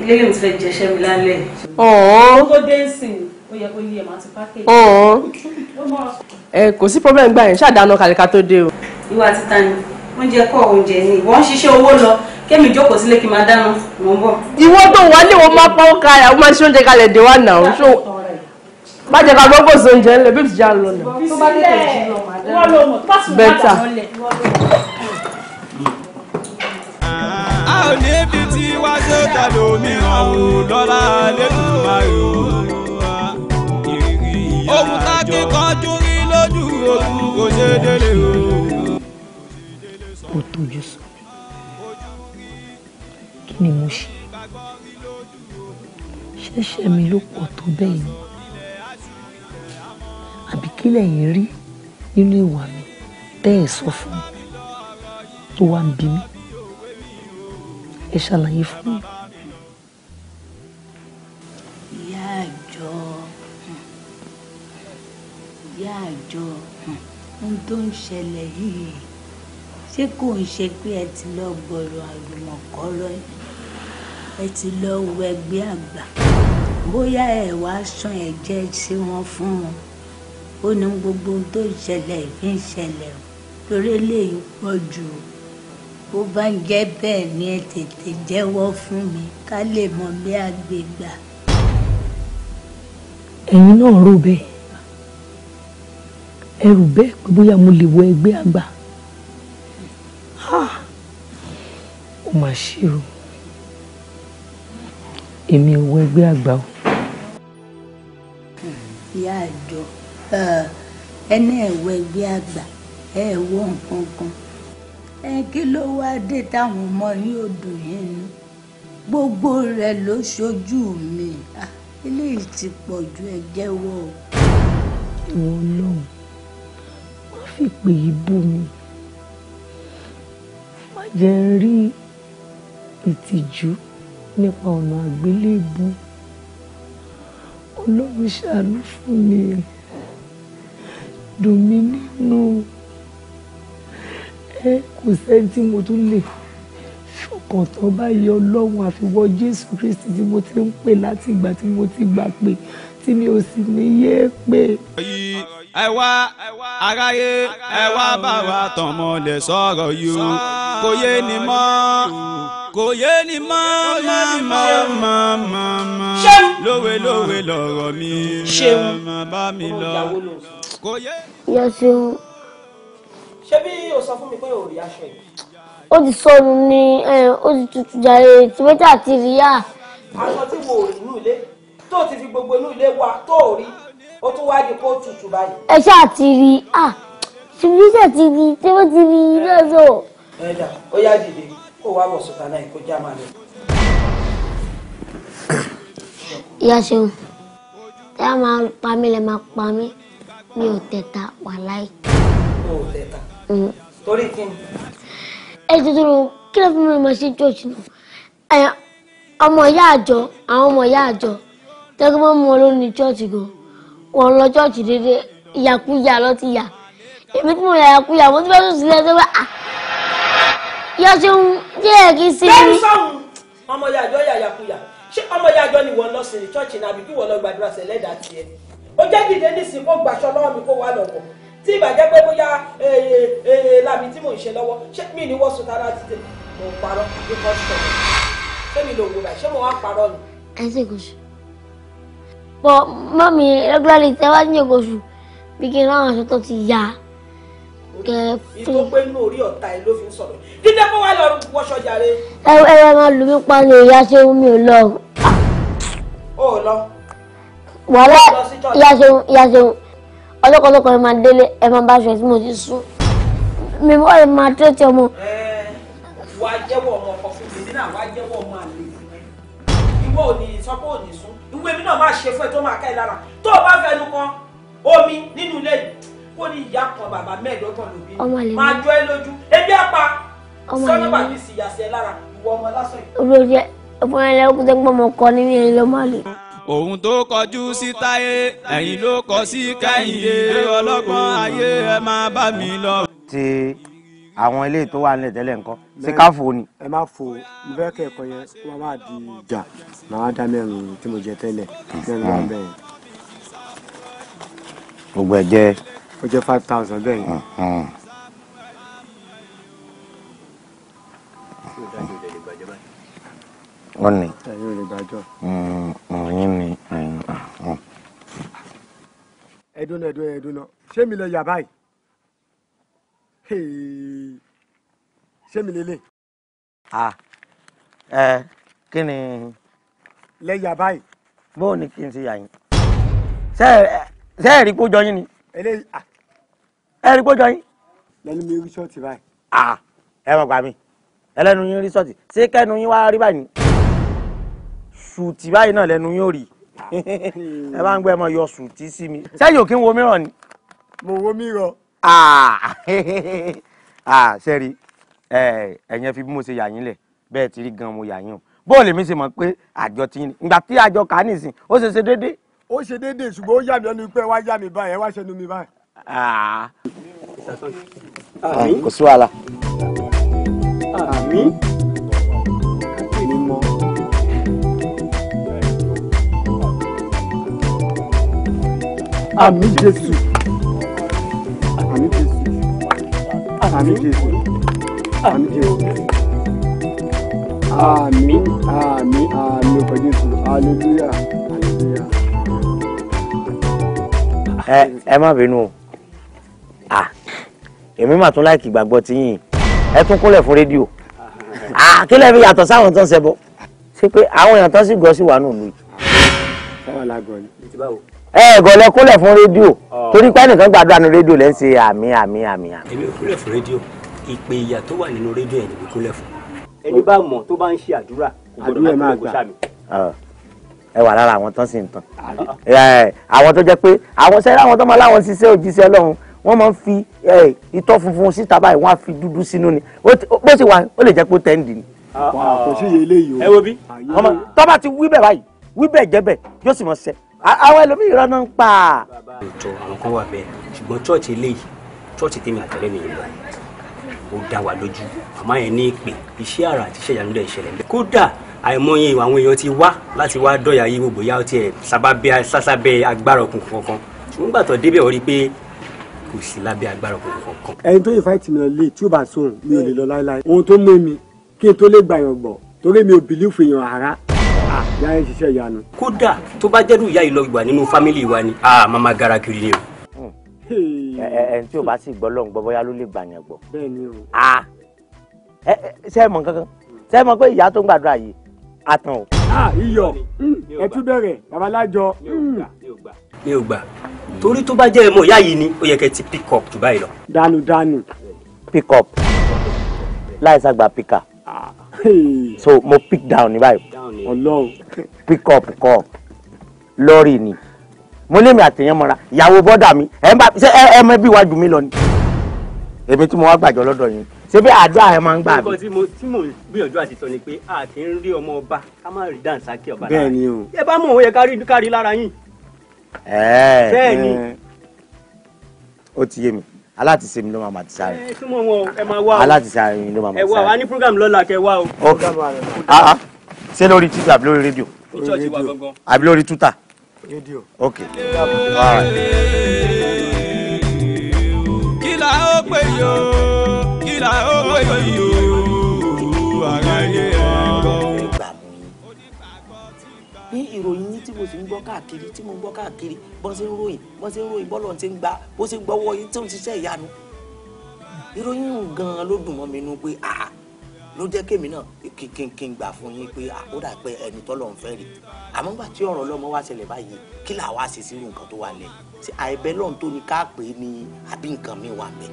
ilé lèmi ti fẹ́ jẹṣẹ́ mi lálẹ́. Ọ̀ọ́. Kókó dẹ́sìn ó yẹ kó yí ẹ̀ máa ti pákéjì. Ọ̀ọ́. Ẹ kò sí problem gbà yẹn ṣáà dáná kàlíkà tó dé o. Ìwà títa ni oúnjẹ kọ́ oúnjẹ ni ìwọ ń ṣiṣẹ́ owó lọ kémi jókòó sílé kí n máa dáná mò ń ìwọ tó wà ní wọn máa pọ́n ká àwọn máa ṣe oúnjẹ kalẹ̀ dé wà náà ṣó bàjẹ́ ká gbọ́gbọ́ sí oúnjẹ ńlẹ̀ bí ìtìjà lọ nà. bẹ́tà. a tí wá tó dàlú mìíràn wò lọ́la lẹ́kùn máa ohun tá a kíkanjú rí lójú ogun kò ṣe délé o kó tójú sùn kí ni mo ṣe ṣẹ̀ṣẹ̀ mi ló pọ̀ tó bẹ́ẹ̀ ni àbí kí lẹ̀yin rí nínú ìwà mi tẹ́ sọ fún mi tó wá ń bí mi ẹ ṣàlàyé fún mi. ìyá àjọ ohun tó ń ṣẹlẹ̀ yìí ṣé kò ń ṣe pé ẹ ti lọ gbọ̀rọ̀ àlùmọ̀kọ́rọ́ ẹ ti lọ wọ ẹgbẹ́ àgbà bóyá ẹ wá sàn ẹ̀jẹ̀ sí wọn fún wọn ó ní gbogbo ohun tó ṣẹlẹ̀ ìfi ń ṣẹlẹ̀ torí eléyìí pọ̀ jù ó bá ń jẹ́ bẹ́ẹ̀ ni ẹ tètè jẹ́wọ́ fún mi ká lè mọ bí àgbègbà. ẹ̀yin náà rò bẹ́ẹ̀ ẹ rò bẹ́ẹ̀ pé bóyá mo lè wọ ẹgbẹ́ àgbà ó mà ṣe o èmi ò wọ ẹgbẹ́ àgbà o. ìyá àjọ ẹni ẹ̀ wọ ẹgbẹ́ àgbà ẹ wọ nǹkan kan ẹ kí ló wáá dé táwọn ọmọ yín ò dùn yín nu gbogbo rẹ̀ ló ṣojú mi eléyìí ti pọ̀ ju ẹ jẹ́wọ́ ìwọ Ọlọ́run wọn fi pè é bú mi jẹ́ ń rí ìtìjú nípa ọ̀nà àgbélébù ọlọ́run ṣàánú fún mi dùn mí nínú ẹ kò sẹ́ni tí mo tún lè fọkàn tán báyìí ọlọ́run àfiwọ́ jésù kristi tí mo ti ń pè láti ìgbà tí mo ti gbà pé tí mi ò sì ní yé pé ẹ wá aráyé ẹ wá bá wa tọmọ lẹ sọ̀rọ̀ yìí o kò yé ni mọ́ kò yé ni mọ́ mọ́ mọ́ mọ́ mọ́ mọ́ lówe lówe lọ̀rọ̀ mi mọ́ bá mi lọ kò yé. yọ sí o. ṣé bí o sọ fún mi pé o rí aṣọ yìí. ó ti sọnù ni ó ti tutù jàre tìmẹ́tà ti rí yá. aṣọ tí mo rí inú ilé tó ti fi gbogbo inú ilé wa tó rí ó tún wáá di kó tutù báyìí. ẹ ṣáà ti rí i à ṣùgbọ́n ṣáà ti rí i tí wọ́n ti rí i náà sọ. ẹ dà ó yá dìde kó wá wọ̀ sọ̀tà náà kó já máa lọ. ìyá ṣeun tí a máa pa mí lè máa pa mí mi ò tẹ̀ta wà láì. o ò tẹ̀ta mm. torí kí ni. ẹ tuntun ló kí ló fún mi máa ṣe jọ́ọ̀ṣì náà ọmọ ìyá àjọ àwọn ọmọ ìyá àjọ tẹ́gbọ́n mọ́ ló ní jọ́ọ̀ṣì gan wọn lọ ṣọ́ọ̀ṣì dédé ìyàkúyà lọ ti yà èmi tí mo yà ìyàkúyà mo ti fẹ́ sùn sílẹ̀ ṣé wá à yọ ṣeun díẹ̀ kí n sinmi. bẹ́ẹ̀ni sọ́hùn ọmọ ìyá àjọ yà ìyàkúyà ṣé ọmọ ìyá àjọ ni wọ́n lọ sí ṣọ́ọ̀ṣì náà àbí kí wọ́n lọ gbàdúrà sẹ́lẹ̀dà tiẹ̀ ó jẹ́ dìde nísìnyí kó gbàṣọ lọ́wọ́ mi kó wà lọ́wọ́ tí ìbàjẹ́ pé bóyá eh, eh, eh, lámì tí mò ń ṣe lọ́wọ́ ṣé mi ni wọ́n sùn tara ti tẹ̀ mo parọ́ àbí kọ́ sọ̀rọ̀ ṣé mi lò wúra ṣé mo wá parọ́ ni. ẹ ṣe kò ṣe pọ̀ mami, regularly tẹ́ wá ní ògòṣù bí kí n ráwọn aṣọ tó ti yá. ìgbópé inú orí ọ̀tá ẹ ló fi ń sọ̀rọ̀ dídẹ́ kó wá lọ wọṣọ jàre. ẹ ẹ ẹ máa lù mí pa ni ìyá ṣéun mi ò lọ. ó lọ. wàhálà ìyá ṣéun ìyá ṣéun ọlọ́kọ̀ọ́lọ́kọ̀ ẹ máa délé ẹ máa bá aṣọ ẹ tí mo ti sún mi mọ́ ẹ máa tẹ́tí ọmọ. ẹ wàá jẹ́wọ́ ọmọ ọkọ̀ fún mi nínú àwọn àjẹwọ́ ọmọ àlè ìwọ náà máa ṣe fún ẹ tó máa ká ẹ lára tó o bá fẹnu kan omi nínú ilé yìí kó ní ìyá kan bàbá mẹ́ẹ̀ẹ́dọ́gbọ̀n lóbi máa jọ ẹ lójú ebi apá sọ́nà bàbí sì yà sí ẹ lára ìwọ ọmọ lásán yìí. olórí fún ẹ lẹ́kùn tó ń pọ̀ kọ nínú ẹ ló máa lè. òun tó kọjú sí táyé ẹ̀yìn ló kọ sí kẹ́yìn ọlọ́gbọ́n ayé ẹ máa bá mi lọ. ti àwọn ilé tó wà nílẹ̀ tẹ́lẹ̀ ńkọ́ ṣé ká fò ni. ẹ má fò mo fẹ́ kẹ́ ẹ̀kọ́ yẹn wọ́n máa di ìjà màá dá mẹ́rin tí mo jẹ tẹ́lẹ̀ mẹ́rin wà bẹ́ẹ̀. gbogbo ẹ jẹ. ó jẹ five thousand bẹ́ẹ̀ yẹn. wọ́n ní. ẹ̀yin ò lè gbàjọ́. ọ̀yin mm, mm, ni mm, ẹ̀dùn náà ẹ̀dùn náà ṣé mi lè yà báyìí ṣé mi lélẹ̀. a ẹ kí ni. lẹ́yà báyìí. bóò ni kí n ṣe yà yín. ṣé ẹ rí kójọ yín ni. eléyìí a. ẹ rí kójọ yín. lẹ́nu mi rí ṣọ́ọ̀tì báyìí. a ẹ wọ́n gbà mí ẹlẹ́nu yín rí ṣọ́ọ̀tì ṣé kẹ́nu yín wá rí báyìí. ṣùtì báyìí náà lẹ́nu yín ò rí ẹ bá ń gbé ẹ mọ yọ ṣùtì sí mi. sẹ́yìn ò kí ń wo mìíràn ni. mo wo mìíràn. Ah. sẹ́rí ah, ẹ̀yẹn fi bí mo ṣe yà lẹ̀ bẹ́ẹ̀ ti rí gan mo o mi ṣe mọ̀ pé àjọ ti ní ìgbà tí àjọ kà á nìsín ó ṣe ṣe déédéé. ó ṣe déédéé ṣùgbọ́n ó yà mí ẹnu pé yà mí báyìí ẹ wá ṣẹnu mi báyìí. Ah. kò sí wàhálà. àmín. Ami jésù ami jésù ami jésù ami ami ami ọkọ jésù aleluya aleluya. ẹ ẹ má bínú o ah èmi mà tún láìkì gbàgbọ́ tí yìnyín ẹ tún kúnlẹ̀ fún rédíò ah kí lẹ́ẹ̀ fi yàtọ̀ sáwọn tó ń ṣẹbọ ṣé pé àwọn èèyàn tó sì gọ́ sí wàánu nù. sáwọn làgọ̀ ẹ gọlẹ kúnlẹ̀ fún rédíò torí pé ẹnìkan gbàdúrà ní rédíò lẹ ń ṣe àmì àmì àmì. èmi ò kúnlẹ̀ fún rédíò ìpè ìyà tó wà nínú rédíò ẹ̀ níbi kúnlẹ̀ fún. ẹni bá mọ̀ tó bá ń ṣe àdúrà àdúrà máa gbà ẹ wà lára àwọn tán sì ń tàn àwọn tó jẹ́ pé àwọn sẹ́yìn àwọn tó máa láwọn ṣiṣẹ́ òjíṣẹ́ Ọlọ́run wọ́n máa ń fi itọ́ funfun síta báyìí wọ́n á fi dúdú sínú ni bó sì wà ó lè jẹ́ pé ó tẹ́ ń dì ní. kò sí iye eléyìí o. ẹ wo bí tọ́ bá ti wí bẹ̀ báyìí wí bẹ̀ jẹ́ bẹ̀ yóò sì mọ̀ ṣẹ àwọn ẹlòmíì rán náà ń pa. ètò àwọn kan wà bẹ́ẹ̀ ṣùgbọ́n chọ́ọ̀chì eléyìí chọ́ọ̀chì tèmi àtẹ̀lẹ́ mi ìlọ ó dá wa lójú àmọ́ yẹn ní ìpè iṣẹ́ àrà àti iṣẹ́ ìyanu dẹ̀ ìṣẹ̀lẹ̀ bẹ́ẹ̀. kódà àìmọye àwọn èèyàn ti wá láti wá dọ̀yà yìí gbogbo yà ó tiẹ̀ sábàbẹ́ sásábẹ́ agbára òkùnkùn kankan ṣùgbọ́n gbàtọ̀ débẹ̀ ó rí i pé kò sí lábẹ́ agbára òkùnkùn kankan. ẹni tó yìí fáìtì mi lọ lè tí ó bá sóhun mi ò lè lọ láéláé ohun tó mú mi kí n tó lè gbàyàn gbọ́ torí mi ò bìlífù èèyàn rárá ìyá yẹn ṣiṣẹ́ ìyanu. kódà tó bá jẹ́rú ìyá yìí lọ gbà nínú fámìlì wa ni a ah, máa ma gara kiri ni o. Hmm. ẹ ẹ tí o bá sì gbọ́ lọ́n gbọ́ bóyá ló lè gbà yẹn gbọ́. bẹ́ẹ̀ni o. a ah. ẹ ṣe é mọ kankan ṣe é mọ pé ìyá tó ń gbàdúrà yìí a tán o. a ah, iyọ hmm. ẹ tún bẹ̀rẹ̀ babalájọ. Hmm. mi ò gbà torí tó bá jẹ́ ẹmọ ìyá yìí ni ó yẹ kẹ́ ti pick up jù báyìí lọ. dànù dànù. pick up láì pika so mo pick down ní báyìí ọlọ́run pick up cup lọ́ọ̀rì ni mo lémi àtẹ̀yàn mọ́ra ìyàwó bọ́dà mi ẹ̀ ń bá ṣe ẹ ẹ mọ ẹbí iwájú mi lọ ni èmi tí mo wá gbàjọ lọ́dọ̀ yín ṣé bí àdúrà ẹ máa ń gbà mí. nǹkan tí mo tí mo gbìyànjú àti sọ ni pé a kì í rí ọmọ ọba ká má rí dànsákì ọba lára bẹ́ẹ̀ o. ẹ bá mọ òun yẹ ká rí ká rí lára yín. bẹ́ẹ̀ ni. ó ti yé mi alátìsẹ́ mi ló máa màtí sáré. ẹ túmọ̀ wọn ẹ máa wá mi ló máa màtí sáré. ẹ wá ní program lọ́la kẹ wá o. ah. ah ṣé lórí títà àbí lórí rédíò àbí lórí tútà. rédíò. ok. ní ìròyìn yín tí mo sì ń gbọ́ káàkiri tí mo ń gbọ́ káàkiri bọ́n ṣe ń ròyìn bọ́n ṣe ń ròyìn bọ́lọ̀ ti ń gba bó ṣe ń gbọ́wọ́ yín tí ń ṣiṣẹ́ ìyanu ìròyìn gan-an ló dùn mọ́ mi nú pé àá ah, ló jẹ́ kémi náà kí n gbà fún yín pé ah, ó dà pé ẹni tọ́lọ̀ ń fẹ́ rí àmọ́ gbà tí ọ̀rọ̀ ọlọ́mọ wá ṣẹlẹ̀ báyìí kí là wá ṣe sírú nǹkan tó wà lẹ̀ ṣe àìbẹ́ lọ́n tó ní ká pè é ní àbí nǹkan mi wà mẹ́.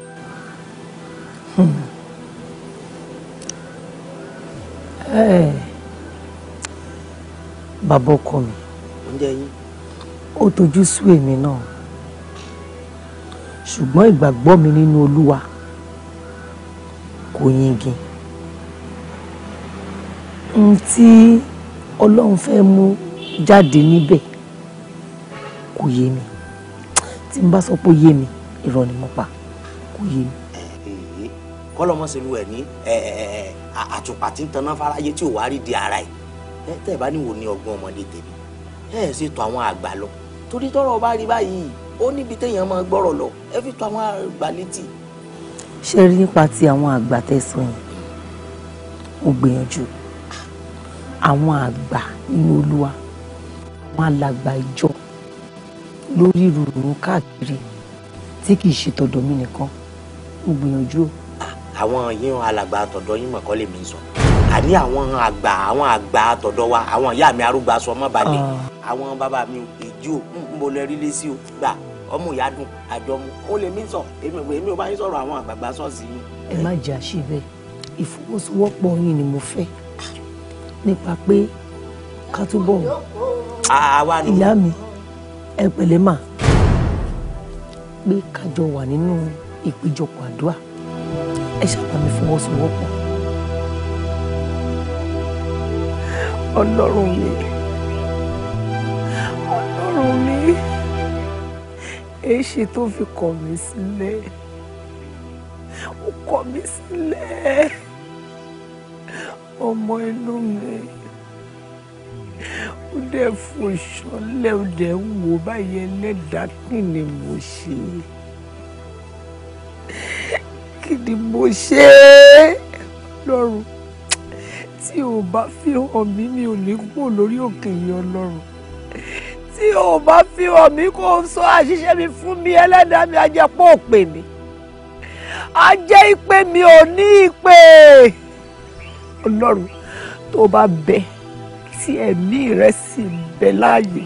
Hmm. Eh, bàbá ọkọ mi oúnjẹ ó tojú sú èmi náà ṣùgbọ́n ìgbàgbọ́ mi nínú olúwa kò yingin n tí ọlọ́run fẹ́ mú jáde níbẹ̀ kò yé mi tí n bá sọ pé yé mi irọ́ ni mo pa kò yé mi. kọ́lọ́mọ́sẹ̀lú ẹ̀ ní àtùpà tí ń taná fáráyé tí ò wá rí di ara ẹ̀ tẹ́ ẹ̀ bá ní wò ní ọgbọ́n ọmọdé tèmi ẹ̀ ẹ̀ ṣètò àwọn àgbà lọ torí tọ́rọ̀ bá rí báyìí ó níbi téèyàn máa gbọ́rọ̀ lọ ẹ fi tó àwọn àgbà létí. ṣé rí nípa ti àwọn àgbà tẹ̀sán yẹn ó gbìyànjú àwọn àgbà inú olúwa àwọn alàgbà ìjọ lórí ìrùrù káàkiri tí kì í ṣe tọ̀dọ̀ mi nìkan mo gbìyànjú. àwọn yíyan alàgbà àtọ̀dọ̀ yín mọ̀kọ́ lè mi sọ àní àwọn àgbà àwọn àgbà àtọ̀dọ̀ wa àwọn ìyá mi arúgbó aṣọ ọmọ balẹ̀ ah. àwọn bàbá mi èjì ò ń bọ̀ lẹ́rí lé sí o gbà ọmọ ìyá dùn àjọmú ó lè mí sọ èmi ìwé mi ò bá yín sọ̀rọ̀ àwọn àgbààgbà ṣọ́ọ̀ṣì yín. ẹ má jà síbẹ̀ ìfọwọ́sowọ́pọ̀ yín ni mo fẹ́ nípa pé ká túbọ̀ ìyá mi ẹ pẹ̀lẹ́ mà pé kájọ wà nínú ìpéjọpọ̀ àdúrà ẹ ṣàbà mi fọwọ́sowọ́pọ̀. ọlọ́run mi ọlọ́run mi èyí ṣe tó fi kọ̀ mí sílẹ̀ ó kọ̀ mí sílẹ̀ ọmọ inú mi ó dẹ̀ fún ṣọlẹ̀ ó dẹ̀ ń wò báyìí ẹlẹ́dàá kí ni mo ṣe kí ni mo ṣe lọ́rùn tí o bá fi hàn mí mi ò ní kú lórí òkè yìí ọlọ́run tí o bá fi hàn mí kó o sọ àṣìṣe mi fún mi ẹlẹ́dàá mi á jẹ́ mi, ò pè ìpè mi ò ní ìpè ọlọ́run tó bá bẹ tí ẹ̀mí rẹ̀ sì bẹ láàyè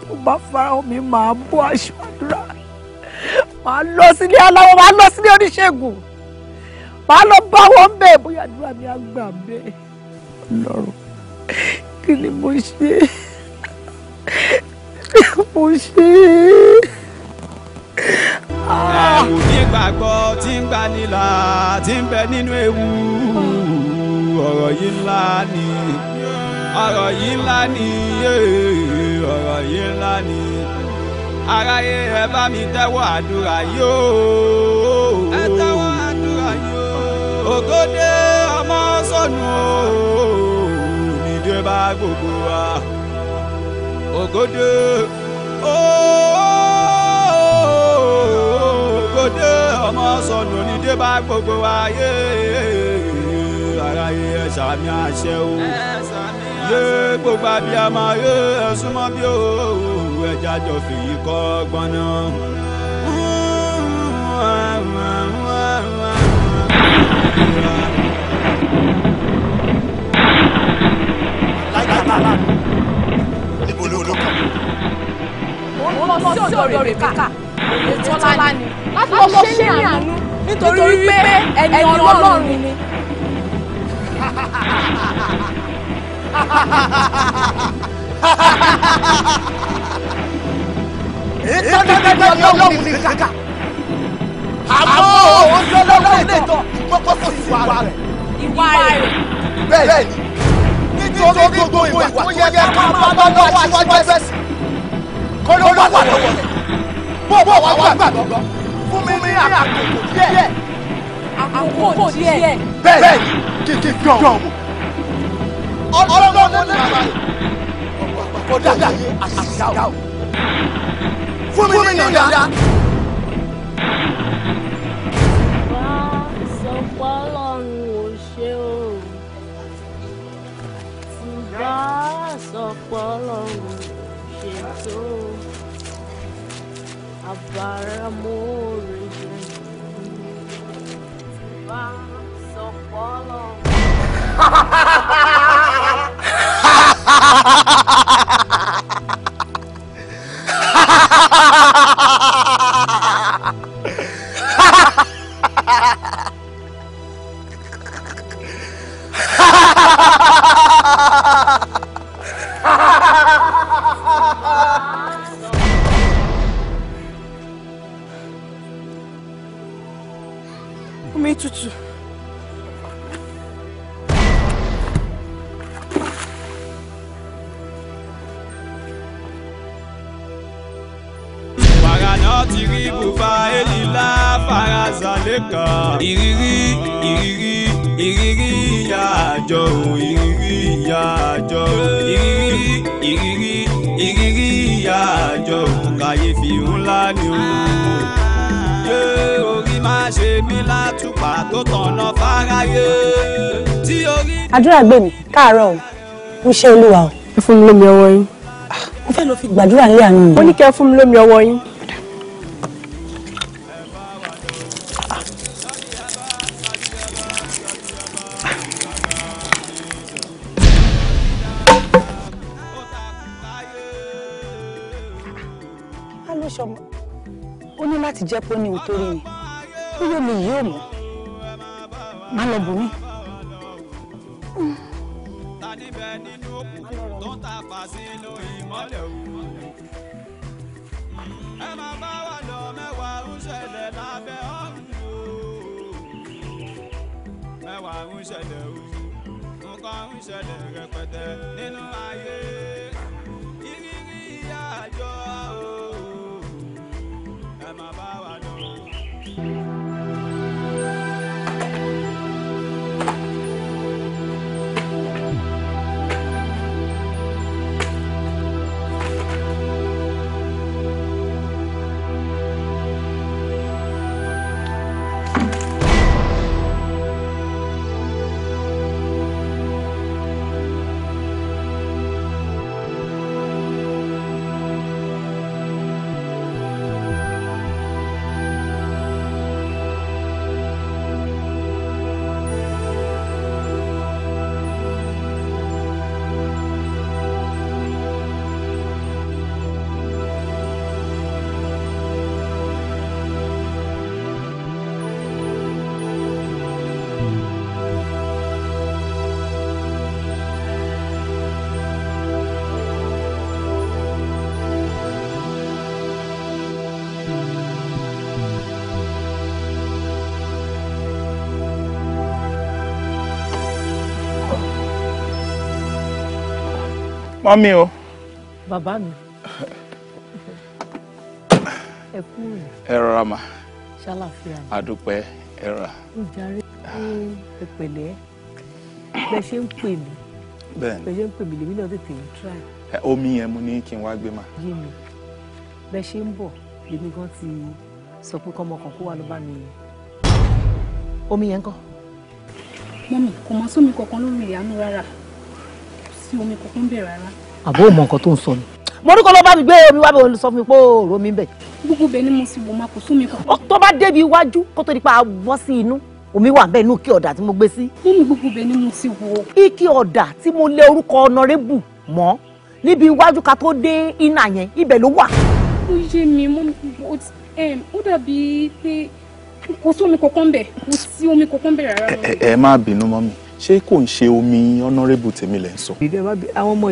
tó bá farahàn mi máa bọ́ aṣọ àdúrà màá lọ sílé aláwọ̀ màá lọ sílé oníṣègùn màá lọ bá wọn bẹ́ẹ̀ bóyá àdúrà mi á gbà bẹ́ẹ̀ ọlọ́run kí ni mo ṣe mo ṣe é ẹ̀wù ní gbàgbọ́ tí ń gbanilà tí ń bẹ nínú ewu ọ̀rọ̀ yìí ńlá ni ọ̀rọ̀ yìí ńlá ni ọ̀rọ̀ yìí ńlá ni aráyé ẹ bá mi tẹ́wọ́ àdúrà yóò ẹ tẹ́wọ́ àdúrà yóò ògòdè ọmọ sọnù nídìí bá gbogbo wa ògòdè ooo dé ọmọ sọnù ní dé bá gbogbo ayé aráyé ẹ ṣàmì àṣẹ o yé gbogbo abiyamọ yé ẹ súnmọ́ bí o ẹ jájọ fìyí kọ́ gbọ́nà. lágbàlá níbo ló ló kàn. ó lọ sí ọ̀dọ̀ rẹ̀ ká ìtọ́lá ni láti lọ ṣe ní àánú nítorí wípé ẹni ọlọ́run ni. ìtọ́jú ọlọ́run ni kàkà àmọ́ òun lọ́lọ́run lè tọ́ ìgbọ́kọ́ sí ìwà rẹ̀. ìwà rẹ̀. bẹ́ẹ̀ ni nítorí gbogbo ìwà tó yẹ ká máa bá lọ́wọ́ àti wájú ẹ̀sìn kó ló wà lọ́wọ́ rẹ̀ bọ́ bọ́ wá wá gbàgbọ́ fún mi ní àkókò díẹ̀ àkókò díẹ̀ bẹ́ẹ̀ kí gan wò ọlọ́run ló ní bàbá rẹ̀ kó dàgbà yé àṣìṣà o fún mi ní yọ̀ǹda. ṣètò àbáramọ̀ọ́rẹ́ bá sọ pọ́lọ́. èmi látùpà tó tọ̀nà fáráyé tí orí. àdúrà gbé mi káàárọ̀ o ń ṣe olúwa o. ẹ fún mi lómi ọwọ́ yín. Ah, mo fẹ́ lọ fi gbàdúrà nílé àná mi. mo ní kí ẹ fún mi lómi ọwọ́ yín. ọmí o. bàbá mi ẹ kú rẹ. ẹ rọra mà. ṣàlàfíà mi. àdúpẹ́ ẹ rà. ó jàre ẹ pẹ̀lẹ́ bẹ́ ṣe ń pè mí bẹ́ ṣe ń pè mí lèmi náà tètè ń try. omi yẹn mo ní kí n wá gbé mà. yé mi bẹ́ ṣe ń bọ̀ lèmi gan ti sọ pé kọ́mọ kan kó wà ló bá mi omi yẹn kọ́. mọ́mí kò mọ sómi kankan lórí ìyanu rárá sí omi kankan bẹ̀ rárá. àbó ò mọ nǹkan tó ń sọ ni. mo ní bá mi gbé omi wá bẹ olùsọ mi pé òòrò mi ń bẹ. gbogbo bẹ ni mo sì wò máa kò sómi kankan. tó bá débi iwájú kó tó di pa wọ́ sí inú omi wà bẹ́ẹ̀ inú kí ọ̀dà tí mo gbé sí. nínú gbogbo bẹ ni mo sì wò. ike ọ̀dà tí mo lé orúkọ ọ̀nàrẹ́bù mọ́ níbi iwájú ká tó dé iná yẹn ibẹ̀ ló wà. ó yé mi mo ó dàbí pé kò sí kankan bẹ̀ kò sí omi kankan bẹ̀ rárá. ẹ ẹ má bínú mọ́ mi ṣé kò ń ṣe omi honourable tèmi lẹ̀ ń sọ. ìdílé bá bí àwọn ọmọ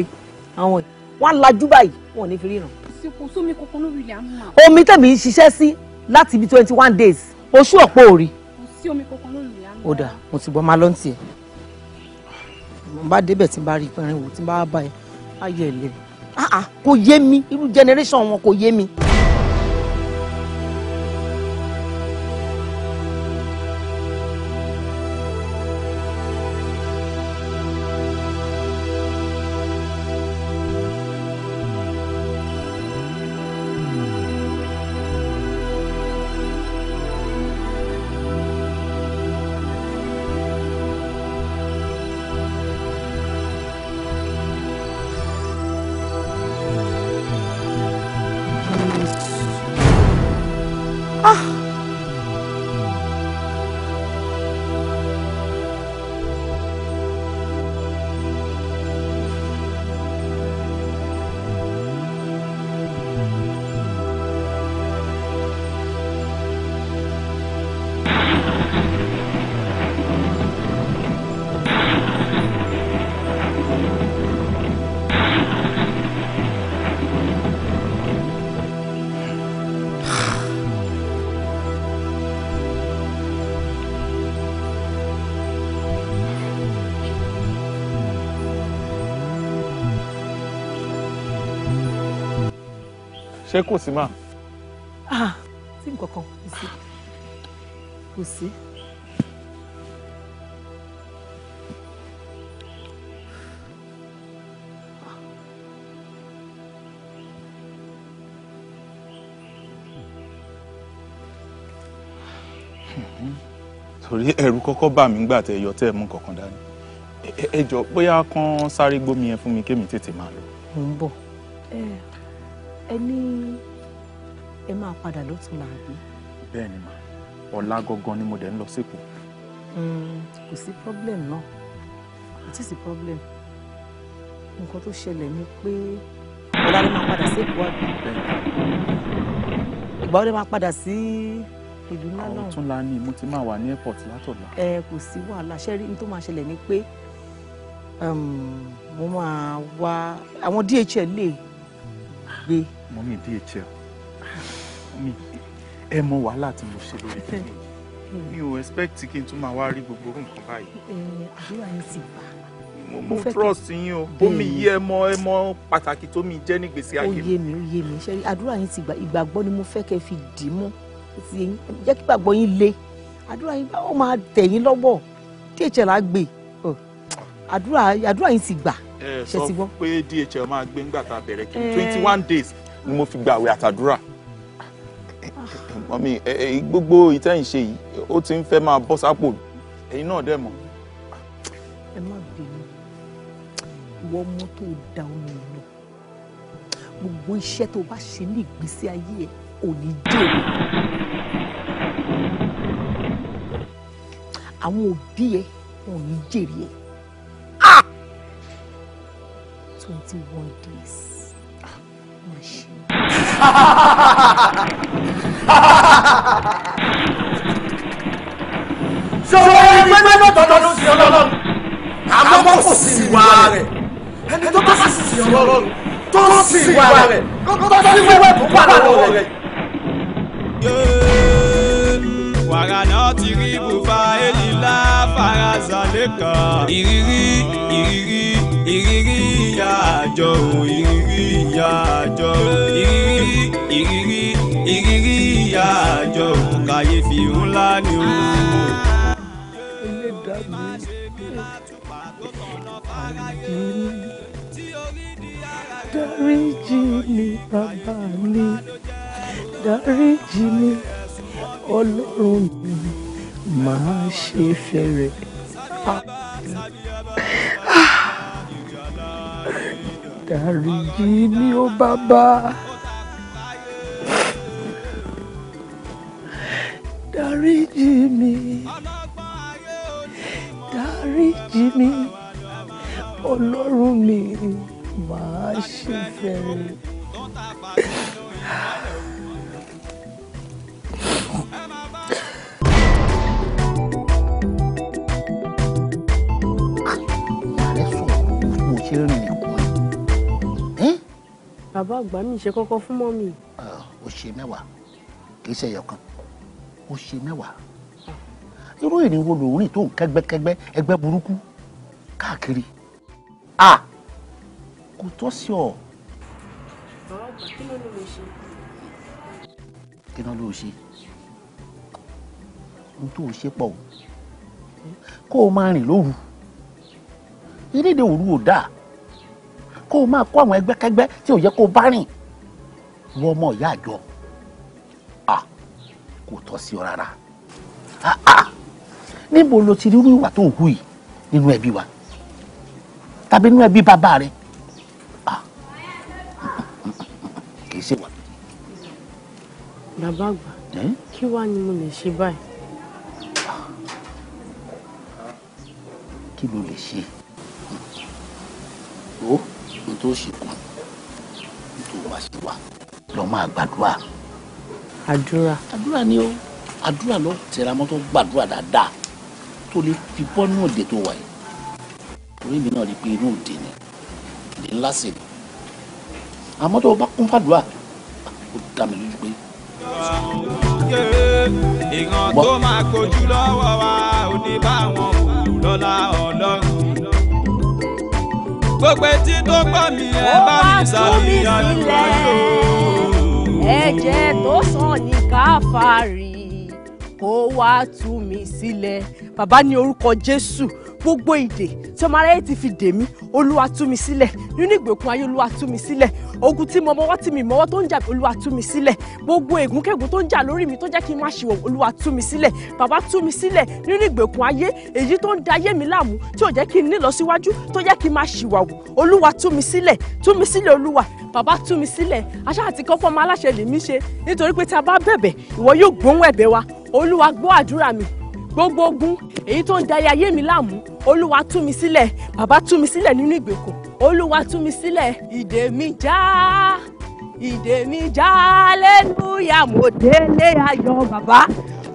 àwọn wọn lajú báyìí wọn ò ní fi ríran. sìnkú sómi kankan lórí ilẹ̀ àmúmá. omi tẹ̀mí ṣiṣẹ́ sí láti ibi twenty one days oṣù ọ̀pọ̀ òrì. kò sí omi kankan lórí ilẹ̀ àmúmá. ó dà mo ti gbọ́ máa lọ́n tiẹ̀. mo bá débẹ̀ tí n bá rí ìpẹ́rin wò tí n bá bá ẹ á ẹ̀ lẹ́nu. kò yé mi irú generation wọn kò yé mi. ṣé kò sí mà. sí ah, nǹkan kan kò sí kò sí. torí ẹ̀rù kọ́kọ́ bà mí nígbà tẹ yọ tẹ mú kankan dání ẹ jọ bóyá kan sáré gbómi yẹn fún mi kémi tètè máa lọ. mo ń bọ̀ ẹ eh ẹ ní ẹ máa padà lọ́tún làbí. bẹ́ẹ̀ ni mà ọ̀la gangan ni mo dẹ̀ ń lọ sípò. Hmm, kò sí problem náà kò tí sí problem nǹkan tó ṣẹlẹ̀ ni pé ọ̀la ló máa padà sí èkó àbí. ìgbà wo ló máa padà sí ìlú ńlá náà. àwọn tún la ní mo ti máa wà ní airport látọ̀la. ẹ kò sí wàhálà ṣe rí ní tó máa ṣẹlẹ̀ ni pé um, mo máa wá àwọn DHL lè gbé mọ́mí dhl mọ́mí ẹ mọ wàhálà tí mo ṣe lórí kíni mi ò expect kí n tún máa wá rí gbogbo nǹkan báyìí. àdúrà yín ti bà mo mo trust yín o bómi yí ẹ mọ ẹ mọ pàtàkì tó mi jẹ ní gbèsè ayé mi. ó yé mi ó yé mi ṣe àdúrà yín ti ìgbàgbọ́ ni mo fẹ́ kẹ́ fi dì í mú jẹ́ kí gbàgbọ́ yín le àdúrà yín ó máa tẹ̀ yín lọ́wọ́ dhl á gbé àdúrà àdúrà yín ti gbà. ẹ sọ pé dhl máa gbé ńgbà tá a bẹ̀rẹ̀ kí twenty one days ni mo fi gba àwẹ̀ àtàdúrà mọ́mí gbogbo ìtẹ́yìn ṣe yìí ó ti ń fẹ́ máa bọ́ sápò ẹ̀yin náà dẹ̀ mọ̀. ẹ má bínú ìwọ ọmọ da omi lọ gbogbo iṣẹ́ tó bá ṣe ní ìgbésí ayé ẹ̀ ò ní jèrè. àwọn òbí ẹ̀ ò ní ah! jèrè ẹ̀. twenty one days. Ah sọ̀rọ̀ ẹgbẹ́ náà tọ́jú sí ọlọ́run àmọ́ kò sí ìwà rẹ̀ ẹni tó bá sì sí ọlọ́run tó sì ìwà rẹ̀ tó sì wẹ́wẹ́ tó padà lọ́wọ́ rẹ̀. wàrà náà ti rí ibùba ẹlẹ́ ilá faraza lẹ́kàn. ìrírí ìrírí ìrírí ìyá àjọ òun ìrírí ìyá àjọ òun ìrírí ìrírí ìrírí ìyá àjọ òun kàyéfì ńlá ni ó. ẹlẹ́dàá mi dáríjì mi bàbá mi dáríjì mi ọlọ́run mi màá ṣe fẹ́rẹ̀. dáríjì mi ó bàbá dáríjì mi dáríjì mi ọlọ́run mi màá ṣe fẹ́rẹ̀. ṣé ó rìn ọkùnrin. Hm? bàbá àgbà mi ṣe kọ́kọ́ fún mọ́mì. ó ṣe mẹ́wàá kì í ṣe ẹyọ kan ó ṣe mẹ́wàá irú ìrìn wo lòun rìn tó ń kẹ́gbẹ́kẹ́gbẹ́ ẹgbẹ́ burúkú káàkiri a kò tọ́ sí ọ. bàbá àgbà kí ló ló lè ṣe. kí ló ló ṣe ohun tó ń ṣe pọ̀ o kó o máa rìn lóru ìrìnde òru ò dáa kó o máa kó àwọn ẹgbẹ́kẹ́gbẹ́ tí ò yẹ kó o bá rìn wọ́n mọ̀ ìyá àjọ kò tọ́ sí ọ rárá níbo lo ti rírú ìwà tó ń hù yìí nínú ẹbí wa tàbí nínú ẹbí bàbá rẹ kì í ṣe wà. bàbá àgbà kí wàá ni mo lè ṣe báyìí. kí ló lè ṣe? Oh tó ṣe kù tó wá sí wa lọ máa gbàdúrà. àdúrà. àdúrà ni o àdúrà lọ tẹra mọ́tò gbàdúrà dáadáa tó lè fi bọ́ ní òde tó wà yìí torí mi náà rí i pé inú òde ni òde ńlá sì ni àmọ́ tó bá kún fàdúrà ó dá mi lójú pé. ìran tó máa kojú lọ́wọ́ wa ò ní bá wọn lọ́la ọ̀nà gbogbo etí tó gbọ́ mi ẹ bá mi ṣàníyàn lórí o. ẹ̀jẹ̀ tó sàn ní káfárì kó wá tú mi sílẹ̀ bàbá ní orúkọ Jésù gbogbo ìdè tí ọmọ aráyé ti fi dè mí olúwa tú mi sílẹ̀ nínú ìgbèkùn ayé olúwa tú mi sílẹ̀ ogun tí mo mọwọ́ tí mi mọwọ́ tó ń jà olúwa tú mi sílẹ̀ gbogbo ègúnkègún tó ń jà lórí mi tó jẹ́ kí n má ṣìwọ̀ olúwa tú mi sílẹ̀ bàbá tú mi sílẹ̀ nínú ìgbèkùn ayé èyí tó ń da ayé mi láàmú tí ò jẹ́ kí n nílọsíwájú tó jẹ́ kí n má ṣìwàwù olúwa tú mi sílẹ̀ tú mi sílẹ̀ olúwa bàbá tú mi sílẹ̀ aṣáà ti kọ́ fọ́ọ̀mù aláṣẹ lèmi ṣe nítorí pé tí a bá bẹ̀bẹ̀ ìwọ yóò gbóhùn ẹ̀bẹ̀ wa olúwa gbọ́ àdúrà mi gbogbo ogun èyí tó ń da ayé mi láàmú olúwa tú mi sílẹ̀ bàbá tú mi sílẹ̀ nínú ìgbèkùn olúwa tú mi sílẹ̀ ìdè mi já ìdè mi já lẹ́núyà mo délé ayọ̀ bàbá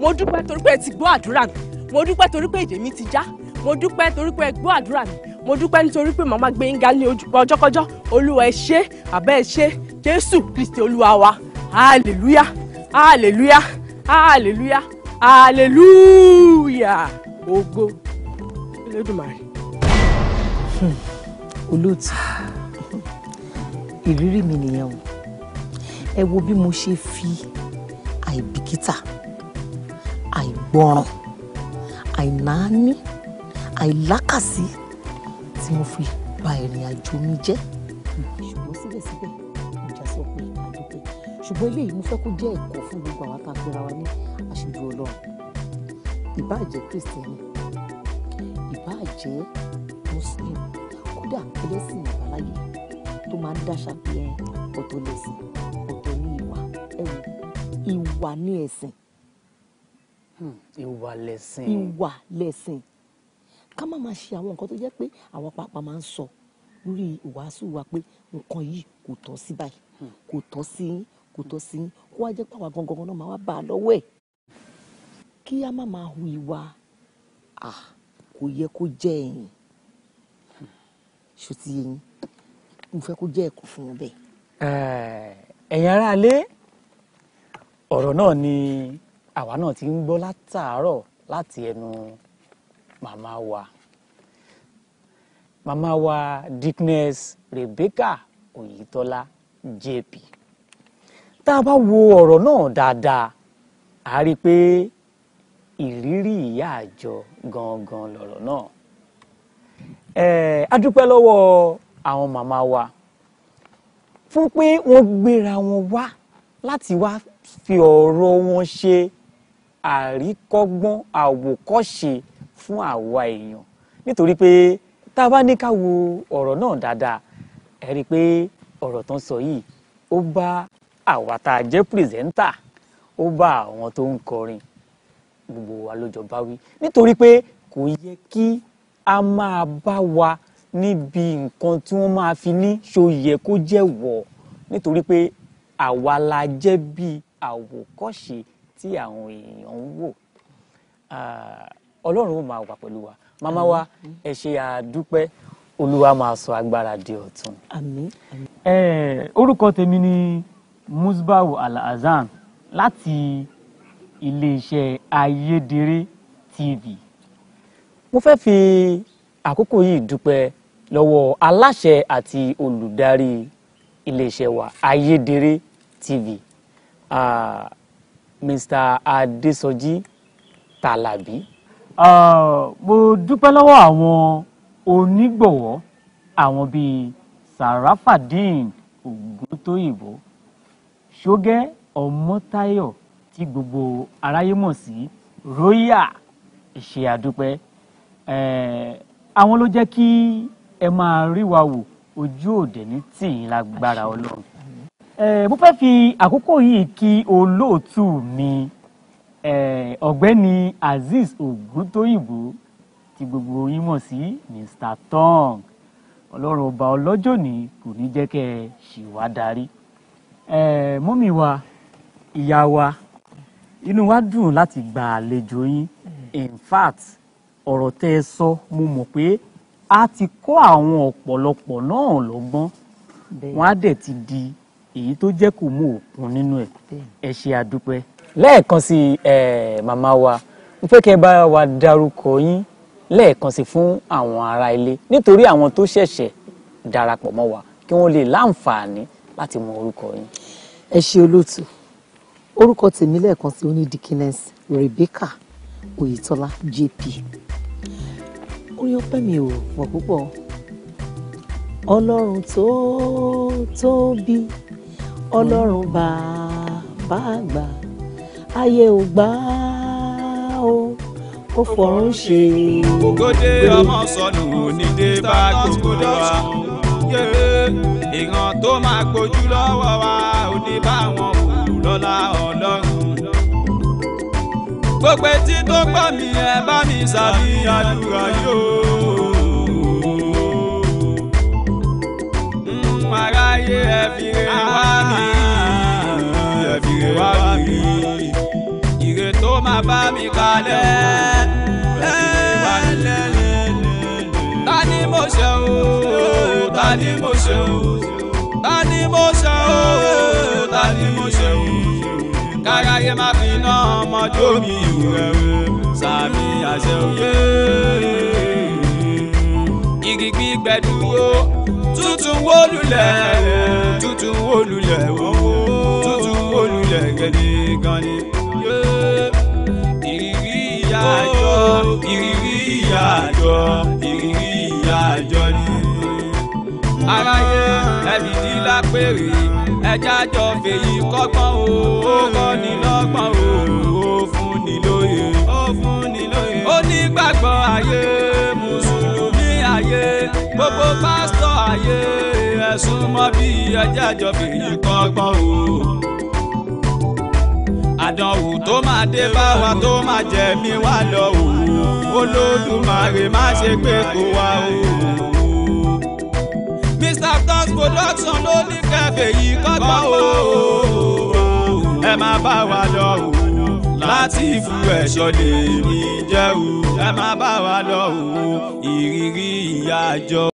mo dúpẹ́ torí pé ẹ ti gbọ́ àdúrà mi mo dúpẹ́ torí pé ìdè mi ti já mo dúpẹ́ torí pé ẹ gbọ́ àdúrà mi mo dúpẹ́ nítorí pé màmá gbé ní ọjọ́kọjọ́ olúwa ẹ ṣé bàbá ẹ ṣé jésù kristi olúwa wa hallelujah hallelujah hallelujah hallelujah Ogo. Elédùmarè. Hmm. olóòtú ìrírí mi nìyẹn o ẹ wo bí mo ṣe fi àìbìkítà àìgbọràn àìnáání àìlákàsí tí mo fi bà ìrìn àjò mi jẹ́ ṣùgbọ́n eléyìí mo fẹ́ kó jẹ́ ẹ̀kọ́ fún gbogbo àwọn àtàkùnra wa ní àṣejù ọlọ́run ìbáàjẹ́ kristẹni ìbáàjẹ́ muslim kódà ẹlẹ́sìn àbáláyé tó máa ń dáṣà bí ẹ ọ̀tọ̀ lẹ́sìn ọ̀tọ̀ ní ìwà ẹ̀wù ìwà ní ẹ̀sìn. Hmm, ìwà lẹ̀sìn. ìwà lẹ̀sìn ká má máa ṣe àwọn nǹkan tó jẹ́ pé àwọn pàápàá máa ń sọ lórí ìwàásù wa pé nǹkan yìí kò tọ́ sí báyìí hmm. kò tọ́ sí kò tọ́ sí yín kó wá jẹ́ pé àwa gangan náà máa wá bá a lọ́wọ́ ẹ̀ kí a má máa hu ìwà kò yẹ kó jẹ́ ẹ̀yìn ṣùtì ẹ̀yìn mo fẹ́ kó jẹ́ ẹ̀kọ́ fún wọn bẹ́ẹ̀. ẹ̀yin aráalé ọ̀rọ̀ náà ni àwa náà ti ń gbọ́ látàárọ̀ láti ẹnu màmá wa màmá wa Dickness Rebecca Oyetola JP tá a bá wo ọ̀rọ̀ náà dáadáa a rí i pé ìrírí ìyá àjọ gangan lọ̀rọ̀ náà a dúpẹ́ lọ́wọ́ àwọn màmá wa fún pé wọ́n gbéra wọn wá láti wá fi ọ̀rọ̀ wọn ṣe àríkọ́gbọ́n àwòkọ́ṣe fún àwa èèyàn nítorí pé tá a bá ní ká wo ọ̀rọ̀ náà dáadáa ẹ rí i pé ọ̀rọ̀ tán sọ yìí ó bá àwa tá a jẹ́ pírẹsẹńtà ó bá àwọn tó ń kọrin gbogbo wa ló jọ bá wí nítorí pé kò yẹ kí a máa bá wa níbi nǹkan tí wọ́n máa fi ní ṣó yẹ kó jẹ́ wọ̀ nítorí pé àwa la jẹ́ bí àwòkọ́ṣe tí àwọn èèyàn ń wò ọlọ́run ó máa wà pẹ̀lú wa màmá wa ẹ ṣe àdúpẹ́ olúwa máa sọ agbára di ọ̀tun. orúkọ tèmi ni musbahu alhassan láti iléeṣẹ́ ayédèrè tv. mo fẹ́ fi àkókò yìí dúpẹ́ lọ́wọ́ aláṣẹ àti olùdarí iléeṣẹ́ wa ayédèrè tv uh, mr adesoji talabi. Uh, mo dúpẹ́ lọ́wọ́ àwọn onígbọ̀wọ́ àwọn bíi sarafadeen ògùntóyìnbó ṣógẹ́ ọmọ́táyọ̀ tí gbogbo aráyé mọ̀ sí róyà ìṣe àdúpẹ́ àwọn ló jẹ́ kí ẹ máa rí wa wò ojú òde ní tìyín lágbára ọlọ́run mo fẹ́ fi àkókò yìí kí olóòtú mi ọ̀gbẹ́ni Azeez Ògúntóyìnbó tí gbogbo yín mọ̀ sí Mr. Tong ọlọ́run ọba ọlọ́jọ́ ni kò ní jẹ́ kẹ́ ẹ ṣì wá darí. Eh, mọ́mì wa ìyá wa inú wa dùn láti gba àlejò yín in fact ọ̀rọ̀ tẹ́ ẹ sọ mo mọ̀ pé a ti kọ́ àwọn ọ̀pọ̀lọpọ̀ náà lọ́gbọ́n wọn á dẹ̀ ti di èyí tó jẹ́ kó mú òkun nínú ẹ̀ ẹ ṣe àdúpẹ́. lẹ́ẹ̀kan sí màmá wa mo fẹ́ kẹ́ ẹ bá wa dárúkọ yín lẹ́ẹ̀kan sí fún àwọn ará ilé nítorí àwọn tó ṣẹ̀ṣẹ̀ darapọ̀ mọ́ wa kí wọ́n lè láǹfààní láti mọ orúkọ yín. ẹ ṣe olóòtú orúkọ tèmi lẹ́ẹ̀kan sí oní dikines Rebecca Oyetola JP orí ọpẹ́ mi ò pọ̀ púpọ̀ ọlọ́run tó tóbi ọlọ́run bàbá àgbà ayé ò gbà ó ó fọ̀run ṣe. ògòdè ọmọ sọnù ní bá gbogbo wa jẹ́ ìran tó máa gbójú lọ́wọ́ wa ò ní bá ọlọ́run. gbogbo etí tó gbọ́ mi ẹ bá mi ṣàfihàn àdúrà yóò. Hmm, aráyé ẹ fi re wá mi ah, ẹ fi wá mi ire máa bá mi kalẹ̀. mo ṣe o ta ni mo ṣe o ta ni mo ṣe o ta ni mo ṣe o káráyé má fi iná ọmọdé mi ìwúrẹ́ o sàmì àṣẹ òye. igi gbígbẹ dúró tuntun wó lulẹ̀ tuntun wó lulẹ̀ o tuntun wó lulẹ̀ gẹ́gẹ́ gan ni. ìrírí ìyá àjọ ìrírí ìyá àjọ ni. aráyé ẹbí ní lápèrè ẹjá jọ fèyí kọ́gbọ́n o ó kọ́ ni lọ́gbọ́n o ó fún ni lóye. ó fún ni lóye. ó ní gbàgbọ́ ayé mùsùlùmí ayé gbogbo pásítọ̀ ayé ẹ̀sùn mọ́ bí ẹjá jọ fèyí kọ́gbọ́n o àdánwò tó máa dé bá wa tó máa jẹ mí wá lọ o olódùmarè má ṣe pé kó wa o. Mr. Tons production ló ní kẹfẹ yìí kọ́gbọ́n o ẹ máa bá wa lọ o láti fu ẹ̀ṣọ́ lèmi jẹ́ o ẹ máa bá wa lọ o ìrírí ìyá àjọ.